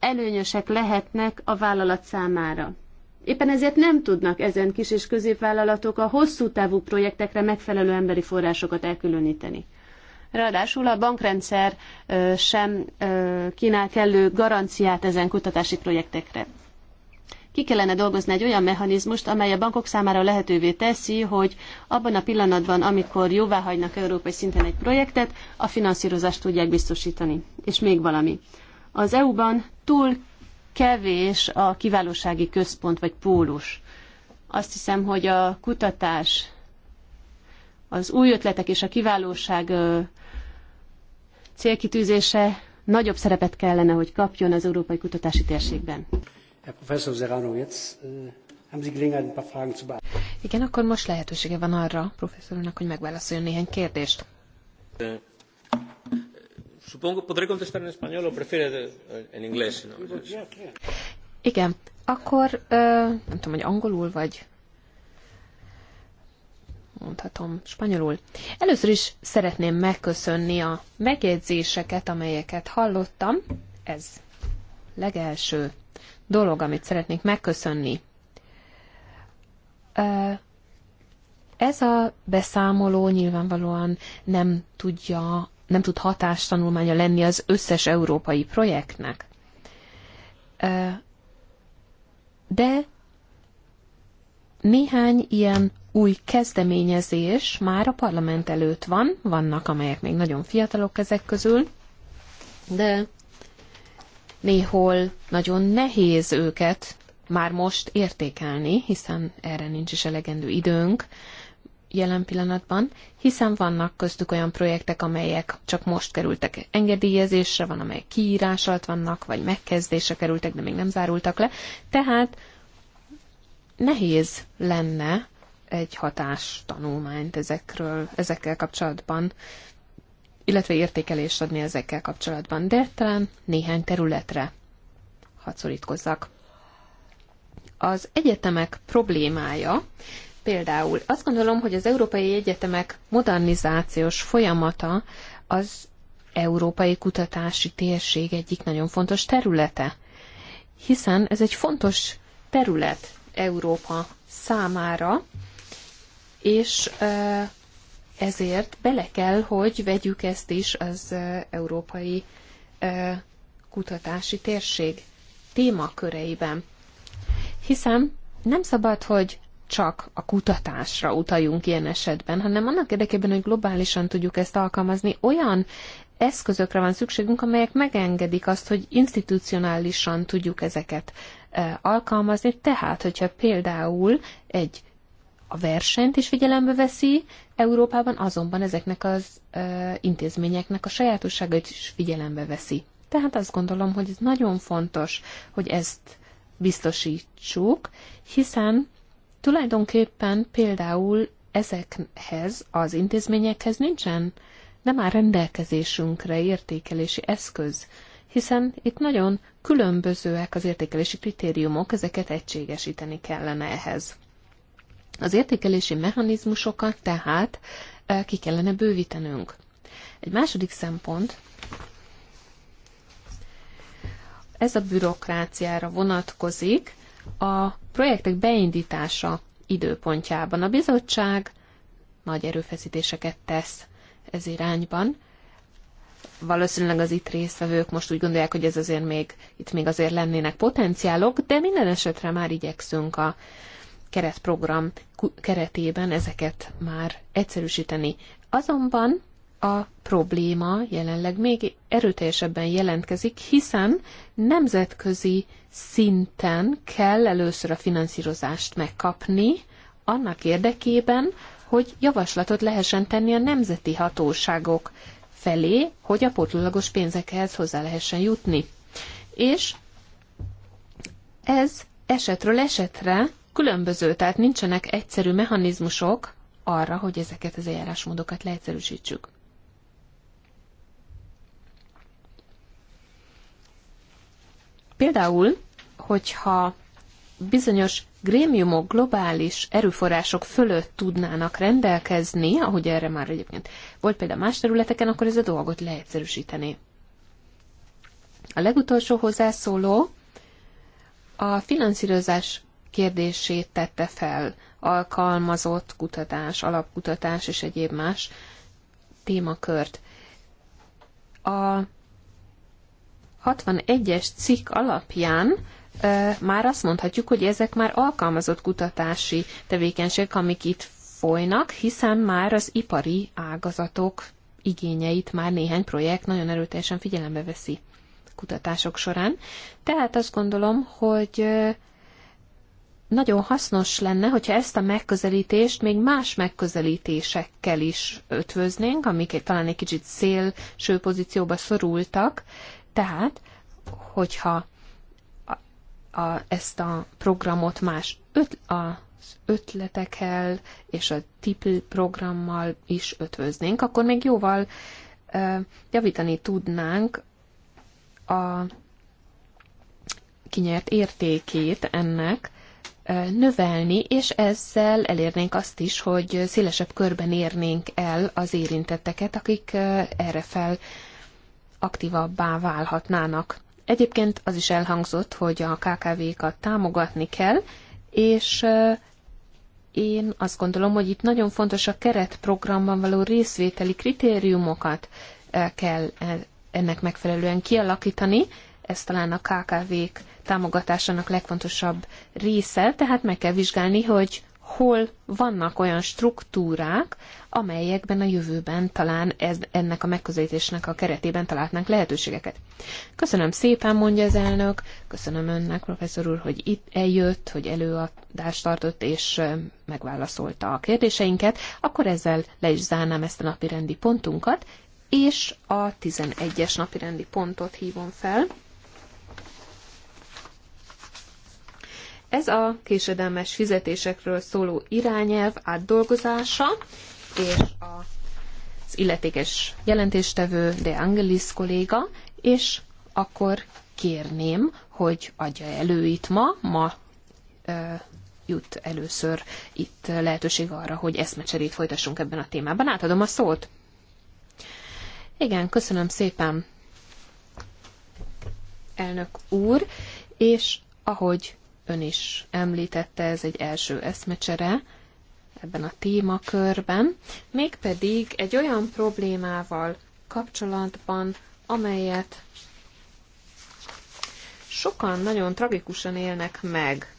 előnyösek lehetnek a vállalat számára. Éppen ezért nem tudnak ezen kis és középvállalatok a hosszú távú projektekre megfelelő emberi forrásokat elkülöníteni. Ráadásul a bankrendszer sem kínál kellő garanciát ezen kutatási projektekre ki kellene dolgozni egy olyan mechanizmust, amely a bankok számára lehetővé teszi, hogy abban a pillanatban, amikor jóváhagynak európai szinten egy projektet, a finanszírozást tudják biztosítani. És még valami. Az EU-ban túl kevés a kiválósági központ vagy pólus. Azt hiszem, hogy a kutatás, az új ötletek és a kiválóság célkitűzése nagyobb szerepet kellene, hogy kapjon az európai kutatási térségben. Herr Professor Serrano, jetzt äh, haben Sie Gelegenheit, ein paar Fragen zu beantworten. Igen, akkor most lehetősége van arra professzor úrnak, hogy megválaszoljon néhány kérdést. Eh, supongo, podré contestar en español o prefiere eh, en inglés? No? Igen, akkor nem tudom, hogy angolul vagy mondhatom spanyolul. Először is szeretném megköszönni a megjegyzéseket, amelyeket hallottam. Ez legelső dolog, amit szeretnék megköszönni. Ez a beszámoló nyilvánvalóan nem tudja, nem tud hatástanulmánya lenni az összes európai projektnek. De néhány ilyen új kezdeményezés már a parlament előtt van, vannak, amelyek még nagyon fiatalok ezek közül, de Néhol nagyon nehéz őket már most értékelni, hiszen erre nincs is elegendő időnk jelen pillanatban, hiszen vannak köztük olyan projektek, amelyek csak most kerültek engedélyezésre, van amelyek kiírás alatt vannak, vagy megkezdésre kerültek, de még nem zárultak le. Tehát nehéz lenne egy hatás tanulmányt ezekről, ezekkel kapcsolatban illetve értékelést adni ezekkel kapcsolatban, de talán néhány területre hadd Az egyetemek problémája például azt gondolom, hogy az európai egyetemek modernizációs folyamata az európai kutatási térség egyik nagyon fontos területe, hiszen ez egy fontos terület Európa számára, és ezért bele kell, hogy vegyük ezt is az európai kutatási térség témaköreiben. Hiszen nem szabad, hogy csak a kutatásra utaljunk ilyen esetben, hanem annak érdekében, hogy globálisan tudjuk ezt alkalmazni, olyan eszközökre van szükségünk, amelyek megengedik azt, hogy institucionálisan tudjuk ezeket alkalmazni. Tehát, hogyha például egy a versenyt is figyelembe veszi, Európában azonban ezeknek az ö, intézményeknek a sajátosságait is figyelembe veszi. Tehát azt gondolom, hogy ez nagyon fontos, hogy ezt biztosítsuk, hiszen tulajdonképpen például ezekhez az intézményekhez nincsen, nem már rendelkezésünkre értékelési eszköz, hiszen itt nagyon különbözőek az értékelési kritériumok, ezeket egységesíteni kellene ehhez. Az értékelési mechanizmusokat tehát eh, ki kellene bővítenünk. Egy második szempont, ez a bürokráciára vonatkozik a projektek beindítása időpontjában. A bizottság nagy erőfeszítéseket tesz ez irányban. Valószínűleg az itt résztvevők most úgy gondolják, hogy ez azért még, itt még azért lennének potenciálok, de minden esetre már igyekszünk a keretprogram keretében ezeket már egyszerűsíteni. Azonban a probléma jelenleg még erőteljesebben jelentkezik, hiszen nemzetközi szinten kell először a finanszírozást megkapni, annak érdekében, hogy javaslatot lehessen tenni a nemzeti hatóságok felé, hogy a pótlólagos pénzekhez hozzá lehessen jutni. És ez esetről esetre különböző, tehát nincsenek egyszerű mechanizmusok arra, hogy ezeket az eljárásmódokat leegyszerűsítsük. Például, hogyha bizonyos grémiumok globális erőforrások fölött tudnának rendelkezni, ahogy erre már egyébként volt például más területeken, akkor ez a dolgot leegyszerűsíteni. A legutolsó hozzászóló a finanszírozás kérdését tette fel, alkalmazott kutatás, alapkutatás és egyéb más témakört. A 61-es cikk alapján ö, már azt mondhatjuk, hogy ezek már alkalmazott kutatási tevékenységek, amik itt folynak, hiszen már az ipari ágazatok igényeit már néhány projekt nagyon erőteljesen figyelembe veszi kutatások során. Tehát azt gondolom, hogy nagyon hasznos lenne, hogyha ezt a megközelítést még más megközelítésekkel is ötvöznénk, amik talán egy kicsit szélső pozícióba szorultak. Tehát, hogyha a, a, ezt a programot más öt, a, ötletekkel és a tipi programmal is ötvöznénk, akkor még jóval ö, javítani tudnánk a kinyert értékét ennek, növelni, és ezzel elérnénk azt is, hogy szélesebb körben érnénk el az érintetteket, akik erre fel aktívabbá válhatnának. Egyébként az is elhangzott, hogy a KKV-kat támogatni kell, és én azt gondolom, hogy itt nagyon fontos a keretprogramban való részvételi kritériumokat kell e, ennek megfelelően kialakítani, ez talán a KKV-k támogatásának legfontosabb része, tehát meg kell vizsgálni, hogy hol vannak olyan struktúrák, amelyekben a jövőben talán ez, ennek a megközelítésnek a keretében találnánk lehetőségeket. Köszönöm szépen, mondja az elnök, köszönöm önnek, professzor úr, hogy itt eljött, hogy előadást tartott és megválaszolta a kérdéseinket. Akkor ezzel le is zárnám ezt a napi rendi pontunkat, és a 11-es napi rendi pontot hívom fel, Ez a késedelmes fizetésekről szóló irányelv átdolgozása, és a az illetékes jelentéstevő De Angelis kolléga, és akkor kérném, hogy adja elő itt ma, ma e, jut először itt lehetőség arra, hogy eszmecserét folytassunk ebben a témában. Átadom a szót. Igen, köszönöm szépen, elnök úr, és ahogy ön is említette, ez egy első eszmecsere ebben a témakörben, mégpedig egy olyan problémával kapcsolatban, amelyet sokan nagyon tragikusan élnek meg,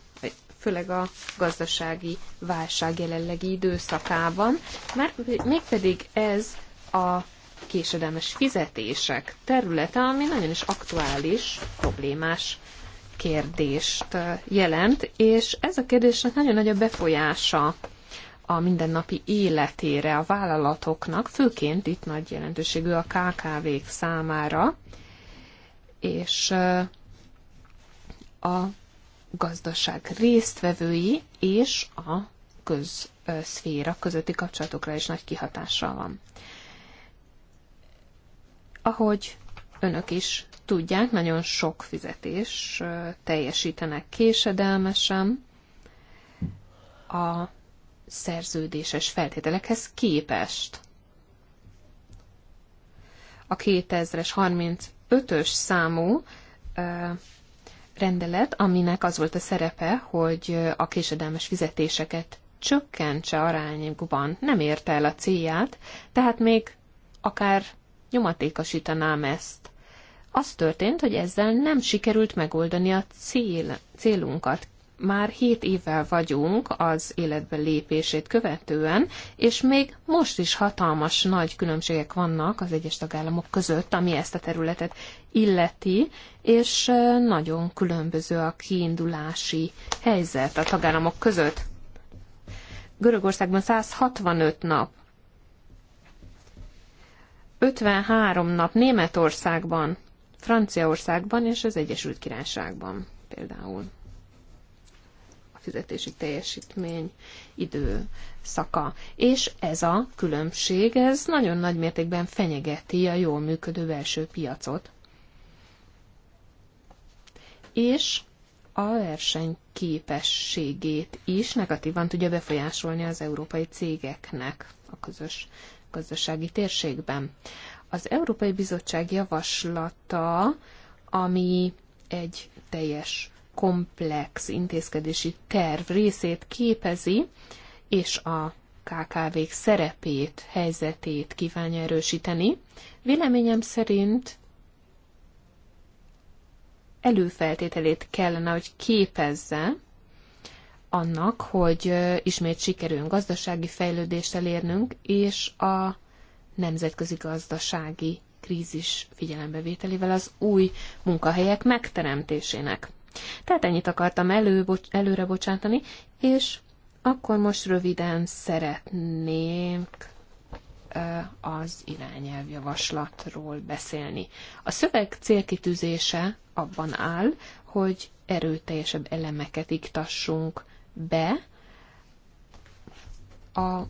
főleg a gazdasági válság jelenlegi időszakában, mert mégpedig ez a késedelmes fizetések területe, ami nagyon is aktuális, problémás kérdést jelent, és ez a kérdésnek nagyon nagy a befolyása a mindennapi életére a vállalatoknak, főként itt nagy jelentőségű a KKV-k számára, és a gazdaság résztvevői és a közszféra közötti kapcsolatokra is nagy kihatással van. Ahogy önök is tudják, nagyon sok fizetés teljesítenek késedelmesen a szerződéses feltételekhez képest. A 2035-ös számú rendelet, aminek az volt a szerepe, hogy a késedelmes fizetéseket csökkentse arányban, nem érte el a célját, tehát még akár nyomatékosítanám ezt. Az történt, hogy ezzel nem sikerült megoldani a cél, célunkat. Már hét évvel vagyunk az életbe lépését követően, és még most is hatalmas nagy különbségek vannak az egyes tagállamok között, ami ezt a területet illeti, és nagyon különböző a kiindulási helyzet a tagállamok között. Görögországban 165 nap 53 nap Németországban, Franciaországban és az Egyesült Királyságban például a fizetési teljesítmény idő szaka. És ez a különbség, ez nagyon nagy mértékben fenyegeti a jól működő belső piacot. És a versenyképességét is negatívan tudja befolyásolni az európai cégeknek a közös gazdasági térségben. Az Európai Bizottság javaslata, ami egy teljes komplex intézkedési terv részét képezi, és a KKV-k szerepét, helyzetét kívánja erősíteni. Véleményem szerint előfeltételét kellene, hogy képezze annak, hogy ismét sikerüljön gazdasági fejlődést elérnünk, és a nemzetközi gazdasági krízis figyelembevételével az új munkahelyek megteremtésének. Tehát ennyit akartam elő, előre bocsátani, és akkor most röviden szeretnék az irányelvjavaslatról beszélni. A szöveg célkitűzése abban áll, hogy erőteljesebb elemeket iktassunk be a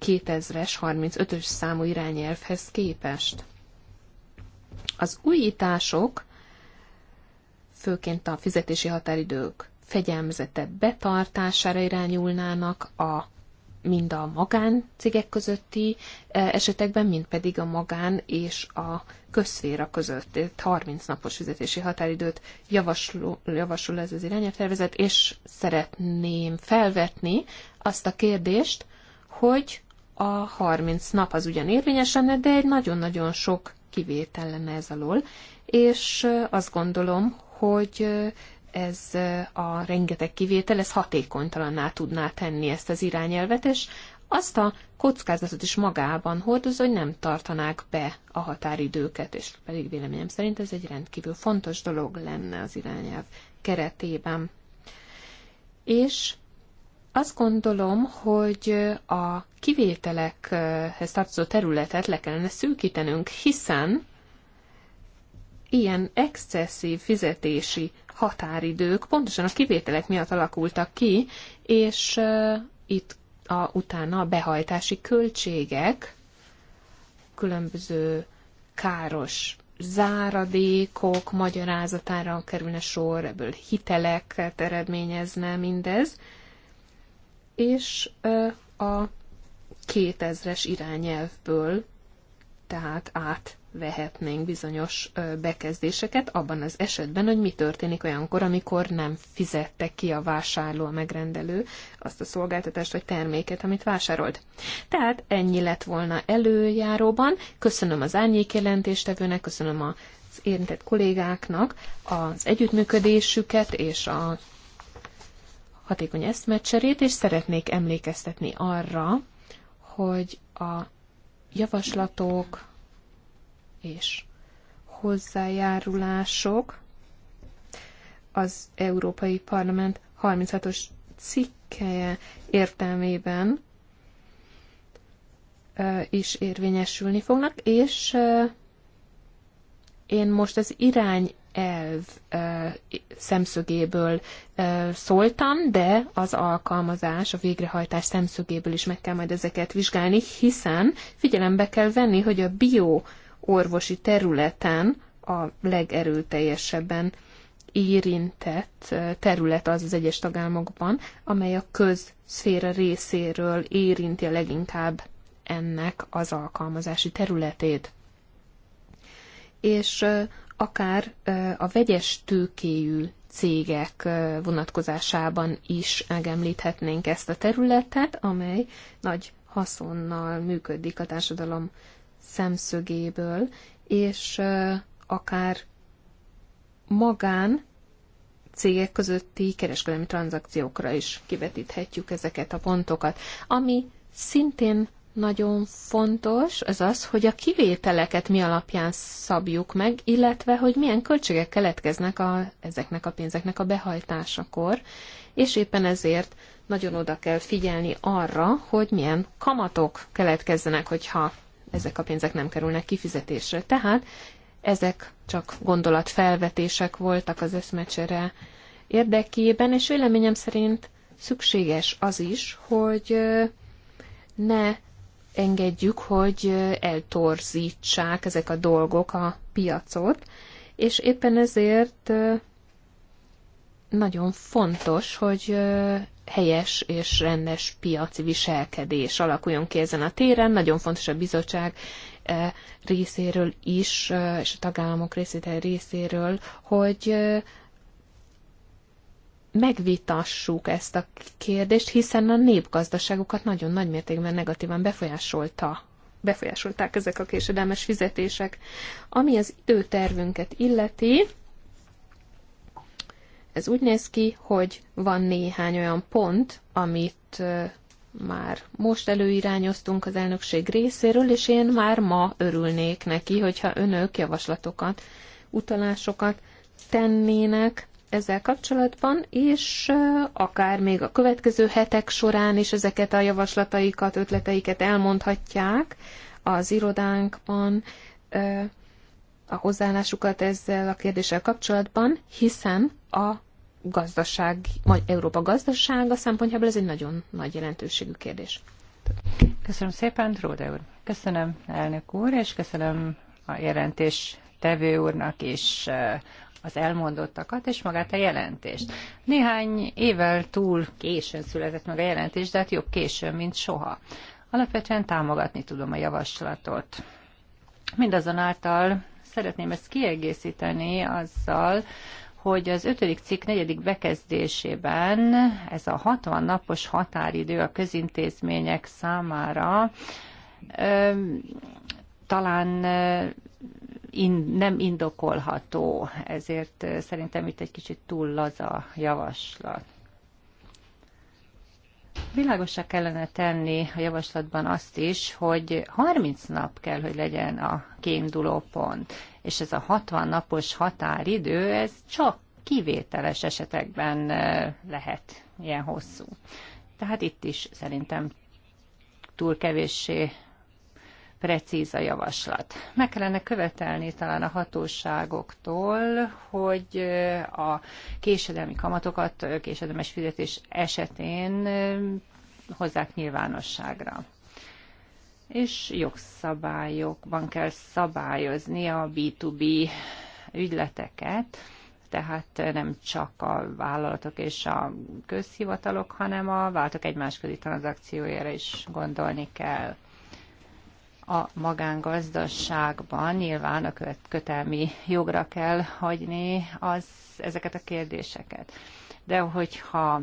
2000-es 35-ös számú irányelvhez képest. Az újítások, főként a fizetési határidők fegyelmezete betartására irányulnának a mind a magán cégek közötti e, esetekben, mind pedig a magán és a közszféra között. 30 napos fizetési határidőt javasol, javasol ez az irányelvtervezet, és szeretném felvetni azt a kérdést, hogy a 30 nap az ugyan érvényes lenne, de egy nagyon-nagyon sok kivétel lenne ez alól, és azt gondolom, hogy ez a rengeteg kivétel, ez hatékonytalanná tudná tenni ezt az irányelvet, és azt a kockázatot is magában hordoz, hogy nem tartanák be a határidőket, és pedig véleményem szerint ez egy rendkívül fontos dolog lenne az irányelv keretében. És azt gondolom, hogy a kivételekhez tartozó területet le kellene szűkítenünk, hiszen ilyen excesszív fizetési határidők pontosan a kivételek miatt alakultak ki, és itt a, utána a behajtási költségek, különböző káros záradékok magyarázatára kerülne sor, ebből hiteleket eredményezne mindez, és a 2000-es irányelvből tehát át vehetnénk bizonyos bekezdéseket abban az esetben, hogy mi történik olyankor, amikor nem fizette ki a vásárló, a megrendelő azt a szolgáltatást vagy terméket, amit vásárolt. Tehát ennyi lett volna előjáróban. Köszönöm az árnyék jelentéstevőnek, köszönöm az érintett kollégáknak az együttműködésüket és a hatékony eszmecserét, és szeretnék emlékeztetni arra, hogy a javaslatok, és hozzájárulások az Európai Parlament 36-os cikkeje értelmében is érvényesülni fognak, és én most az irány szemszögéből szóltam, de az alkalmazás, a végrehajtás szemszögéből is meg kell majd ezeket vizsgálni, hiszen figyelembe kell venni, hogy a bio orvosi területen a legerőteljesebben érintett terület az az egyes tagállamokban, amely a közszféra részéről érinti a leginkább ennek az alkalmazási területét. És akár a vegyes tőkéjű cégek vonatkozásában is megemlíthetnénk ezt a területet, amely nagy haszonnal működik a társadalom szemszögéből, és akár magán cégek közötti kereskedelmi tranzakciókra is kivetíthetjük ezeket a pontokat. Ami szintén nagyon fontos, az az, hogy a kivételeket mi alapján szabjuk meg, illetve hogy milyen költségek keletkeznek a, ezeknek a pénzeknek a behajtásakor, és éppen ezért nagyon oda kell figyelni arra, hogy milyen kamatok keletkezzenek, hogyha ezek a pénzek nem kerülnek kifizetésre. Tehát ezek csak gondolatfelvetések voltak az eszmecsere érdekében, és véleményem szerint szükséges az is, hogy ne engedjük, hogy eltorzítsák ezek a dolgok a piacot, és éppen ezért nagyon fontos, hogy helyes és rendes piaci viselkedés alakuljon ki ezen a téren. Nagyon fontos a bizottság részéről is, és a tagállamok részétel részéről, hogy megvitassuk ezt a kérdést, hiszen a népgazdaságokat nagyon nagy mértékben negatívan befolyásolta befolyásolták ezek a késedelmes fizetések. Ami az időtervünket illeti, ez úgy néz ki, hogy van néhány olyan pont, amit már most előirányoztunk az elnökség részéről, és én már ma örülnék neki, hogyha önök javaslatokat, utalásokat tennének ezzel kapcsolatban, és akár még a következő hetek során is ezeket a javaslataikat, ötleteiket elmondhatják az irodánkban a hozzáállásukat ezzel a kérdéssel kapcsolatban, hiszen a gazdaság, vagy Európa gazdasága szempontjából ez egy nagyon nagy jelentőségű kérdés. Köszönöm szépen, Róde úr. Köszönöm, elnök úr, és köszönöm a jelentés tevő úrnak is eh, az elmondottakat és magát a jelentést. Néhány évvel túl későn született meg a jelentés, de hát jobb későn, mint soha. Alapvetően támogatni tudom a javaslatot. Mindazonáltal szeretném ezt kiegészíteni azzal, hogy az ötödik cikk negyedik bekezdésében ez a 60 napos határidő a közintézmények számára talán in, nem indokolható, ezért szerintem itt egy kicsit túl laza javaslat. Világosra kellene tenni a javaslatban azt is, hogy 30 nap kell, hogy legyen a kiinduló pont és ez a 60 napos határidő, ez csak kivételes esetekben lehet ilyen hosszú. Tehát itt is szerintem túl kevéssé precíz a javaslat. Meg kellene követelni talán a hatóságoktól, hogy a késedelmi kamatokat késedelmes fizetés esetén hozzák nyilvánosságra és jogszabályokban kell szabályozni a B2B ügyleteket, tehát nem csak a vállalatok és a közhivatalok, hanem a váltok egymás közi tranzakciójára is gondolni kell. A magángazdaságban nyilván a kötelmi jogra kell hagyni az, ezeket a kérdéseket. De hogyha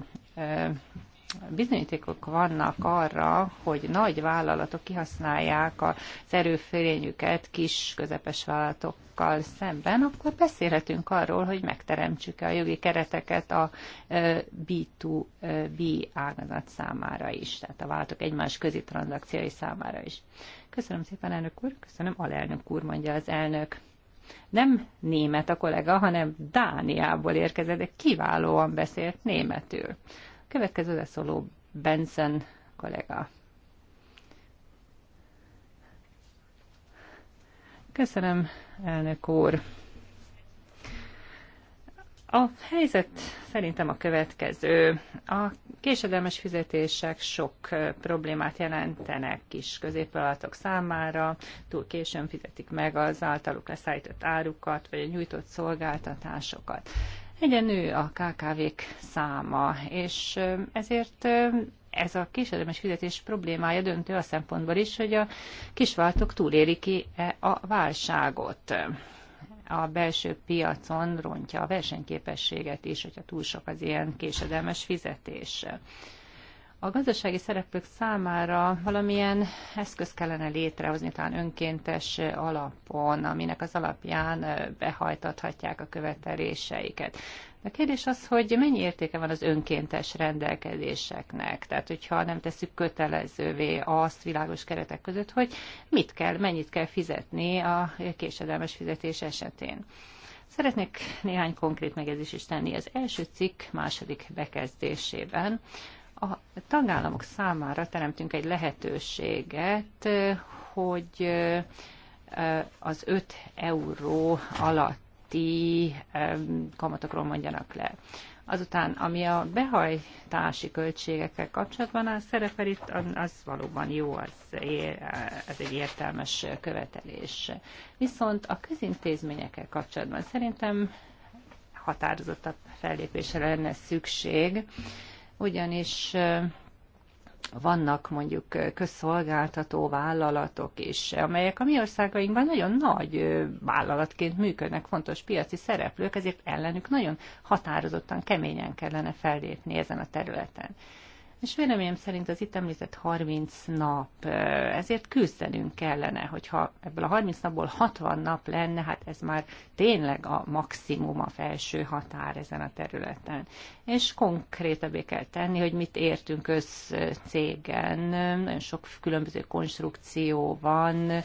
bizonyítékok vannak arra, hogy nagy vállalatok kihasználják az erőfölényüket kis, közepes vállalatokkal szemben, akkor beszélhetünk arról, hogy megteremtsük-e a jogi kereteket a B2B ágazat számára is, tehát a vállalatok egymás közi tranzakciói számára is. Köszönöm szépen, elnök úr, köszönöm, alelnök úr, mondja az elnök nem német a kollega, hanem Dániából érkezett, de kiválóan beszélt németül. Következő leszóló Benson kollega. Köszönöm, elnök úr. A helyzet szerintem a következő. A késedelmes fizetések sok problémát jelentenek kis középvállalatok számára, túl későn fizetik meg az általuk leszállított árukat, vagy a nyújtott szolgáltatásokat egyre nő a KKV-k száma, és ezért ez a késedelmes fizetés problémája döntő a szempontból is, hogy a kisváltók túlélik ki -e a válságot. A belső piacon rontja a versenyképességet is, hogyha túl sok az ilyen késedelmes fizetés. A gazdasági szereplők számára valamilyen eszköz kellene létrehozni, talán önkéntes alapon, aminek az alapján behajtathatják a követeléseiket. A kérdés az, hogy mennyi értéke van az önkéntes rendelkezéseknek. Tehát, hogyha nem tesszük kötelezővé azt világos keretek között, hogy mit kell, mennyit kell fizetni a késedelmes fizetés esetén. Szeretnék néhány konkrét megjegyzést is tenni. Az első cikk második bekezdésében a tagállamok számára teremtünk egy lehetőséget, hogy az 5 euró alatti kamatokról mondjanak le. Azután, ami a behajtási költségekkel kapcsolatban áll, szerepel itt, az valóban jó, az, ez egy értelmes követelés. Viszont a közintézményekkel kapcsolatban szerintem határozottabb fellépésre lenne szükség, ugyanis vannak mondjuk közszolgáltató vállalatok is, amelyek a mi országainkban nagyon nagy vállalatként működnek, fontos piaci szereplők, ezért ellenük nagyon határozottan, keményen kellene fellépni ezen a területen. És véleményem szerint az itt említett 30 nap, ezért küzdenünk kellene, hogyha ebből a 30 napból 60 nap lenne, hát ez már tényleg a maximum, a felső határ ezen a területen. És konkrétabbé kell tenni, hogy mit értünk összcégen. nagyon sok különböző konstrukció van,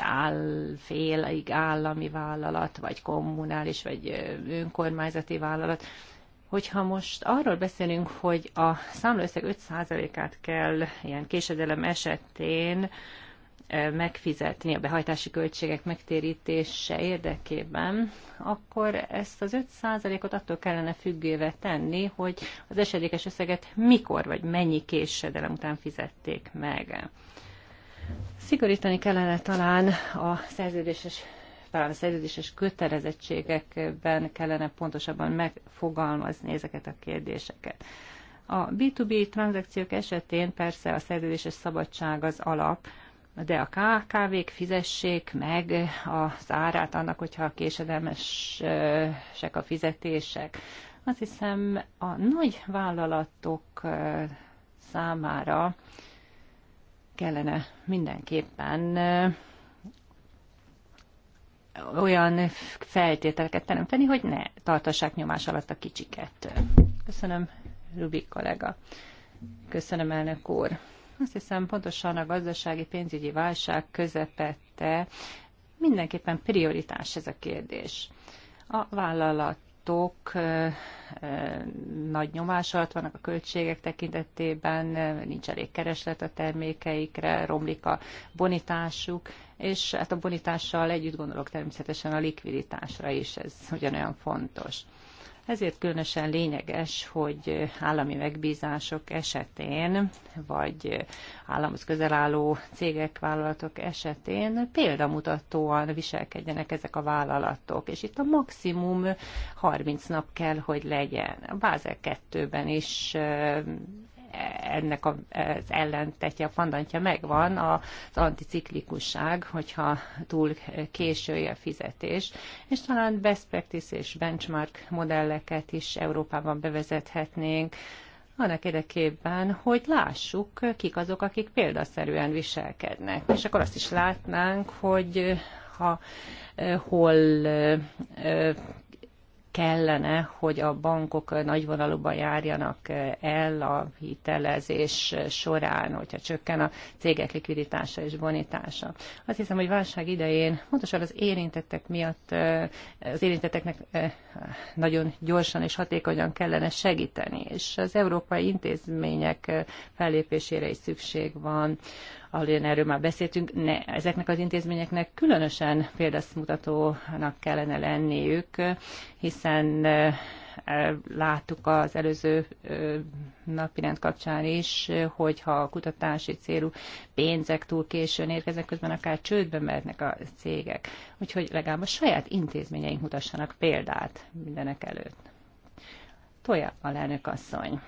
áll, félig állami vállalat, vagy kommunális, vagy önkormányzati vállalat. Hogyha most arról beszélünk, hogy a számlaösszeg 5%-át kell ilyen késedelem esetén megfizetni a behajtási költségek megtérítése érdekében, akkor ezt az 5%-ot attól kellene függővé tenni, hogy az esedékes összeget mikor vagy mennyi késedelem után fizették meg. Szigorítani kellene talán a szerződéses talán a szerződéses kötelezettségekben kellene pontosabban megfogalmazni ezeket a kérdéseket. A B2B tranzakciók esetén persze a szerződéses szabadság az alap, de a KKV-k fizessék meg az árát annak, hogyha késedelmesek a fizetések. Azt hiszem, a nagy vállalatok számára kellene mindenképpen olyan feltételeket teremteni, hogy ne tartassák nyomás alatt a kicsiket. Köszönöm, Rubik kollega. Köszönöm, elnök úr. Azt hiszem, pontosan a gazdasági pénzügyi válság közepette mindenképpen prioritás ez a kérdés. A vállalat gyártók nagy nyomás alatt vannak a költségek tekintetében, nincs elég kereslet a termékeikre, romlik a bonitásuk, és hát a bonitással együtt gondolok természetesen a likviditásra is, ez ugyanolyan fontos. Ezért különösen lényeges, hogy állami megbízások esetén, vagy államhoz közel álló cégek, vállalatok esetén példamutatóan viselkedjenek ezek a vállalatok, és itt a maximum 30 nap kell, hogy legyen. A Bázel 2-ben is ennek az ellentetje, a pandantja megvan, az anticiklikusság, hogyha túl késői a fizetés, és talán best practice és benchmark modelleket is Európában bevezethetnénk, annak érdekében, hogy lássuk, kik azok, akik példaszerűen viselkednek. És akkor azt is látnánk, hogy ha eh, hol eh, kellene, hogy a bankok nagyvonalúban járjanak el a hitelezés során, hogyha csökken a cégek likviditása és bonitása. Azt hiszem, hogy válság idején pontosan az érintettek miatt az érintetteknek eh, nagyon gyorsan és hatékonyan kellene segíteni, és az európai intézmények eh, fellépésére is szükség van ahol én erről már beszéltünk, ne, ezeknek az intézményeknek különösen példaszmutatónak kellene lenniük, hiszen láttuk az előző rend kapcsán is, hogyha a kutatási célú pénzek túl későn érkeznek, közben akár csődbe mehetnek a cégek. Úgyhogy legalább a saját intézményeink mutassanak példát mindenek előtt. Tolja a lelnök asszony.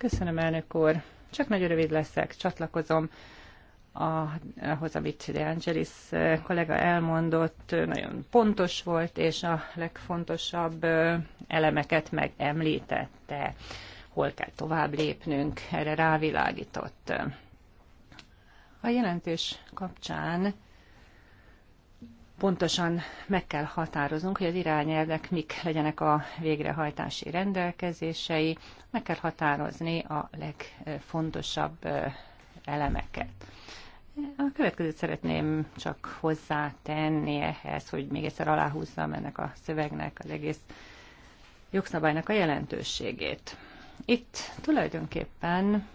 Köszönöm, elnök úr. Csak nagyon rövid leszek, csatlakozom ahhoz, amit De Angelis eh, kollega elmondott, nagyon pontos volt, és a legfontosabb eh, elemeket megemlítette, hol kell tovább lépnünk, erre rávilágított. A jelentés kapcsán pontosan meg kell határoznunk, hogy az irányelvek mik legyenek a végrehajtási rendelkezései, meg kell határozni a legfontosabb elemeket. A következőt szeretném csak hozzátenni ehhez, hogy még egyszer aláhúzzam ennek a szövegnek az egész jogszabálynak a jelentőségét. Itt tulajdonképpen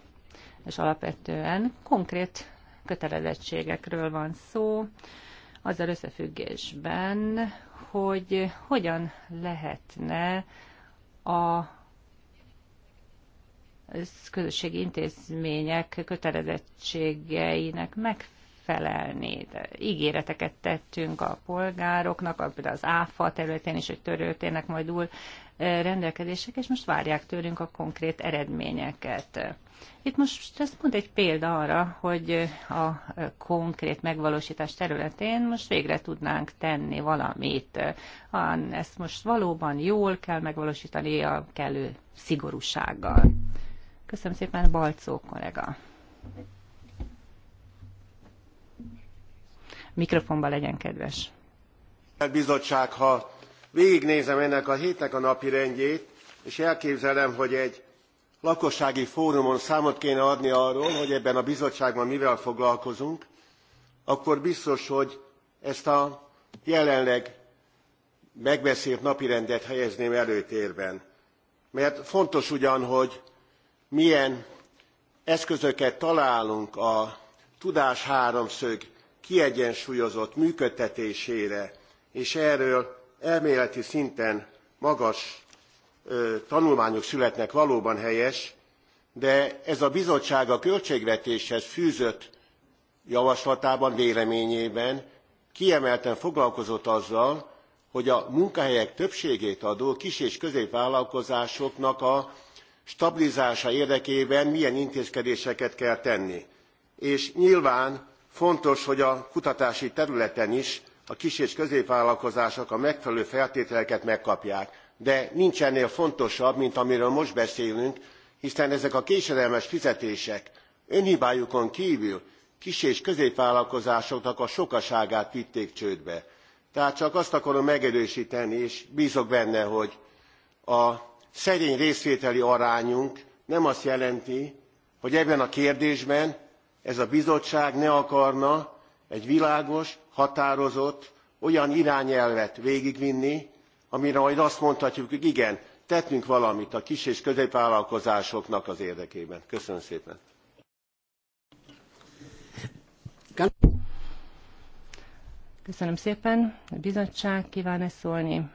és alapvetően konkrét kötelezettségekről van szó, azzal összefüggésben, hogy hogyan lehetne a közösségi intézmények kötelezettségeinek megfelelően megfelelni. De ígéreteket tettünk a polgároknak, például az ÁFA területén is, hogy törőtének majd új e, rendelkezések, és most várják tőlünk a konkrét eredményeket. Itt most ez mond egy példa arra, hogy a e, konkrét megvalósítás területén most végre tudnánk tenni valamit. Ezt most valóban jól kell megvalósítani a kellő szigorúsággal. Köszönöm szépen, Balcó kollega. mikrofonba legyen kedves. Bizottság, ha végignézem ennek a hétnek a napi rendjét, és elképzelem, hogy egy lakossági fórumon számot kéne adni arról, hogy ebben a bizottságban mivel foglalkozunk, akkor biztos, hogy ezt a jelenleg megbeszélt napirendet helyezném előtérben. Mert fontos ugyan, hogy milyen eszközöket találunk a tudás háromszög kiegyensúlyozott működtetésére és erről elméleti szinten magas tanulmányok születnek valóban helyes de ez a bizottság a költségvetéshez fűzött javaslatában véleményében kiemelten foglalkozott azzal hogy a munkahelyek többségét adó kis és középvállalkozásoknak a stabilizálása érdekében milyen intézkedéseket kell tenni és nyilván fontos hogy a kutatási területen is a kis és középvállalkozások a megfelelő feltételeket megkapják de nincs ennél fontosabb mint amiről most beszélünk hiszen ezek a késedelmes fizetések önhibájukon kvül kis és középvállalkozásoknak a sokaságát vitték csődbe. tehát csak azt akarom megerősteni és bzom benne hogy a szerény részvételi arányunk nem azt jelenti hogy ebben a kérdésben ez a bizottság ne akarna egy világos határozott olyan irányelvet végigvinni amire majd azt mondhatjuk hogy igen tettünk valamit a kis és középvállalkozásoknak az érdekében. köszönöm szépen! Köszönöm szépen. A bizottság kíván -e szólni?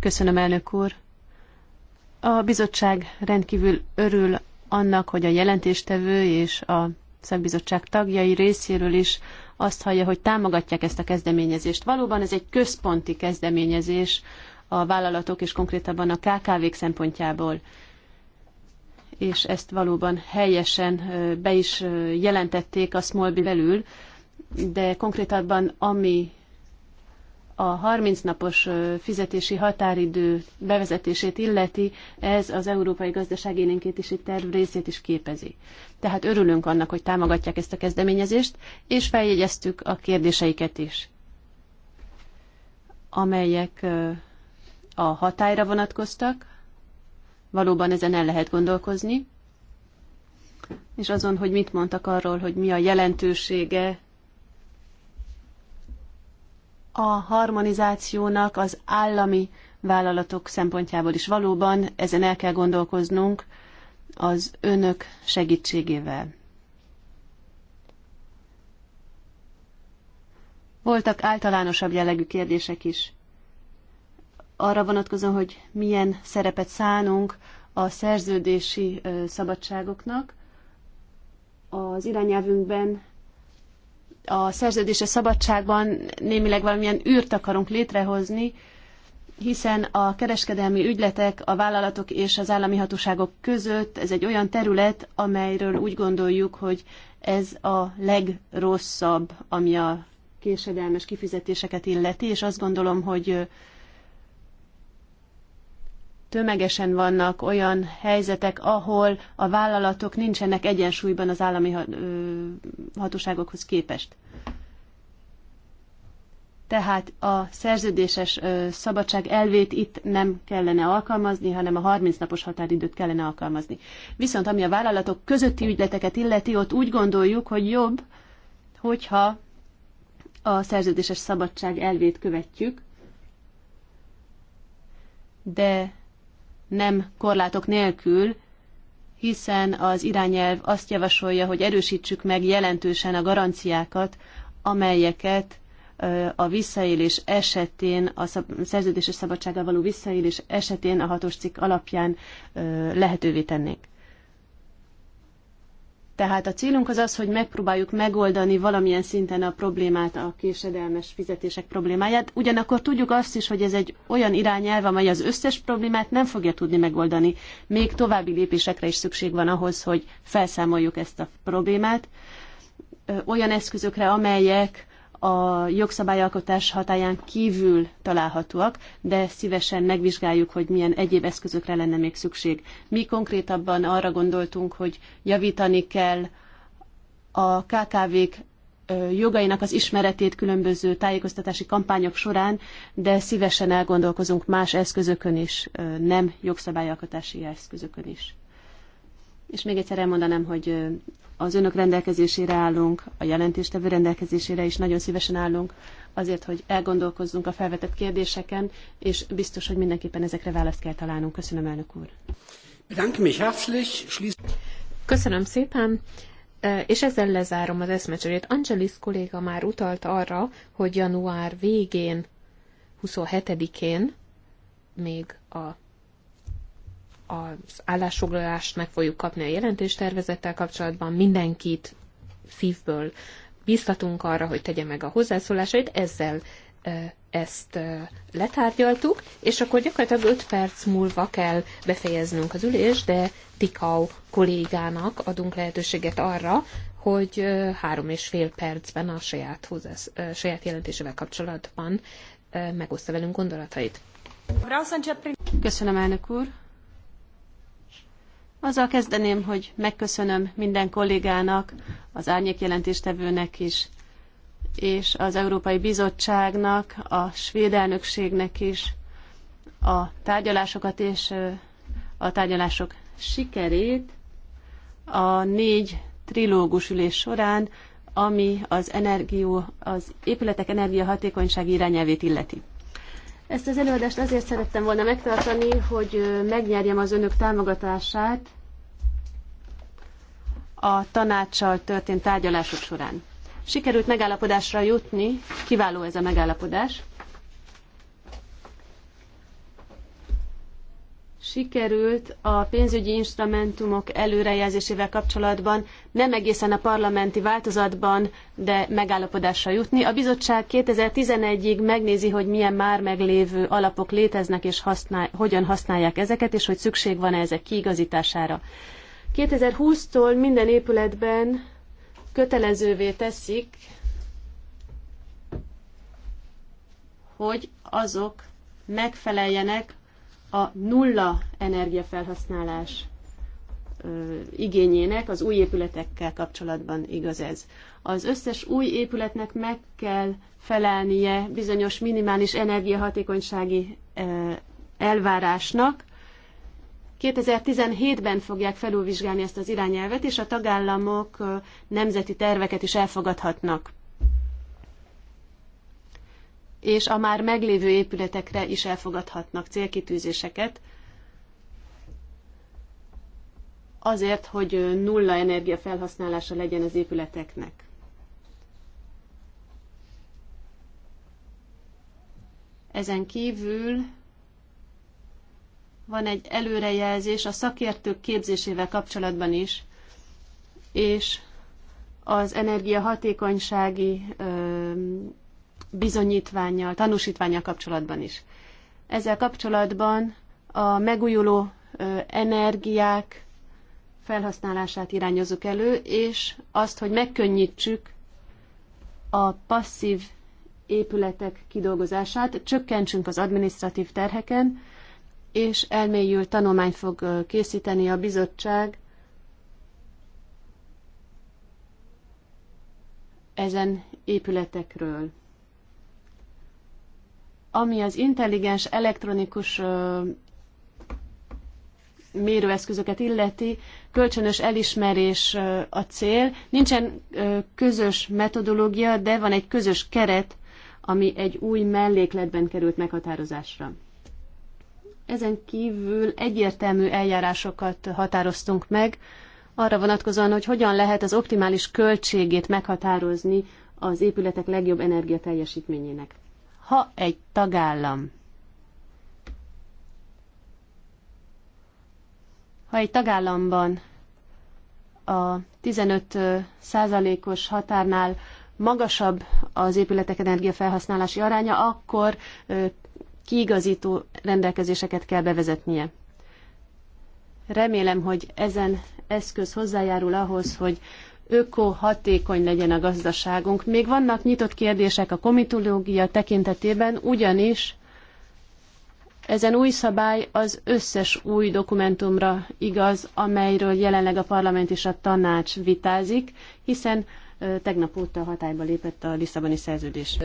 Köszönöm, elnök úr. A bizottság rendkívül örül annak, hogy a jelentéstevő és a szakbizottság tagjai részéről is azt hallja, hogy támogatják ezt a kezdeményezést. Valóban ez egy központi kezdeményezés a vállalatok és konkrétabban a KKV-k szempontjából és ezt valóban helyesen be is jelentették a Smallby belül, de konkrétabban ami a 30 napos fizetési határidő bevezetését illeti, ez az Európai Gazdaságélénkítési Terv részét is képezi. Tehát örülünk annak, hogy támogatják ezt a kezdeményezést, és feljegyeztük a kérdéseiket is, amelyek a hatályra vonatkoztak. Valóban ezen el lehet gondolkozni, és azon, hogy mit mondtak arról, hogy mi a jelentősége a harmonizációnak az állami vállalatok szempontjából is valóban ezen el kell gondolkoznunk az önök segítségével. Voltak általánosabb jellegű kérdések is. Arra vonatkozóan, hogy milyen szerepet szánunk a szerződési szabadságoknak. Az irányelvünkben a szerződése szabadságban némileg valamilyen űrt akarunk létrehozni, hiszen a kereskedelmi ügyletek a vállalatok és az állami hatóságok között ez egy olyan terület, amelyről úgy gondoljuk, hogy ez a legrosszabb, ami a késedelmes kifizetéseket illeti, és azt gondolom, hogy tömegesen vannak olyan helyzetek, ahol a vállalatok nincsenek egyensúlyban az állami hatóságokhoz képest. Tehát a szerződéses szabadság elvét itt nem kellene alkalmazni, hanem a 30 napos határidőt kellene alkalmazni. Viszont ami a vállalatok közötti ügyleteket illeti, ott úgy gondoljuk, hogy jobb, hogyha a szerződéses szabadság elvét követjük, de nem korlátok nélkül, hiszen az irányelv azt javasolja, hogy erősítsük meg jelentősen a garanciákat, amelyeket a visszaélés esetén, a szerződéses szabadsággal való visszaélés esetén a hatos cikk alapján lehetővé tennék. Tehát a célunk az az, hogy megpróbáljuk megoldani valamilyen szinten a problémát, a késedelmes fizetések problémáját. Ugyanakkor tudjuk azt is, hogy ez egy olyan irányelv, amely az összes problémát nem fogja tudni megoldani. Még további lépésekre is szükség van ahhoz, hogy felszámoljuk ezt a problémát. Olyan eszközökre, amelyek a jogszabályalkotás hatáján kívül találhatóak, de szívesen megvizsgáljuk, hogy milyen egyéb eszközökre lenne még szükség. Mi konkrétabban arra gondoltunk, hogy javítani kell a KKV-k jogainak az ismeretét különböző tájékoztatási kampányok során, de szívesen elgondolkozunk más eszközökön is, nem jogszabályalkotási eszközökön is. És még egyszer elmondanám, hogy az önök rendelkezésére állunk, a jelentéstevő rendelkezésére is nagyon szívesen állunk, azért, hogy elgondolkozzunk a felvetett kérdéseken, és biztos, hogy mindenképpen ezekre választ kell találnunk. Köszönöm, elnök úr. Köszönöm szépen, és ezzel lezárom az eszmecserét. Angelis kolléga már utalt arra, hogy január végén, 27-én még a az állásfoglalást meg fogjuk kapni a jelentéstervezettel kapcsolatban. Mindenkit szívből biztatunk arra, hogy tegye meg a hozzászólásait. Ezzel ezt letárgyaltuk, és akkor gyakorlatilag 5 perc múlva kell befejeznünk az ülést, de Tikau kollégának adunk lehetőséget arra, hogy három és fél percben a saját, hozzász, saját jelentésével kapcsolatban megoszta velünk gondolatait. Köszönöm, elnök úr! Azzal kezdeném, hogy megköszönöm minden kollégának, az árnyékjelentéstevőnek is, és az Európai Bizottságnak, a svéd elnökségnek is a tárgyalásokat és a tárgyalások sikerét a négy trilógus ülés során, ami az, energió, az épületek energiahatékonysági irányelvét illeti. Ezt az előadást azért szerettem volna megtartani, hogy megnyerjem az önök támogatását a tanácssal történt tárgyalások során. Sikerült megállapodásra jutni, kiváló ez a megállapodás. sikerült a pénzügyi instrumentumok előrejelzésével kapcsolatban nem egészen a parlamenti változatban, de megállapodásra jutni. A bizottság 2011-ig megnézi, hogy milyen már meglévő alapok léteznek, és használ, hogyan használják ezeket, és hogy szükség van-e ezek kiigazítására. 2020-tól minden épületben kötelezővé teszik, hogy azok megfeleljenek a nulla energiafelhasználás igényének az új épületekkel kapcsolatban igaz ez. Az összes új épületnek meg kell felelnie bizonyos minimális energiahatékonysági elvárásnak. 2017-ben fogják felülvizsgálni ezt az irányelvet, és a tagállamok nemzeti terveket is elfogadhatnak és a már meglévő épületekre is elfogadhatnak célkitűzéseket, azért, hogy nulla energia felhasználása legyen az épületeknek. Ezen kívül van egy előrejelzés a szakértők képzésével kapcsolatban is, és az energiahatékonysági bizonyítványjal, tanúsítványjal kapcsolatban is. Ezzel kapcsolatban a megújuló energiák felhasználását irányozzuk elő, és azt, hogy megkönnyítsük a passzív épületek kidolgozását, csökkentsünk az administratív terheken, és elmélyül tanulmány fog készíteni a bizottság ezen épületekről ami az intelligens elektronikus mérőeszközöket illeti, kölcsönös elismerés a cél. Nincsen közös metodológia, de van egy közös keret, ami egy új mellékletben került meghatározásra. Ezen kívül egyértelmű eljárásokat határoztunk meg, arra vonatkozóan, hogy hogyan lehet az optimális költségét meghatározni az épületek legjobb energiateljesítményének ha egy tagállam ha egy tagállamban a 15 százalékos határnál magasabb az épületek energiafelhasználási aránya, akkor kiigazító rendelkezéseket kell bevezetnie. Remélem, hogy ezen eszköz hozzájárul ahhoz, hogy hatékony legyen a gazdaságunk. Még vannak nyitott kérdések a komitológia tekintetében, ugyanis ezen új szabály az összes új dokumentumra igaz, amelyről jelenleg a parlament és a tanács vitázik, hiszen tegnap óta hatályba lépett a Lisszaboni szerződés.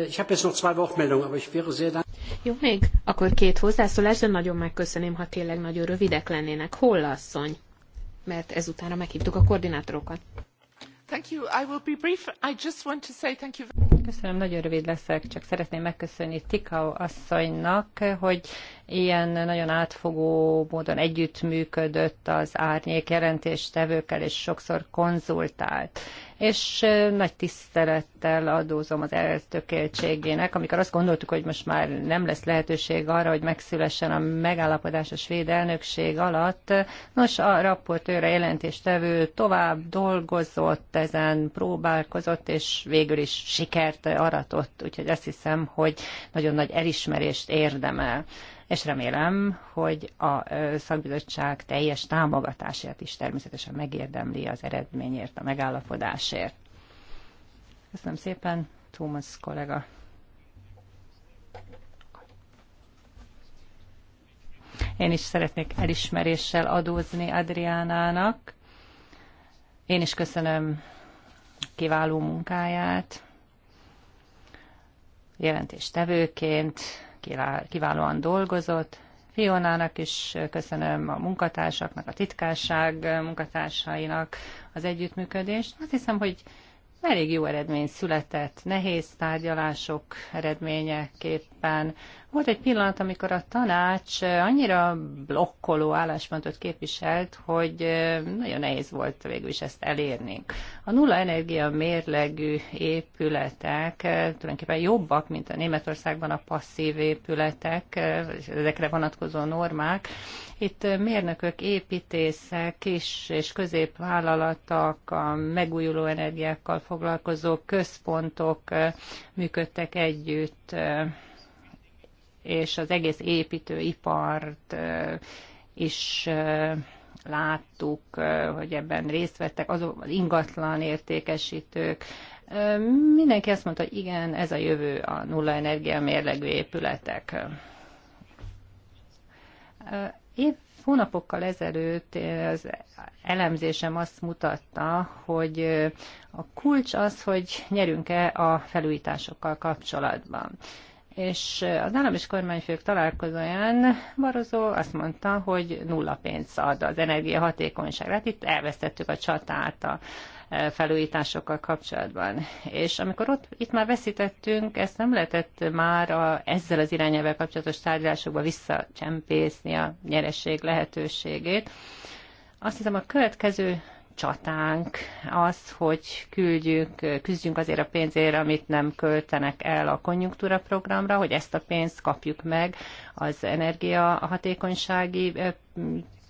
Jó, még akkor két hozzászólás, de nagyon megköszönöm, ha tényleg nagyon rövidek lennének. Hol asszony? Mert ezutánra meghívtuk a koordinátorokat. Köszönöm, nagyon rövid leszek, csak szeretném megköszönni Tikau asszonynak, hogy ilyen nagyon átfogó módon együttműködött az árnyék jelentéstevőkkel, és sokszor konzultált. És nagy tisztelettel adózom az eltökéltségének, amikor azt gondoltuk, hogy most már nem lesz lehetőség arra, hogy megszülessen a megállapodás a svéd elnökség alatt. Nos, a raportőre jelentéstevő tovább dolgozott ezen, próbálkozott, és végül is sikert aratott, úgyhogy azt hiszem, hogy nagyon nagy elismerést érdemel és remélem, hogy a szakbizottság teljes támogatását is természetesen megérdemli az eredményért, a megállapodásért. Köszönöm szépen, Thomas kollega. Én is szeretnék elismeréssel adózni Adriánának. Én is köszönöm kiváló munkáját, jelentéstevőként, kiválóan dolgozott. Fionának is köszönöm a munkatársaknak, a titkárság munkatársainak az együttműködést. Azt hiszem, hogy elég jó eredmény született, nehéz tárgyalások eredményeképpen volt egy pillanat, amikor a tanács annyira blokkoló álláspontot képviselt, hogy nagyon nehéz volt végül is ezt elérni. A nulla energia mérlegű épületek tulajdonképpen jobbak, mint a Németországban a passzív épületek, ezekre vonatkozó normák. Itt mérnökök, építészek, kis és középvállalatok, a megújuló energiákkal foglalkozó központok működtek együtt és az egész építőipart is láttuk, hogy ebben részt vettek azok az ingatlan értékesítők. Mindenki azt mondta, hogy igen, ez a jövő a nulla energia mérlegű épületek. Év hónapokkal ezelőtt az elemzésem azt mutatta, hogy a kulcs az, hogy nyerünk-e a felújításokkal kapcsolatban és az állam és kormányfők találkozóján Barozó azt mondta, hogy nulla pénzt ad az energiahatékonyságra. Hát itt elvesztettük a csatát a e, felújításokkal kapcsolatban. És amikor ott, itt már veszítettünk, ezt nem lehetett már a, ezzel az irányelvel kapcsolatos tárgyalásokba visszacsempészni a nyeresség lehetőségét. Azt hiszem a következő csatánk az, hogy küldjük, küzdjünk azért a pénzért, amit nem költenek el a konjunktúra programra, hogy ezt a pénzt kapjuk meg az energiahatékonysági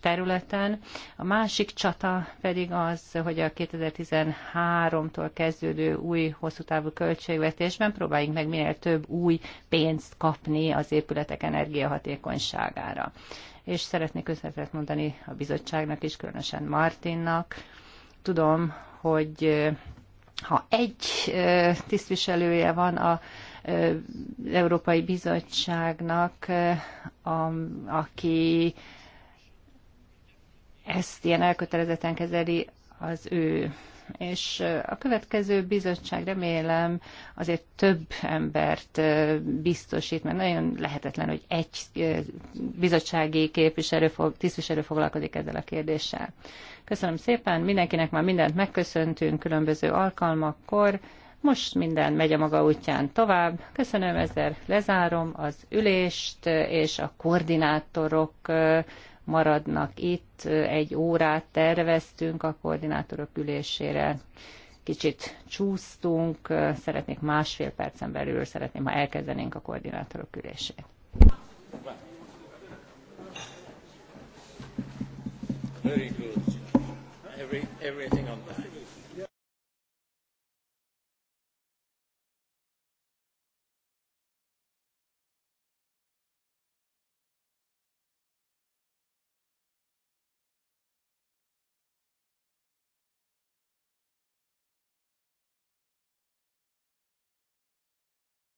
területen. A másik csata pedig az, hogy a 2013-tól kezdődő új hosszú távú költségvetésben próbáljunk meg minél több új pénzt kapni az épületek energiahatékonyságára és szeretnék köszönetet mondani a bizottságnak is, különösen Martinnak. Tudom, hogy ha egy tisztviselője van a Európai Bizottságnak, a, aki ezt ilyen elkötelezetten kezeli, az ő és a következő bizottság remélem azért több embert biztosít, mert nagyon lehetetlen, hogy egy bizottsági képviselő tisztviselő foglalkozik ezzel a kérdéssel. Köszönöm szépen, mindenkinek már mindent megköszöntünk különböző alkalmakkor, most minden megy a maga útján tovább. Köszönöm, ezzel lezárom az ülést, és a koordinátorok maradnak itt. Egy órát terveztünk a koordinátorok ülésére. Kicsit csúsztunk, szeretnék másfél percen belül, szeretném, ha elkezdenénk a koordinátorok ülését. Very good. Every, everything on that.